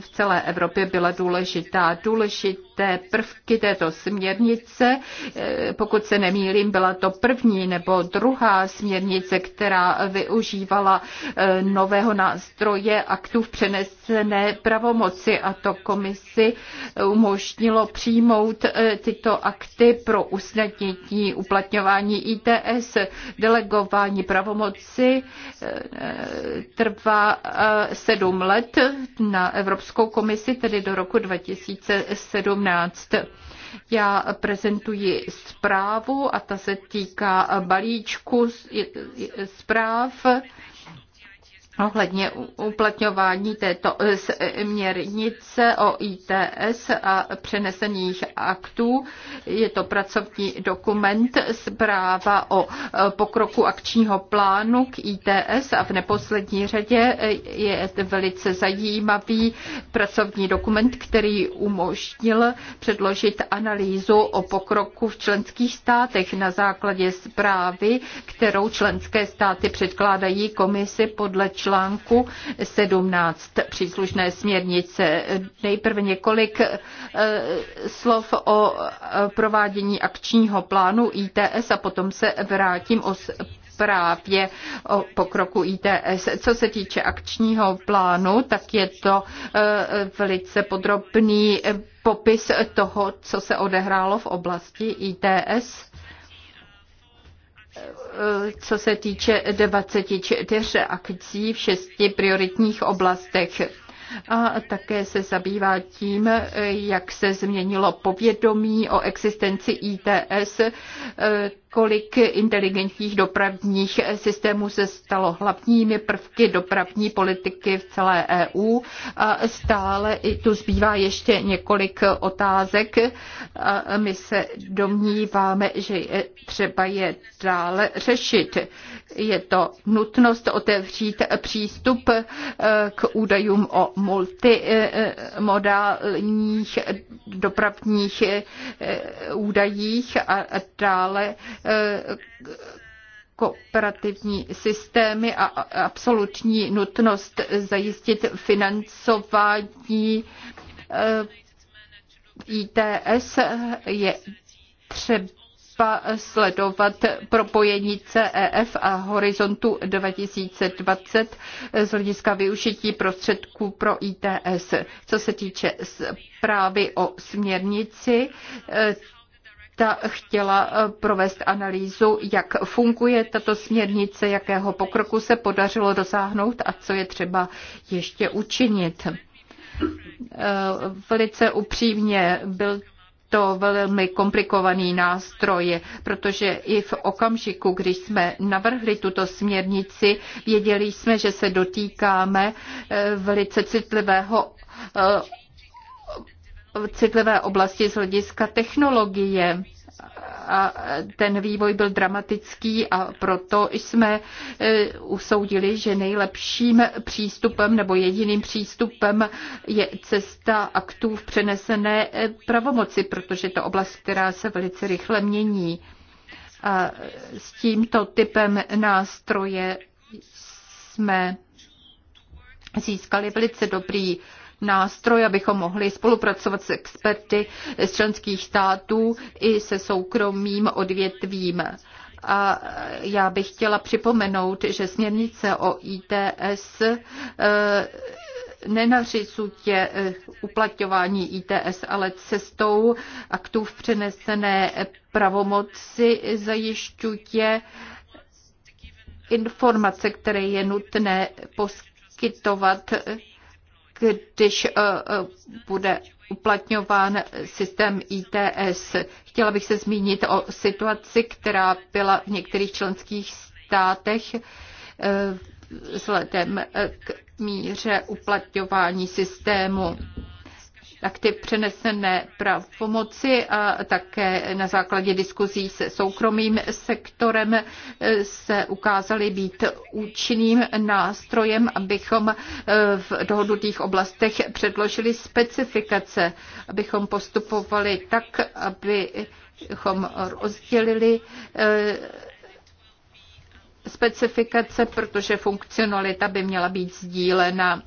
v celé Evropě byla důležitá. Důležité prvky této směrnice, eh, pokud se nemýlím, byla to první nebo druhá směrnice, která využívala eh, nového nástroje aktů v přenesené pravomoci a to komisi umožnilo přijmout eh, tyto akty pro usnadnění uplatňování ITS, delegování pravomoci trvá eh, sedm let na Evropskou komisi, tedy do roku 2017. Já prezentuji zprávu a ta se týká balíčku zpráv ohledně uplatňování této eh, směrnice eh, o ITS a přenesených aktů. Je to pracovní dokument zpráva o eh, pokroku akčního plánu k ITS a v neposlední řadě je velice zajímavý pracovní dokument, který umožnil předložit analýzu o pokroku v členských státech na základě zprávy, kterou členské státy předkládají komisi podle článku 17 příslušné směrnice. Nejprve několik eh, slov o eh, provádění akčního plánu ITS a potom se vrátím o právě o pokroku ITS. Co se týče akčního plánu, tak je to eh, velice podrobný popis toho, co se odehrálo v oblasti ITS co se týče 24 akcí v šesti prioritních oblastech. A také se zabývá tím, jak se změnilo povědomí o existenci ITS, kolik inteligentních dopravních systémů se stalo hlavními prvky dopravní politiky v celé EU. A stále i tu zbývá ještě několik otázek. A my se domníváme, že je třeba je dále řešit. Je to nutnost otevřít přístup e, k údajům o multimodálních dopravních e, údajích a dále Eh, kooperativní systémy a absolutní nutnost zajistit financování eh, ITS je třeba sledovat propojení CEF a horizontu 2020 z hlediska využití prostředků pro ITS. Co se týče zprávy o směrnici, eh, ta chtěla e, provést analýzu, jak funguje tato směrnice, jakého pokroku se podařilo dosáhnout a co je třeba ještě učinit. E, velice upřímně byl to velmi komplikovaný nástroj, protože i v okamžiku, když jsme navrhli tuto směrnici, věděli jsme, že se dotýkáme e, velice citlivého citlivé oblasti z hlediska technologie. A ten vývoj byl dramatický a proto jsme e, usoudili, že nejlepším přístupem nebo jediným přístupem je cesta aktů v přenesené e, pravomoci, protože to oblast, která se velice rychle mění. A s tímto typem nástroje jsme získali velice dobrý nástroj, abychom mohli spolupracovat s experty z členských států i se soukromým odvětvím. A já bych chtěla připomenout, že směrnice o ITS eh, nenařizuje eh, uplatňování ITS, ale cestou aktů v přenesené pravomoci zajišťuje informace, které je nutné poskytovat když eh, eh, bude uplatňován systém ITS. Chtěla bych se zmínit o situaci, která byla v některých členských státech eh, vzhledem k míře uplatňování systému akty přenesené pravomoci a také na základě diskuzí se soukromým sektorem se ukázaly být účinným nástrojem, abychom v dohodnutých oblastech předložili specifikace, abychom postupovali tak, abychom rozdělili eh, specifikace, protože funkcionalita by měla být sdílena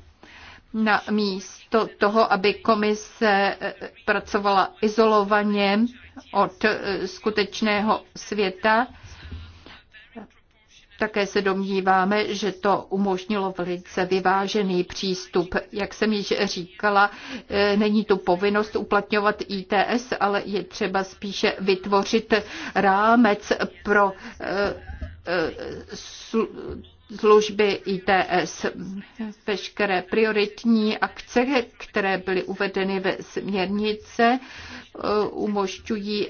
na místo toho, aby komise eh, pracovala izolovaně od eh, skutečného světa. Také se domníváme, že to umožnilo velice vyvážený přístup. Jak jsem již říkala, eh, není tu povinnost uplatňovat ITS, ale je třeba spíše vytvořit rámec pro služby ITS. Veškeré prioritní akce, které byly uvedeny ve směrnice, eh, umožňují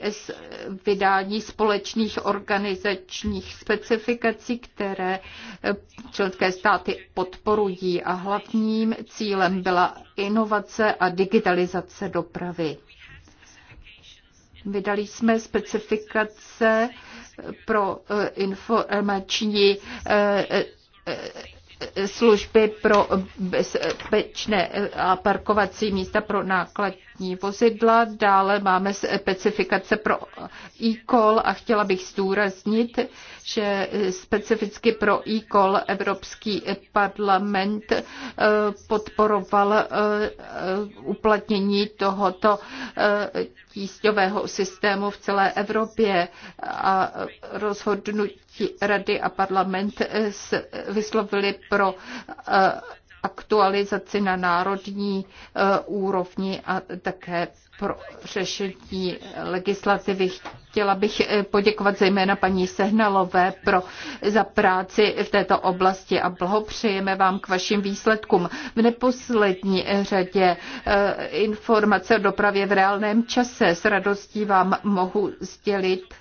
vydání společných organizačních specifikací, které eh, členské státy podporují a hlavním cílem byla inovace a digitalizace dopravy. Vydali jsme specifikace pro eh, informační eh, eh, služby pro bezpečné a parkovací místa pro náklad nákladní vozidla, dále máme specifikace pro e-call a chtěla bych zdůraznit, že specificky pro e-call Evropský parlament eh, podporoval eh, eh, uplatnění tohoto tísňového systému v celé Evropě a rozhodnutí Rady a parlament vyslovili pro aktualizaci na národní eh, úrovni a také pro řešení legislativy. Chtěla bych eh, poděkovat zejména paní Sehnalové pro, za práci v této oblasti a blahopřejeme vám k vašim výsledkům. V neposlední řadě eh, informace o dopravě v reálném čase s radostí vám mohu sdělit,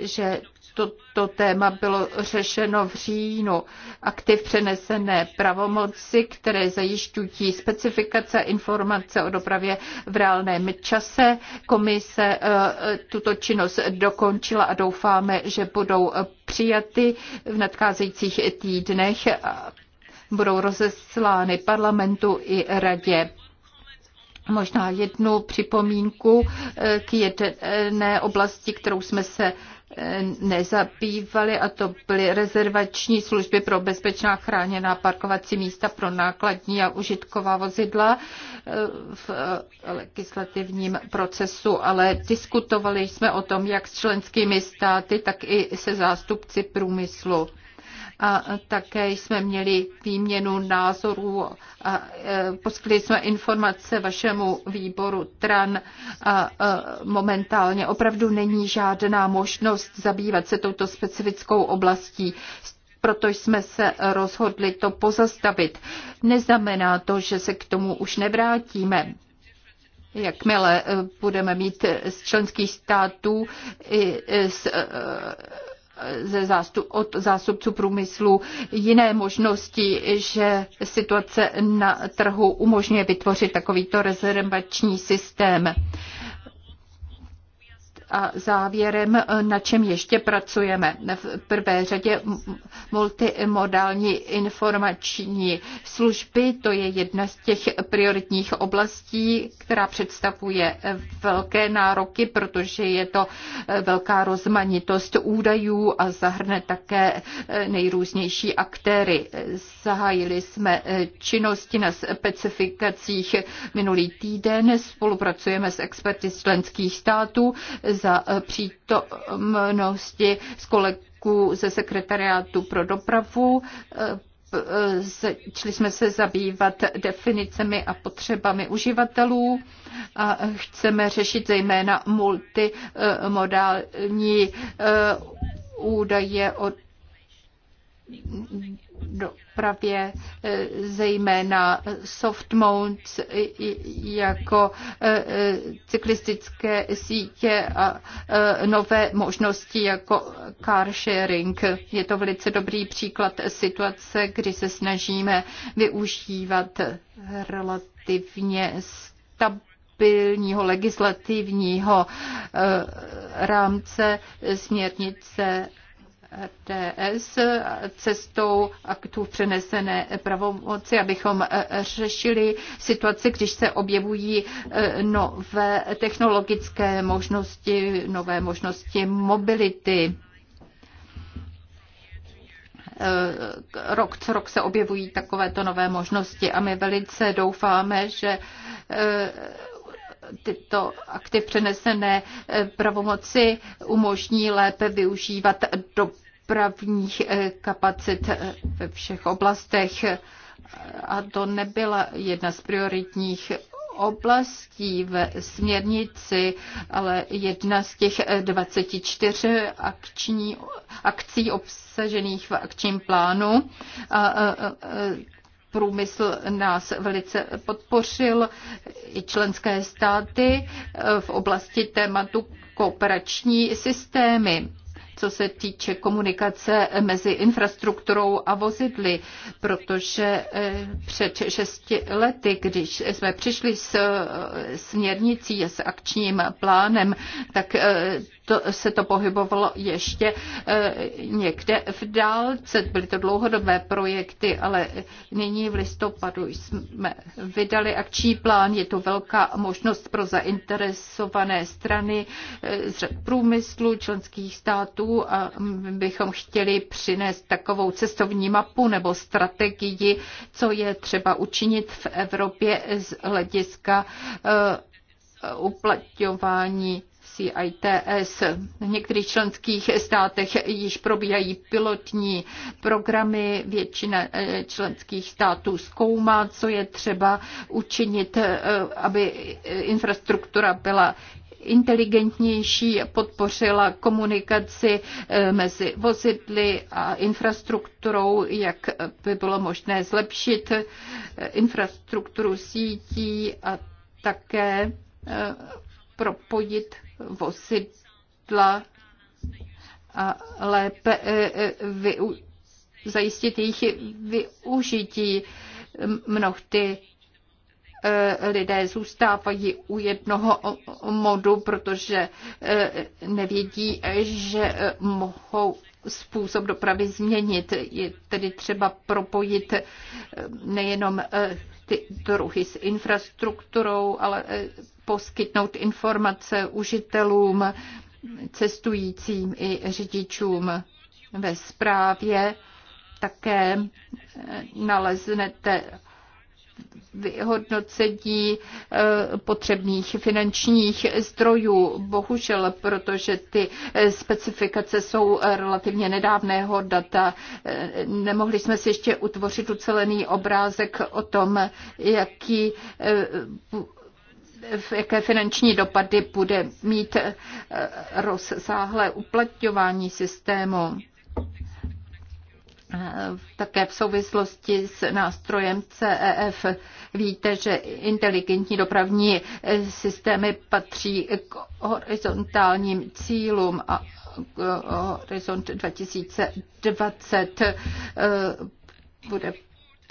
že toto téma bylo řešeno v říjnu. Aktiv přenesené pravomoci, které zajišťují specifikace informace o dopravě v reálném čase. Komise eh, tuto činnost dokončila a doufáme, že budou přijaty v nadcházejících týdnech. Budou rozeslány parlamentu i radě. Možná jednu připomínku eh, k jedné oblasti, kterou jsme se nezabývaly, a to byly rezervační služby pro bezpečná chráněná parkovací místa pro nákladní a užitková vozidla eh, v eh, legislativním procesu, ale diskutovali jsme o tom jak s členskými státy, tak i se zástupci průmyslu a také jsme měli výměnu názorů a e, poskytli jsme informace vašemu výboru TRAN a e, momentálně opravdu není žádná možnost zabývat se touto specifickou oblastí proto jsme se rozhodli to pozastavit. Neznamená to, že se k tomu už nevrátíme. Jakmile e, budeme mít z členských států i z ze zástup, od zástupců průmyslu jiné možnosti, že situace na trhu umožňuje vytvořit takovýto rezervační systém a závěrem, na čem ještě pracujeme. V prvé řadě multimodální informační služby, to je jedna z těch prioritních oblastí, která představuje velké nároky, protože je to eh, velká rozmanitost údajů a zahrne také eh, nejrůznější aktéry. Zahájili jsme eh, činnosti na specifikacích minulý týden, spolupracujeme s experty členských států, za eh, přítomnosti z kolegů ze sekretariátu pro dopravu. Eh, eh, začali jsme se zabývat definicemi a potřebami uživatelů a chceme řešit zejména multimodální údaje od dopravě, eh, zejména soft mounts jako eh, eh, cyklistické sítě a nové možnosti jako car sharing. Je to velice dobrý příklad situace, kdy se snažíme využívat relativně stabilního legislativního rámce směrnice TS cestou aktů přenesené pravomoci, abychom e, řešili situaci, když se objevují e, nové technologické možnosti, nové možnosti mobility e, rok co rok se objevují takovéto nové možnosti a my velice doufáme, že tyto aktiv přenesené pravomoci umožní lépe využívat do dopravních eh, kapacit eh, ve všech oblastech. A to nebyla jedna z prioritních oblastí v směrnici, ale jedna z těch 24 eh, akční, akcí obsažených v akčním plánu. A, a, a, průmysl nás velice podpořil, i členské státy v oblasti tématu kooperační systémy co se týče komunikace mezi infrastrukturou a vozidly, protože eh, před šesti lety, když jsme přišli s eh, směrnicí, s akčním plánem, tak eh, to, se to pohybovalo ještě eh, někde v dálce. Byly to dlouhodobé projekty, ale nyní v listopadu jsme vydali akční plán. Je to velká možnost pro zainteresované strany eh, z průmyslu členských států a my bychom chtěli přinést takovou cestovní mapu nebo strategii, co je třeba učinit v Evropě z hlediska eh, uplatňování CITS. V některých členských státech již probíhají pilotní programy. Většina eh, členských států zkoumá, co je třeba učinit, eh, aby eh, infrastruktura byla inteligentnější, podpořila komunikaci mezi vozidly a infrastrukturou, jak by bylo možné zlepšit infrastrukturu sítí a také propojit vozidla a lépe e, e, vyu, zajistit jejich využití. Mnohdy e, lidé zůstávají u jednoho modu, protože nevědí, že mohou způsob dopravy změnit. Je tedy třeba propojit nejenom ty druhy s infrastrukturou, ale e, poskytnout informace užitelům, cestujícím i řidičům ve zprávě. Také e, naleznete vyhodnocení eh, potřebných finančních zdrojů. Bohužel, protože ty eh, specifikace jsou relativně nedávného data, eh, nemohli jsme si ještě utvořit ucelený obrázek o tom, jaký jaké finanční dopady bude mít rozsáhlé uplatňování systému. Také v souvislosti s nástrojem CEF víte, že inteligentní dopravní systémy patří k horizontálním cílům a horizont 2020 eh, bude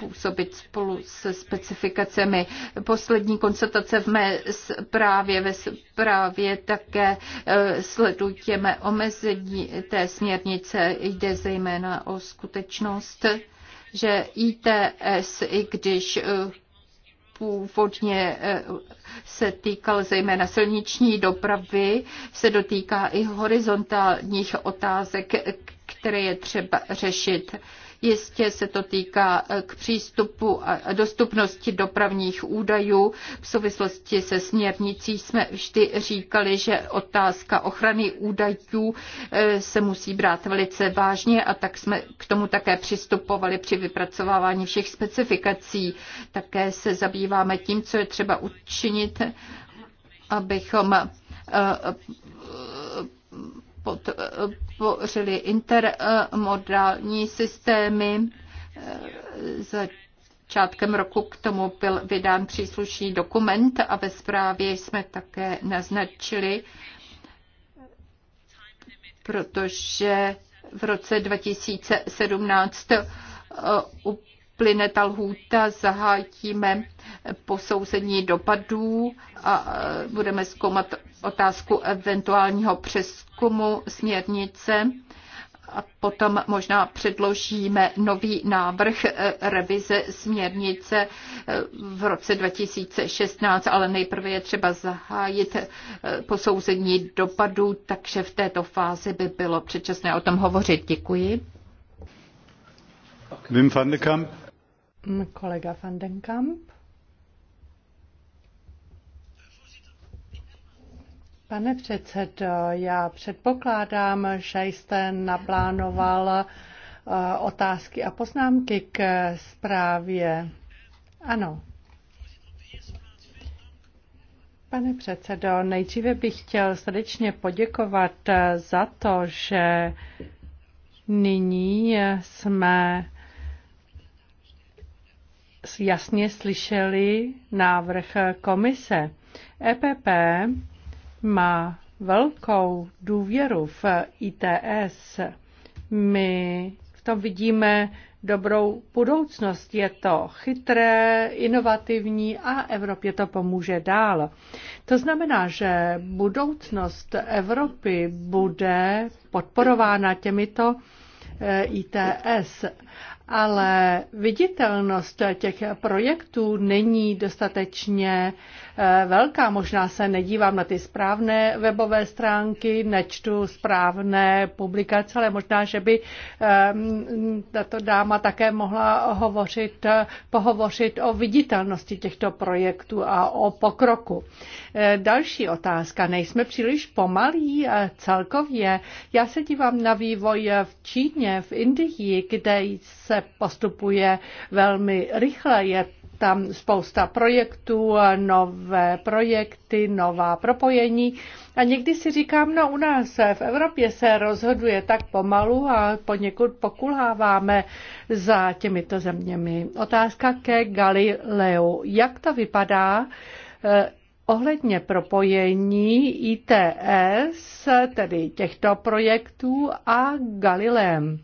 působit spolu se specifikacemi. Poslední konstatace v mé zprávě, ve zprávě také e, sledujeme omezení té směrnice. Jde zejména o skutečnost, že ITS, i když e, původně e, se týkal zejména silniční dopravy, se dotýká i horizontálních otázek, které je třeba řešit. Jistě se to týká eh, k přístupu a dostupnosti dopravních údajů. V souvislosti se směrnicí jsme vždy říkali, že otázka ochrany údajů eh, se musí brát velice vážně a tak jsme k tomu také přistupovali při vypracovávání všech specifikací. Také se zabýváme tím, co je třeba učinit, abychom eh, Eh, podpořili intermodální systémy. Eh, začátkem roku k tomu byl vydán příslušný dokument a ve zprávě jsme také naznačili, protože v roce 2017 eh, plyne ta lhůta, zahájíme posouzení dopadů a budeme zkoumat otázku eventuálního přeskumu směrnice a potom možná předložíme nový návrh e, revize směrnice e, v roce 2016, ale nejprve je třeba zahájit e, posouzení dopadů, takže v této fázi by bylo předčasné o tom hovořit. Děkuji. Wim van de Kamp. Kolega van den Kamp. Pane předsedo, já předpokládám, že jste naplánoval eh, otázky a poznámky k zprávě. Ano. Pane předsedo, nejdříve bych chtěl srdečně poděkovat eh, za to, že nyní eh, jsme jasně slyšeli návrh komise. EPP má velkou důvěru v ITS. My v tom vidíme dobrou budoucnost. Je to chytré, inovativní a Evropě to pomůže dál. To znamená, že budoucnost Evropy bude podporována těmito eh, ITS ale viditelnost těch projektů není dostatečně Eh, velká. Možná se nedívám na ty správné webové stránky, nečtu správné publikace, ale možná, že by ehm, tato dáma také mohla hovořit, eh, pohovořit o viditelnosti těchto projektů a o pokroku. Eh, další otázka. Nejsme příliš pomalí celkově. Já se dívám na vývoj v Číně, v Indii, kde se postupuje velmi rychle. Je tam spousta projektů, nové projekty, nová propojení. A někdy si říkám, no u nás v Evropě se rozhoduje tak pomalu a poněkud pokulháváme za těmito zeměmi. Otázka ke Galileu. Jak to vypadá? Eh, ohledně propojení ITS, tedy těchto projektů a Galilem.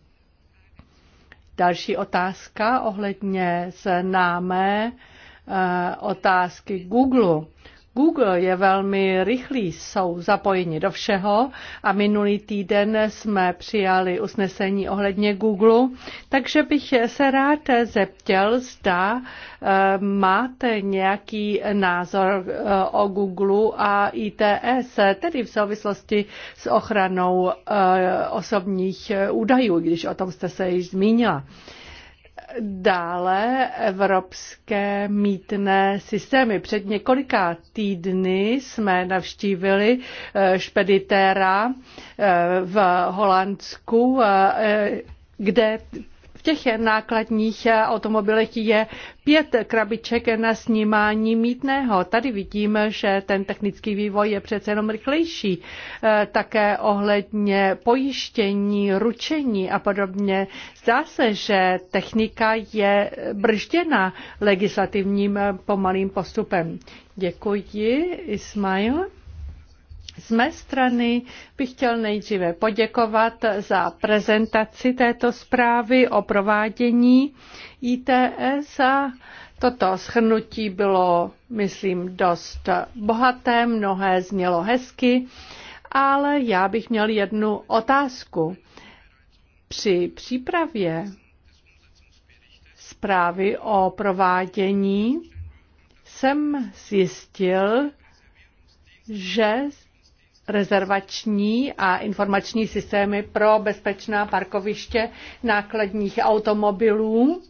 Další otázka ohledně známé eh, otázky Google. Google je velmi rychlý, jsou zapojeni do všeho a minulý týden jsme přijali usnesení ohledně Google, takže bych se rád zeptěl, zda eh, máte nějaký názor eh, o Google a ITS, tedy v souvislosti s ochranou eh, osobních údajů, když o tom jste se již zmínila. Dále evropské mítné systémy. Před několika týdny jsme navštívili eh, špeditéra eh, v Holandsku eh, kde v těch nákladních automobilech je pět krabiček na snímání mítného. Tady vidím, že ten technický vývoj je přece jenom rychlejší. E, také ohledně pojištění, ručení a podobně. Zdá se, že technika je bržděna legislativním pomalým postupem. Děkuji, Ismail. Z mé strany bych chtěl nejdříve poděkovat za prezentaci této zprávy o provádění ITS a Toto shrnutí. bylo, myslím, dost bohaté, mnohé znělo hezky, ale já bych měl jednu otázku. Při přípravě zprávy o provádění jsem zjistil, že rezervační a informační systémy pro bezpečná parkoviště nákladních automobilů.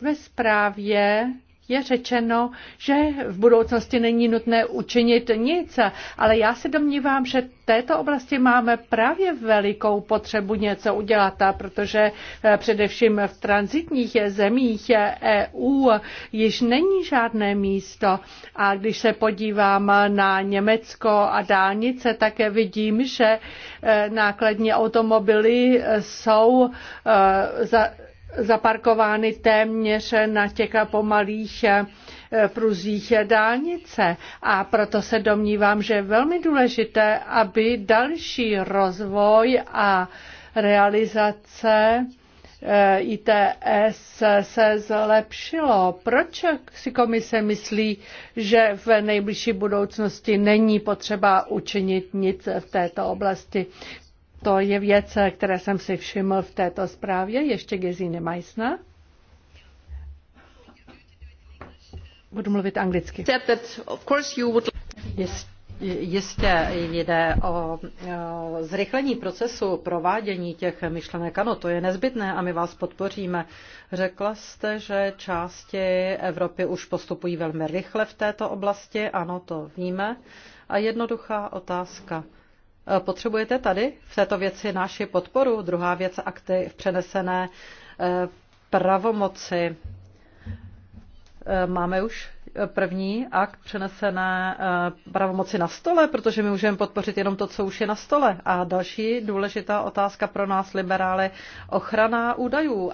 Ve zprávě je řečeno, že v budoucnosti není nutné učinit nic, ale já se domnívám, že v této oblasti máme právě velikou potřebu něco udělat, protože eh, především v transitních zemích EU již není žádné místo. A když se podívám na Německo a dálnice, také vidím, že eh, nákladní automobily jsou eh, za zaparkovány téměř na těch pomalých eh, pruzích dálnice a proto se domnívám, že je velmi důležité, aby další rozvoj a realizace eh, ITS se zlepšilo. Proč si komise myslí, že v nejbližší budoucnosti není potřeba učinit nic v této oblasti? To je věc, které jsem si všiml v této zprávě. Ještě Gesine Meissner. Budu mluvit anglicky. Jistě. Jistě jde o zrychlení procesu provádění těch myšlenek. Ano, to je nezbytné a my vás podpoříme. Řekla jste, že části Evropy už postupují velmi rychle v této oblasti. Ano, to víme. A jednoduchá otázka. Eh, potřebujete tady v této věci naši podporu? Druhá věc, akty v přenesené eh, pravomoci. Eh, máme už první akt přenesené pravomoci na stole, protože my můžeme podpořit jenom to, co už je na stole. A další důležitá otázka pro nás, liberály, ochrana údajů.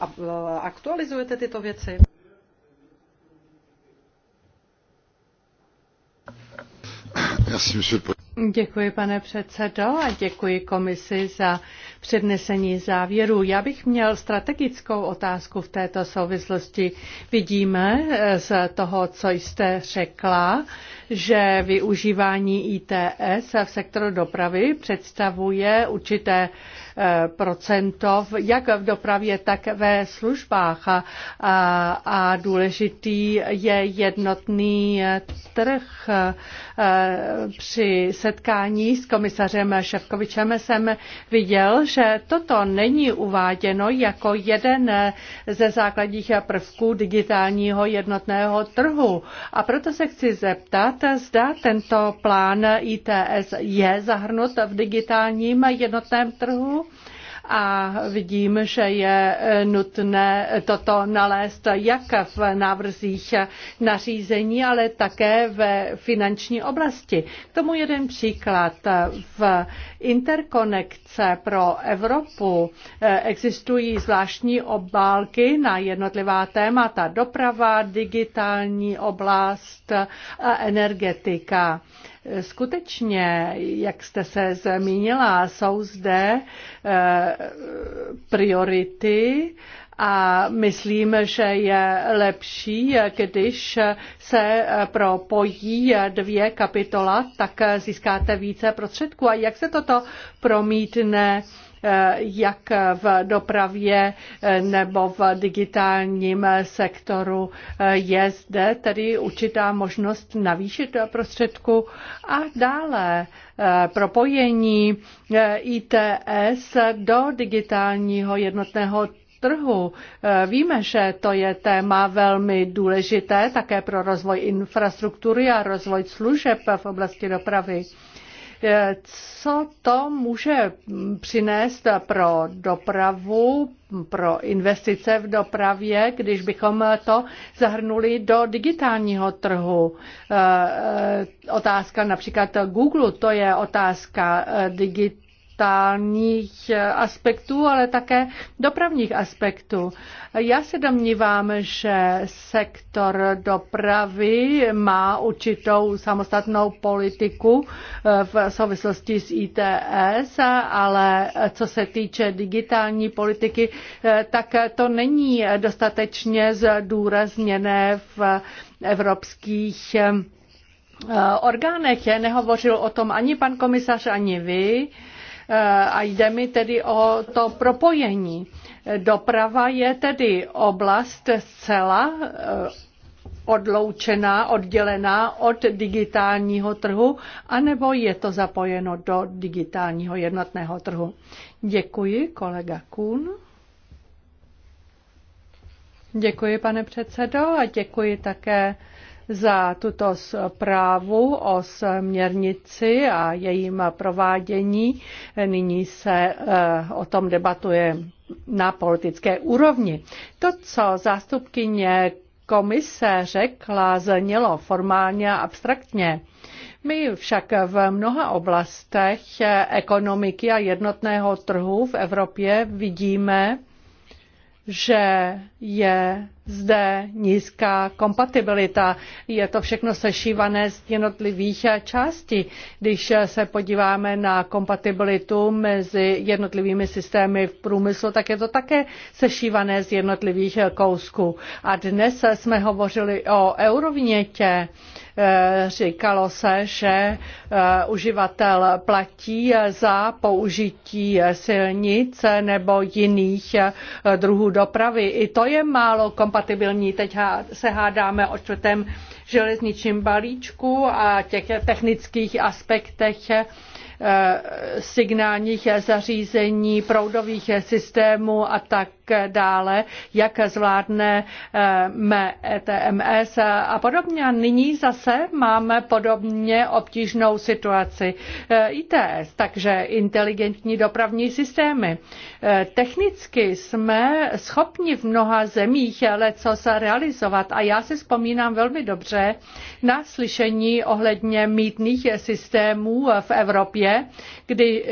Aktualizujete tyto věci? Merci, monsieur Děkuji, pane předsedo, a děkuji komisi za přednesení závěru. Já bych měl strategickou otázku v této souvislosti. Vidíme eh, z toho, co jste řekla, že využívání ITS v sektoru dopravy představuje určité procento, jak v dopravě, tak ve službách. A, a důležitý je jednotný trh. Při setkání s komisařem Ševkovičem jsem viděl, že toto není uváděno jako jeden ze základních prvků digitálního jednotného trhu. A proto se chci zeptat, zda tento plán ITS je zahrnut v digitálním jednotném trhu a vidím, že je e, nutné toto nalézt jak v návrzích nařízení, ale také ve finanční oblasti. K tomu jeden příklad. V interkonekce pro Evropu. Eh, existují zvláštní obálky na jednotlivá témata doprava, digitální oblast a energetika. Eh, skutečně, jak jste se zmínila, jsou zde eh, priority a myslím, že je lepší, když se propojí dvě kapitola, tak získáte více prostředků. A jak se toto promítne jak v dopravě nebo v digitálním sektoru. Je zde tedy určitá možnost navýšit prostředku a dále propojení ITS do digitálního jednotného trhu. Eh, víme, že to je téma velmi důležité také pro rozvoj infrastruktury a rozvoj služeb v oblasti dopravy eh, co to může přinést pro dopravu, pro investice v dopravě, když bychom to zahrnuli do digitálního trhu. Eh, otázka například Google, to je otázka digitální environmentálních aspektů, ale také dopravních aspektů. Já se domnívám, že sektor dopravy má určitou samostatnou politiku eh, v souvislosti s ITS, ale co se týče digitální politiky, eh, tak to není dostatečně zdůrazněné v evropských eh, orgánech. Nehovořil o tom ani pan komisař, ani vy. Eh, a jde mi tedy o to propojení. Doprava je tedy oblast zcela eh, odloučená, oddělená od digitálního trhu, anebo je to zapojeno do digitálního jednotného trhu. Děkuji, kolega Kuhn. Děkuji, pane předsedo, a děkuji také za tuto zprávu o směrnici a jejím provádění. Nyní se eh, o tom debatuje na politické úrovni. To, co zástupkyně komise řekla, znělo formálně a abstraktně. My však v mnoha oblastech ekonomiky a jednotného trhu v Evropě vidíme že je zde nízká kompatibilita. Je to všechno sešívané z jednotlivých částí. Když se podíváme na kompatibilitu mezi jednotlivými systémy v průmyslu, tak je to také sešívané z jednotlivých kousků. A dnes jsme hovořili o eurovinětě. Eh, říkalo se, že eh, uživatel platí eh, za použití silnic nebo jiných druhů dopravy. I to je málo kompatibilní. Teď se hádáme o čtvrtém železničním balíčku a těch technických aspektech signálních zařízení, proudových systémů a tak dále, jak zvládne ETMS eh, e a podobně. A nyní zase máme podobně obtížnou situaci eh, ITS, takže inteligentní dopravní systémy. Eh, technicky jsme schopni v mnoha zemích leco se realizovat a já si vzpomínám velmi dobře na slyšení ohledně mítných systémů v Evropě, kdy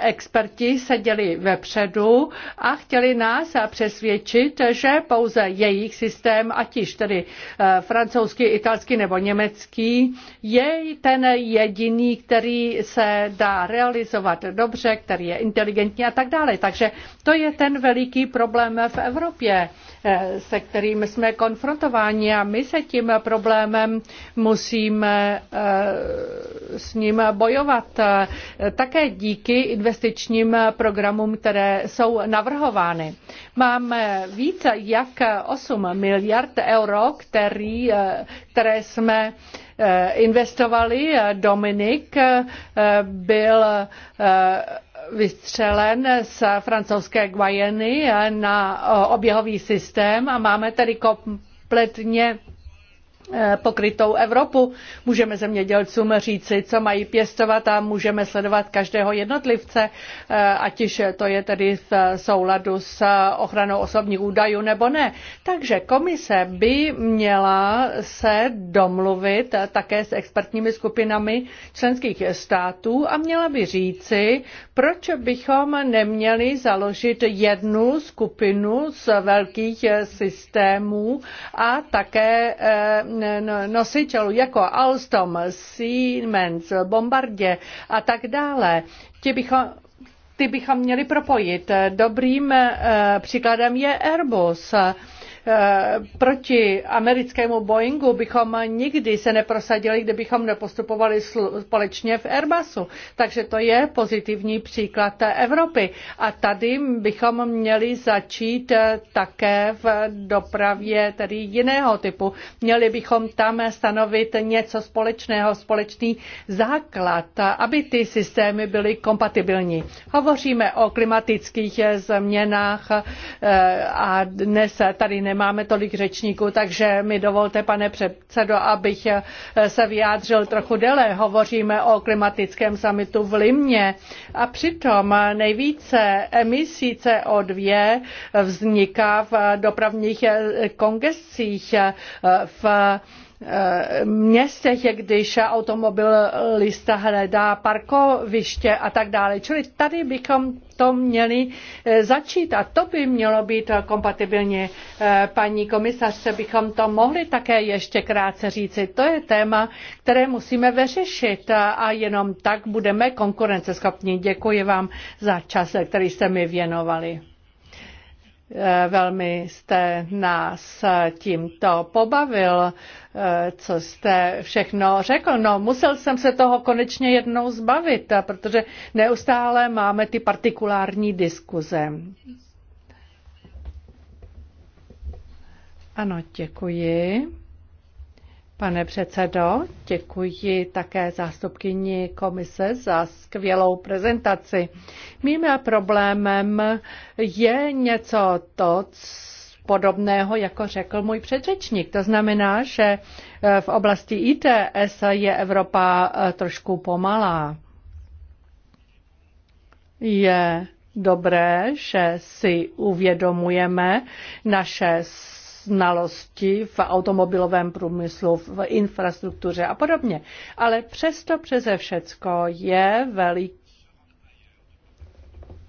experti seděli vepředu a chtěli nás přesvědčit, že pouze jejich systém, ať již tedy eh, francouzský, italský nebo německý, je ten jediný, který se dá realizovat dobře, který je inteligentní a tak dále. Takže to je ten veliký problém v Evropě Eh, se kterým jsme konfrontováni a my se tím problémem musíme eh, s ním bojovat. Také díky investičním programům, které jsou navrhovány. Máme více jak 8 miliard euro, který, eh, které jsme investovali. Dominik byl vystřelen z francouzské Guajany na oběhový systém a máme tedy kompletně Eh, pokrytou Evropu. Můžeme zemědělcům říci, co mají pěstovat a můžeme sledovat každého jednotlivce, eh, ať již to je tedy v souladu s ochranou osobních údajů nebo ne. Takže komise by měla se domluvit také s expertními skupinami členských států a měla by říci, proč bychom neměli založit jednu skupinu z velkých systémů a také eh, nositelů jako Alstom, Siemens, Bombardě a tak dále. Ti bychom, ty bychom měli propojit. Dobrým eh, příkladem je Airbus. Eh, proti americkému Boeingu bychom nikdy se neprosadili, kdybychom nepostupovali společně v Airbusu. Takže to je pozitivní příklad Evropy. A tady bychom měli začít eh, také v dopravě tedy jiného typu. Měli bychom tam stanovit něco společného, společný základ, aby ty systémy byly kompatibilní. Hovoříme o klimatických eh, změnách a dnes tady nemáme nemáme tolik řečníků, takže mi dovolte, pane předsedo, abych eh, se vyjádřil trochu déle. Hovoříme o klimatickém samitu v Limě a přitom nejvíce emisí CO2 vzniká v dopravních eh, kongescích eh, v městech, když automobilista hledá parkoviště a tak dále. Čili tady bychom to měli eh, začít a to by mělo být kompatibilně. Eh, paní komisařce bychom to mohli také ještě krátce říci. To je téma, které musíme vyřešit a jenom tak budeme konkurenceschopní. Děkuji vám za čas, který jste mi věnovali eh, velmi jste nás tímto pobavil. Eh, co jste všechno řekl. No, musel jsem se toho konečně jednou zbavit, eh, protože neustále máme ty partikulární diskuze. Ano, děkuji. Pane předsedo, děkuji také zástupkyni komise za skvělou prezentaci. Mým problémem je něco to, co podobného, jako řekl můj předřečník. To znamená, že eh, v oblasti ITS je Evropa eh, trošku pomalá. Je dobré, že si uvědomujeme naše znalosti v automobilovém průmyslu, v infrastruktuře a podobně. Ale přesto přeze všecko je velký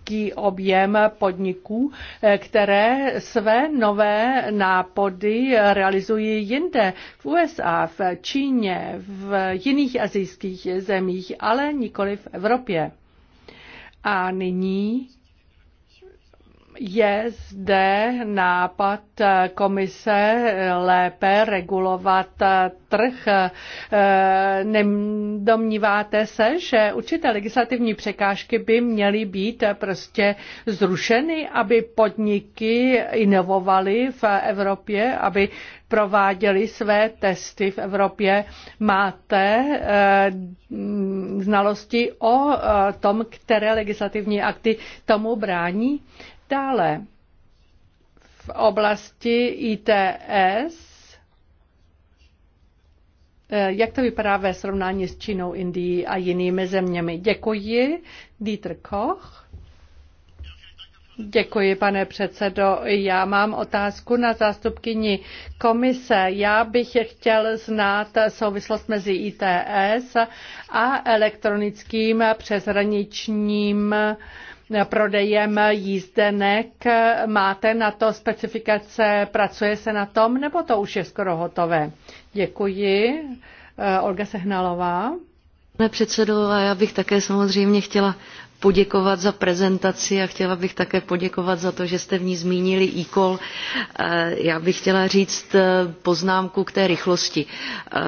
velký objem podniků, eh, které své nové nápody realizují jinde, v USA, v Číně, v jiných azijských zemích, ale nikoli v Evropě. A nyní je zde nápad komise lépe regulovat trh. Domníváte se, že určité legislativní překážky by měly být prostě zrušeny, aby podniky inovovaly v Evropě, aby prováděli své testy v Evropě. Máte eh, znalosti o eh, tom, které legislativní akty tomu brání? Dále v oblasti ITS eh, jak to vypadá ve srovnání s Čínou, Indií a jinými zeměmi? Děkuji. Dieter Koch. Děkuji, pane předsedo. Já mám otázku na zástupkyni komise. Já bych chtěl znát souvislost mezi ITS a elektronickým přeshraničním uh, prodejem jízdenek. Máte na to specifikace, pracuje se na tom, nebo to už je skoro hotové? Děkuji. Eh, Olga Sehnalová. Pane předsedo, a já bych také samozřejmě chtěla poděkovat za prezentaci a chtěla bych také poděkovat za to, že jste v ní zmínili e-call. Eh, já bych chtěla říct eh, poznámku k té rychlosti. Eh,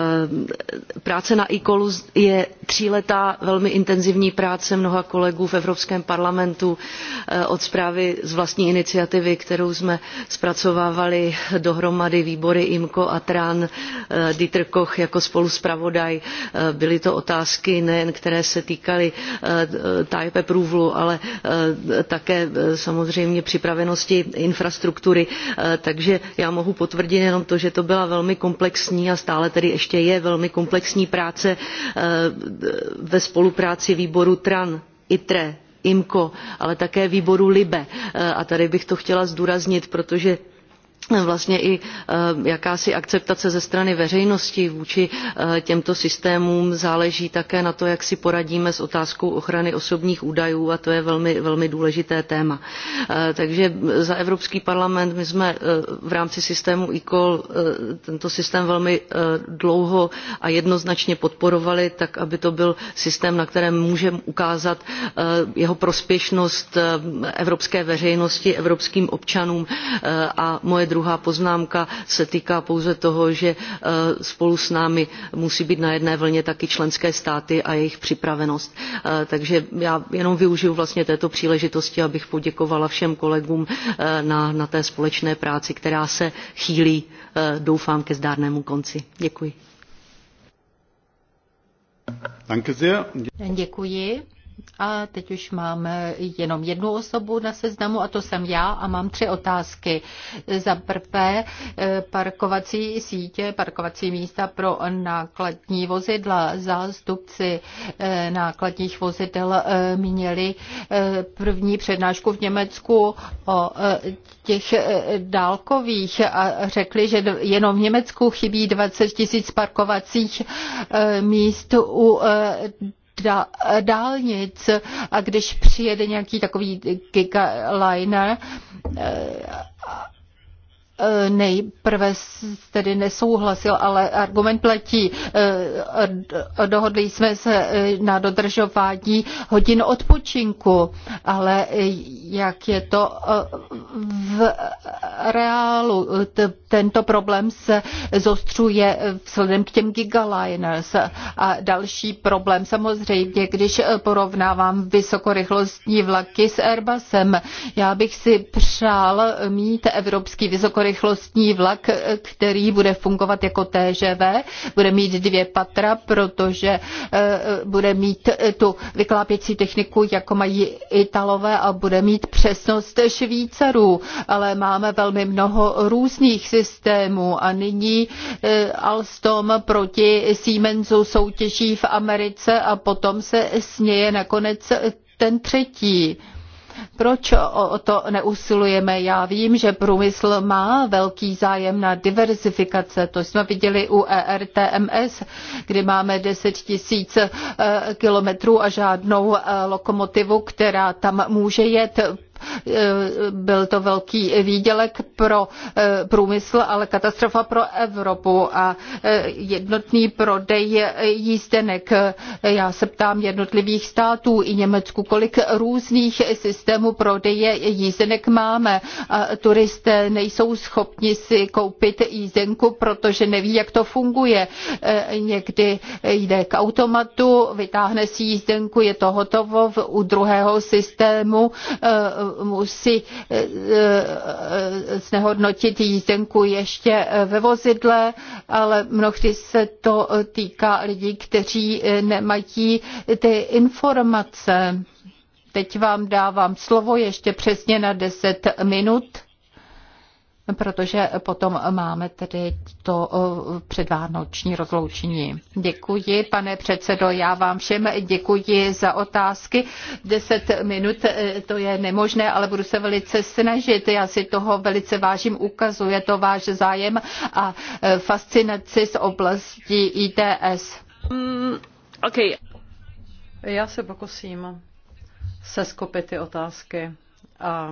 práce na e-callu je tříletá velmi intenzivní práce mnoha kolegů v Evropském parlamentu od zprávy z vlastní iniciativy, kterou jsme zpracovávali dohromady výbory IMCO a TRAN, Dieter Koch jako spoluzpravodaj. Byly to otázky nejen, které se týkaly Tajpe lépe průvlu, ale eh, také eh, samozřejmě připravenosti infrastruktury. Eh, takže já mohu potvrdit jenom to, že to byla velmi komplexní a stále tedy ještě je velmi komplexní práce ve spolupráci výboru TRAN, ITRE, IMCO, ale také výboru LIBE. A tady bych to chtěla zdůraznit, protože vlastně i eh, jakási akceptace ze strany veřejnosti vůči eh, těmto systémům záleží také na tom jak si poradíme s otázkou ochrany osobních údajů a to je velmi, velmi důležité téma. Eh, takže za evropský parlament my jsme v rámci systému ecall tento systém velmi dlouho a jednoznačně podporovali tak aby to byl systém na kterém můžeme ukázat jeho prospěšnost evropské veřejnosti evropským občanům a moje druhá druhá poznámka se týká pouze toho, že eh, spolu s námi musí být na jedné vlně taky členské státy a jejich připravenost. Eh, takže já jenom využiju vlastně této příležitosti, abych poděkovala všem kolegům eh, na, té společné práci, která se chýlí, doufám, ke zdárnému konci. Děkuji. Děkuji. A teď už máme jenom jednu osobu na seznamu a to jsem já a mám tři otázky. Za prvé eh, parkovací sítě, parkovací místa pro nákladní vozidla. Zástupci eh, nákladních vozidel eh, měli první přednášku v Německu o těch dálkových a řekli, že jenom v Německu chybí 20 tisíc parkovacích míst u dálnic a když přijede nějaký takový gigaliner eh, Eh, nejprve tedy nesouhlasil, ale argument platí. Eh, dohodli jsme se eh, na dodržování hodin odpočinku, ale jak je to v reálu? Tento problém se zostřuje vzhledem k těm gigaliners a další problém samozřejmě, když porovnávám vysokorychlostní vlaky s Airbusem. Já bych si přál mít evropský vysokorychlostní vysokorychlostní vlak, který bude fungovat jako TŽV, bude mít dvě patra, protože eh, bude mít eh, tu vyklápěcí techniku, jako mají Italové a bude mít přesnost Švýcarů, ale máme velmi mnoho různých systémů a nyní eh, Alstom proti Siemensu soutěží v Americe a potom se sněje nakonec ten třetí. Proč o to neusilujeme? Já vím, že průmysl má velký zájem na diverzifikace. To jsme viděli u ERTMS, kdy máme 10 tisíc eh, kilometrů a žádnou eh, lokomotivu, která tam může jet Eh, byl to velký výdělek pro eh, průmysl, ale katastrofa pro Evropu a eh, jednotný prodej jízdenek. Já se ptám jednotlivých států i Německu, kolik různých systémů prodeje jízdenek máme. A turisté nejsou schopni si koupit jízdenku, protože neví, jak to funguje. Někdy jde k automatu, vytáhne si jízdenku, je to hotovo, u druhého systému musí eh, eh, eh, znehodnotit jízdenku ještě ve vozidle, ale mnohdy se to týká lidí, kteří nemají ty informace. Teď vám dávám slovo ještě přesně na 10 minut protože potom máme tedy to eh, předvánoční rozloučení. Děkuji, pane předsedo, já vám všem děkuji za otázky. Deset minut eh, to je nemožné, ale budu se velice snažit. Já si toho velice vážím, ukazuje to váš zájem a eh, fascinaci z oblasti ITS. Mm, okay. Já se pokusím seskopit ty otázky a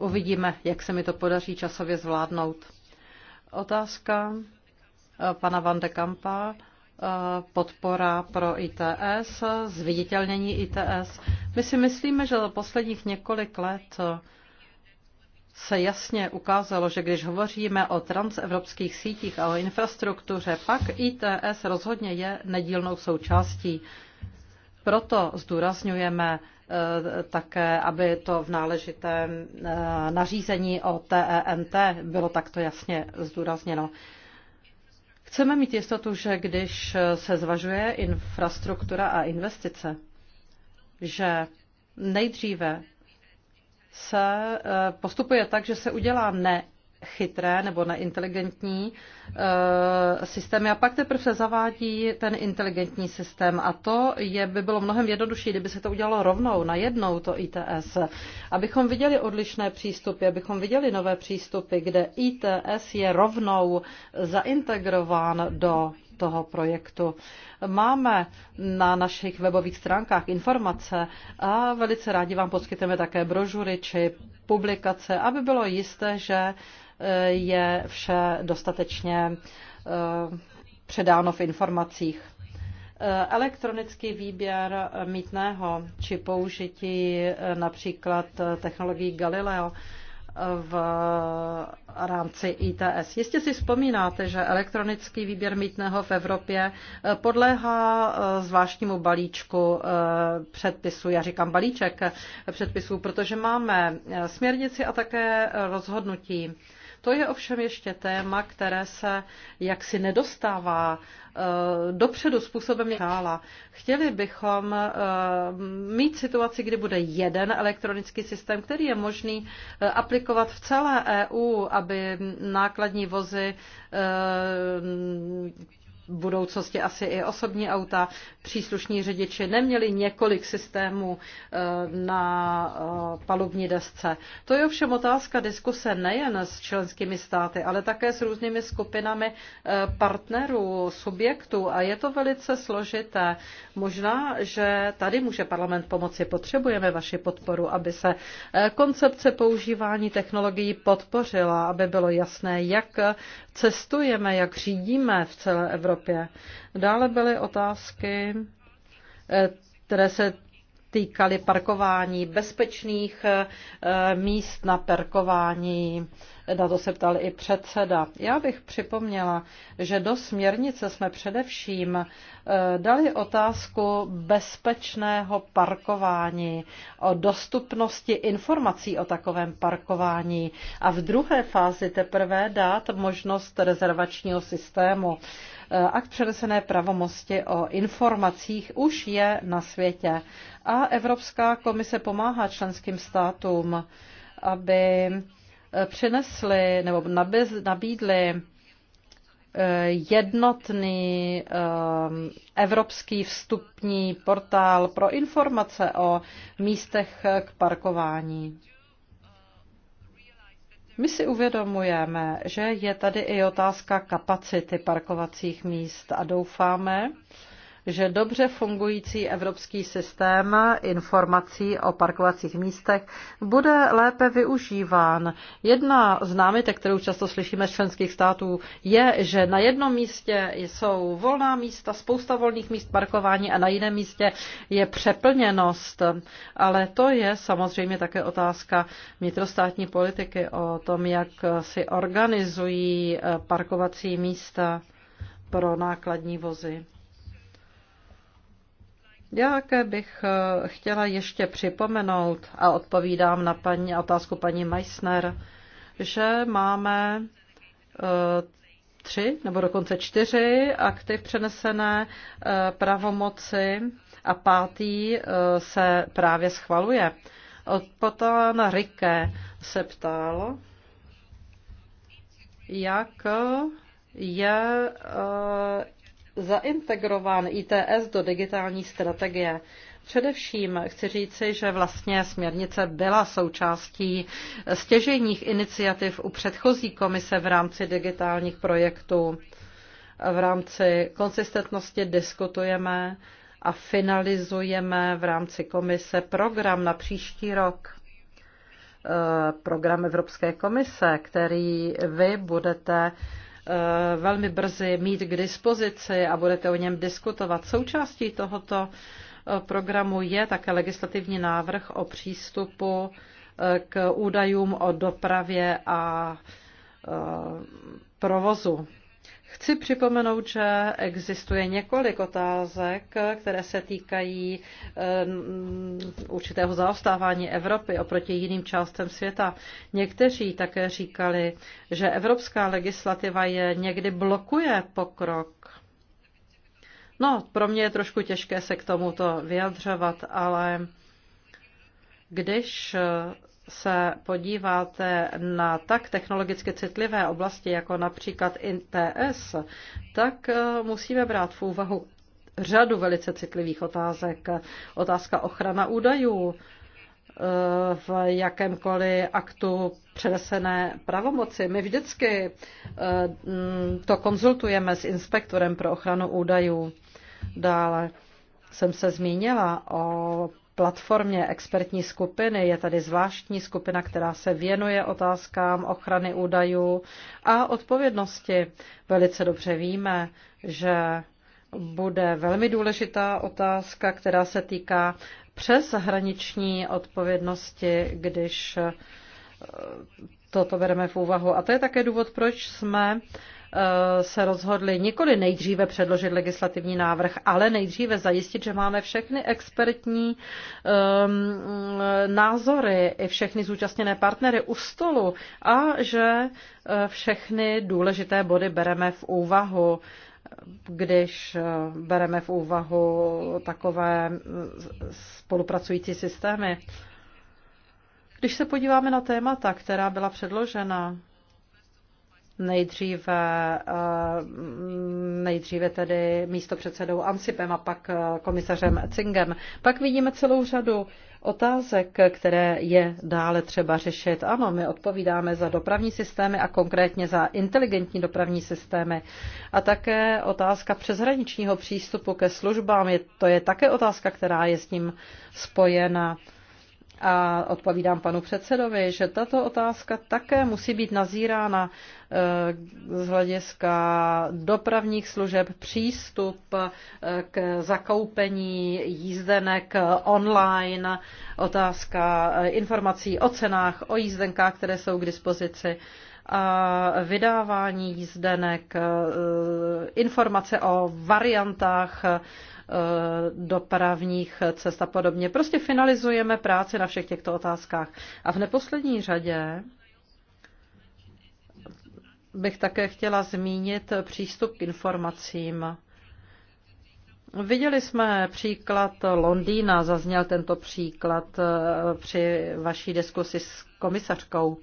Uvidíme, jak se mi to podaří časově zvládnout. Otázka eh, pana Van de Kampa eh, podpora pro ITS, zviditelnění ITS. My si myslíme, že za posledních několik let se jasně ukázalo, že když hovoříme o transevropských sítích a o infrastruktuře, pak ITS rozhodně je nedílnou součástí proto zdůrazňujeme eh, také, aby to v náležitém eh, nařízení o TENT e bylo takto jasně zdůrazněno. Chceme mít jistotu, že když se zvažuje infrastruktura a investice, že nejdříve se eh, postupuje tak, že se udělá ne chytré nebo neinteligentní e, systémy a pak teprve se zavádí ten inteligentní systém a to je, by bylo mnohem jednodušší, kdyby se to udělalo rovnou, najednou to ITS, abychom viděli odlišné přístupy, abychom viděli nové přístupy, kde ITS je rovnou zaintegrován do toho projektu. Máme na našich webových stránkách informace a velice rádi vám poskytneme také brožury či publikace, aby bylo jisté, že je vše dostatečně eh, předáno v informacích. Eh, elektronický výběr mítného či použití eh, například technologií Galileo v rámci ITS. Jistě si vzpomínáte, že elektronický výběr mítného v Evropě podléhá zvláštnímu balíčku předpisů. Já říkám balíček předpisů, protože máme směrnici a také rozhodnutí to je ovšem ještě téma, které se jaksi nedostává eh, dopředu způsobem chála. Chtěli bychom eh, mít situaci, kdy bude jeden elektronický systém, který je možný eh, aplikovat v celé EU, aby nákladní vozy budoucnosti asi i osobní auta. Příslušní řidiči neměli několik systémů eh, na eh, palubní desce. To je ovšem otázka diskuse nejen s členskými státy, ale také s různými skupinami eh, partnerů, subjektů a je to velice složité. Možná, že tady může parlament pomoci. Potřebujeme vaši podporu, aby se koncepce používání technologií podpořila, aby bylo jasné, jak cestujeme, jak řídíme v celé Evropě. Dále byly otázky, eh, které se týkaly parkování, bezpečných eh, míst na parkování, na to se ptal i předseda. Já bych připomněla, že do směrnice jsme především eh, dali otázku bezpečného parkování, o dostupnosti informací o takovém parkování a v druhé fázi teprve dát možnost rezervačního systému. Eh, akt přenesené pravomosti o informacích už je na světě a Evropská komise pomáhá členským státům, aby Eh, přinesli nebo nabídli eh, jednotný eh, evropský vstupní portál pro informace o místech k parkování. My si uvědomujeme, že je tady i otázka kapacity parkovacích míst a doufáme, že dobře fungující evropský systém informací o parkovacích místech bude lépe využíván. Jedna z námitek, kterou často slyšíme z členských států, je, že na jednom místě jsou volná místa, spousta volných míst parkování a na jiném místě je přeplněnost. Ale to je samozřejmě také otázka vnitrostátní politiky o tom, jak si organizují parkovací místa pro nákladní vozy. Jak bych eh, chtěla ještě připomenout, a odpovídám na paní, otázku paní Meissner, že máme eh, tři nebo dokonce čtyři akty v přenesené eh, pravomoci a pátý se právě schvaluje. Potom Rike se ptal, jak je zaintegrován ITS do digitální strategie. Především chci říci, že vlastně směrnice byla součástí stěžejních iniciativ u předchozí komise v rámci digitálních projektů. V rámci konsistentnosti diskutujeme a finalizujeme v rámci komise program na příští rok. Eh, program Evropské komise, který vy budete Eh, velmi brzy mít k dispozici a budete o něm diskutovat. Součástí tohoto eh, programu je také legislativní návrh o přístupu eh, k údajům o dopravě a provozu. Chci připomenout, že existuje několik otázek, které se týkají určitého zaostávání Evropy oproti jiným částem světa. Někteří také říkali, že evropská legislativa je někdy blokuje pokrok. No, pro mě je trošku těžké se k tomuto vyjadřovat, ale když se podíváte na tak technologicky citlivé oblasti, jako například ITS, tak eh, musíme brát v úvahu řadu velice citlivých otázek. Otázka ochrana údajů eh, v jakémkoliv aktu přenesené pravomoci. My vždycky eh, mm, to konzultujeme s inspektorem pro ochranu údajů. Dále jsem se zmínila o platformě expertní skupiny je tady zvláštní skupina, která se věnuje otázkám ochrany údajů a odpovědnosti. Velice dobře víme, že bude velmi důležitá otázka, která se týká přeshraniční odpovědnosti, když eh, Toto bereme v úvahu. A to je také důvod, proč jsme eh, se rozhodli nikoli nejdříve předložit legislativní návrh, ale nejdříve zajistit, že máme všechny expertní um, názory i všechny zúčastněné partnery u stolu a že eh, všechny důležité body bereme v úvahu když eh, bereme v úvahu takové mm, spolupracující systémy. Když se podíváme na témata, která byla předložena, nejdříve, eh, nejdříve tedy místo předsedou Ansipem a pak eh, komisařem Cingem. Pak vidíme celou řadu otázek, které je dále třeba řešit. Ano, my odpovídáme za dopravní systémy a konkrétně za inteligentní dopravní systémy. A také otázka přeshraničního přístupu ke službám, je, to je také otázka, která je s tím spojena. A odpovídám panu předsedovi, že tato otázka také musí být nazírána eh, z hlediska dopravních služeb, přístup eh, k zakoupení jízdenek online, otázka eh, informací o cenách, o jízdenkách, které jsou k dispozici a vydávání jízdenek, informace o variantách Eh, dopravních cest a podobně. Prostě finalizujeme práci na všech těchto otázkách. A v neposlední řadě bych také chtěla zmínit přístup k informacím. Viděli jsme příklad Londýna, zazněl tento příklad eh, při vaší diskusi s komisařkou.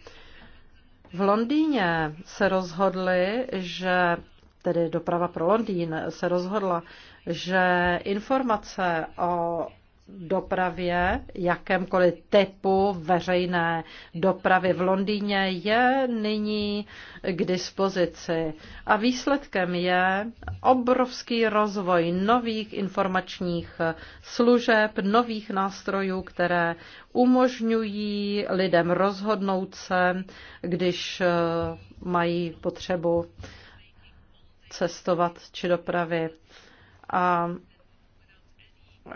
V Londýně se rozhodli, že tedy doprava pro Londýn se rozhodla, že informace o dopravě, jakémkoliv typu veřejné dopravy v Londýně je nyní k dispozici. A výsledkem je obrovský rozvoj nových informačních služeb, nových nástrojů, které umožňují lidem rozhodnout se, když eh, mají potřebu cestovat či dopravy a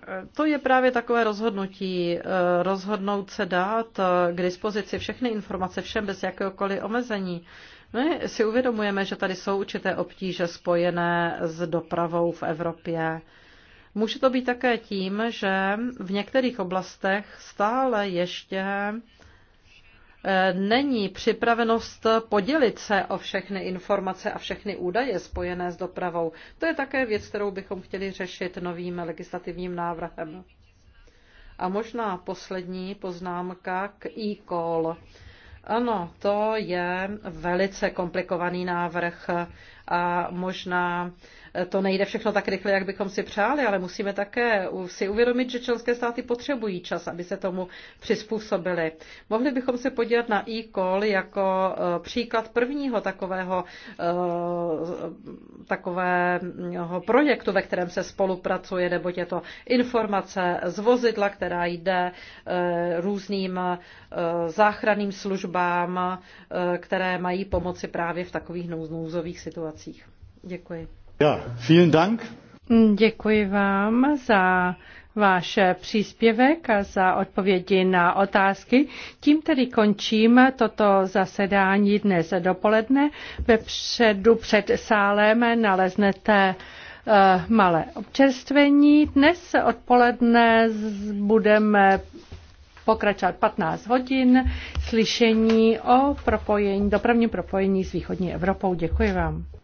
e, to je právě takové rozhodnutí, e, rozhodnout se dát e, k dispozici všechny informace všem bez jakéhokoliv omezení. My no, si uvědomujeme, že tady jsou určité obtíže spojené s dopravou v Evropě. Může to být také tím, že v některých oblastech stále ještě E, není připravenost podělit se o všechny informace a všechny údaje spojené s dopravou. To je také věc, kterou bychom chtěli řešit novým legislativním návrhem. A možná poslední poznámka k e-call. Ano, to je velice komplikovaný návrh a možná eh, to nejde všechno tak rychle, jak bychom si přáli, ale musíme také si uvědomit, že členské státy potřebují čas, aby se tomu přizpůsobili. Mohli bychom se podívat na e-call jako eh, příklad prvního takového, eh, takového projektu, ve kterém se spolupracuje, nebo je to informace z vozidla, která jde různým záchranným službám, které mají pomoci právě v takových nouzových situacích situacích. Děkuji. Ja, vielen Dank. Děkuji vám za váš příspěvek a za odpovědi na otázky. Tím tedy končím toto zasedání dnes dopoledne. předu před sálem naleznete eh, malé občerstvení. Dnes odpoledne budeme pokračovat 15 hodin slyšení o propojení, dopravním propojení s východní Evropou. Děkuji vám.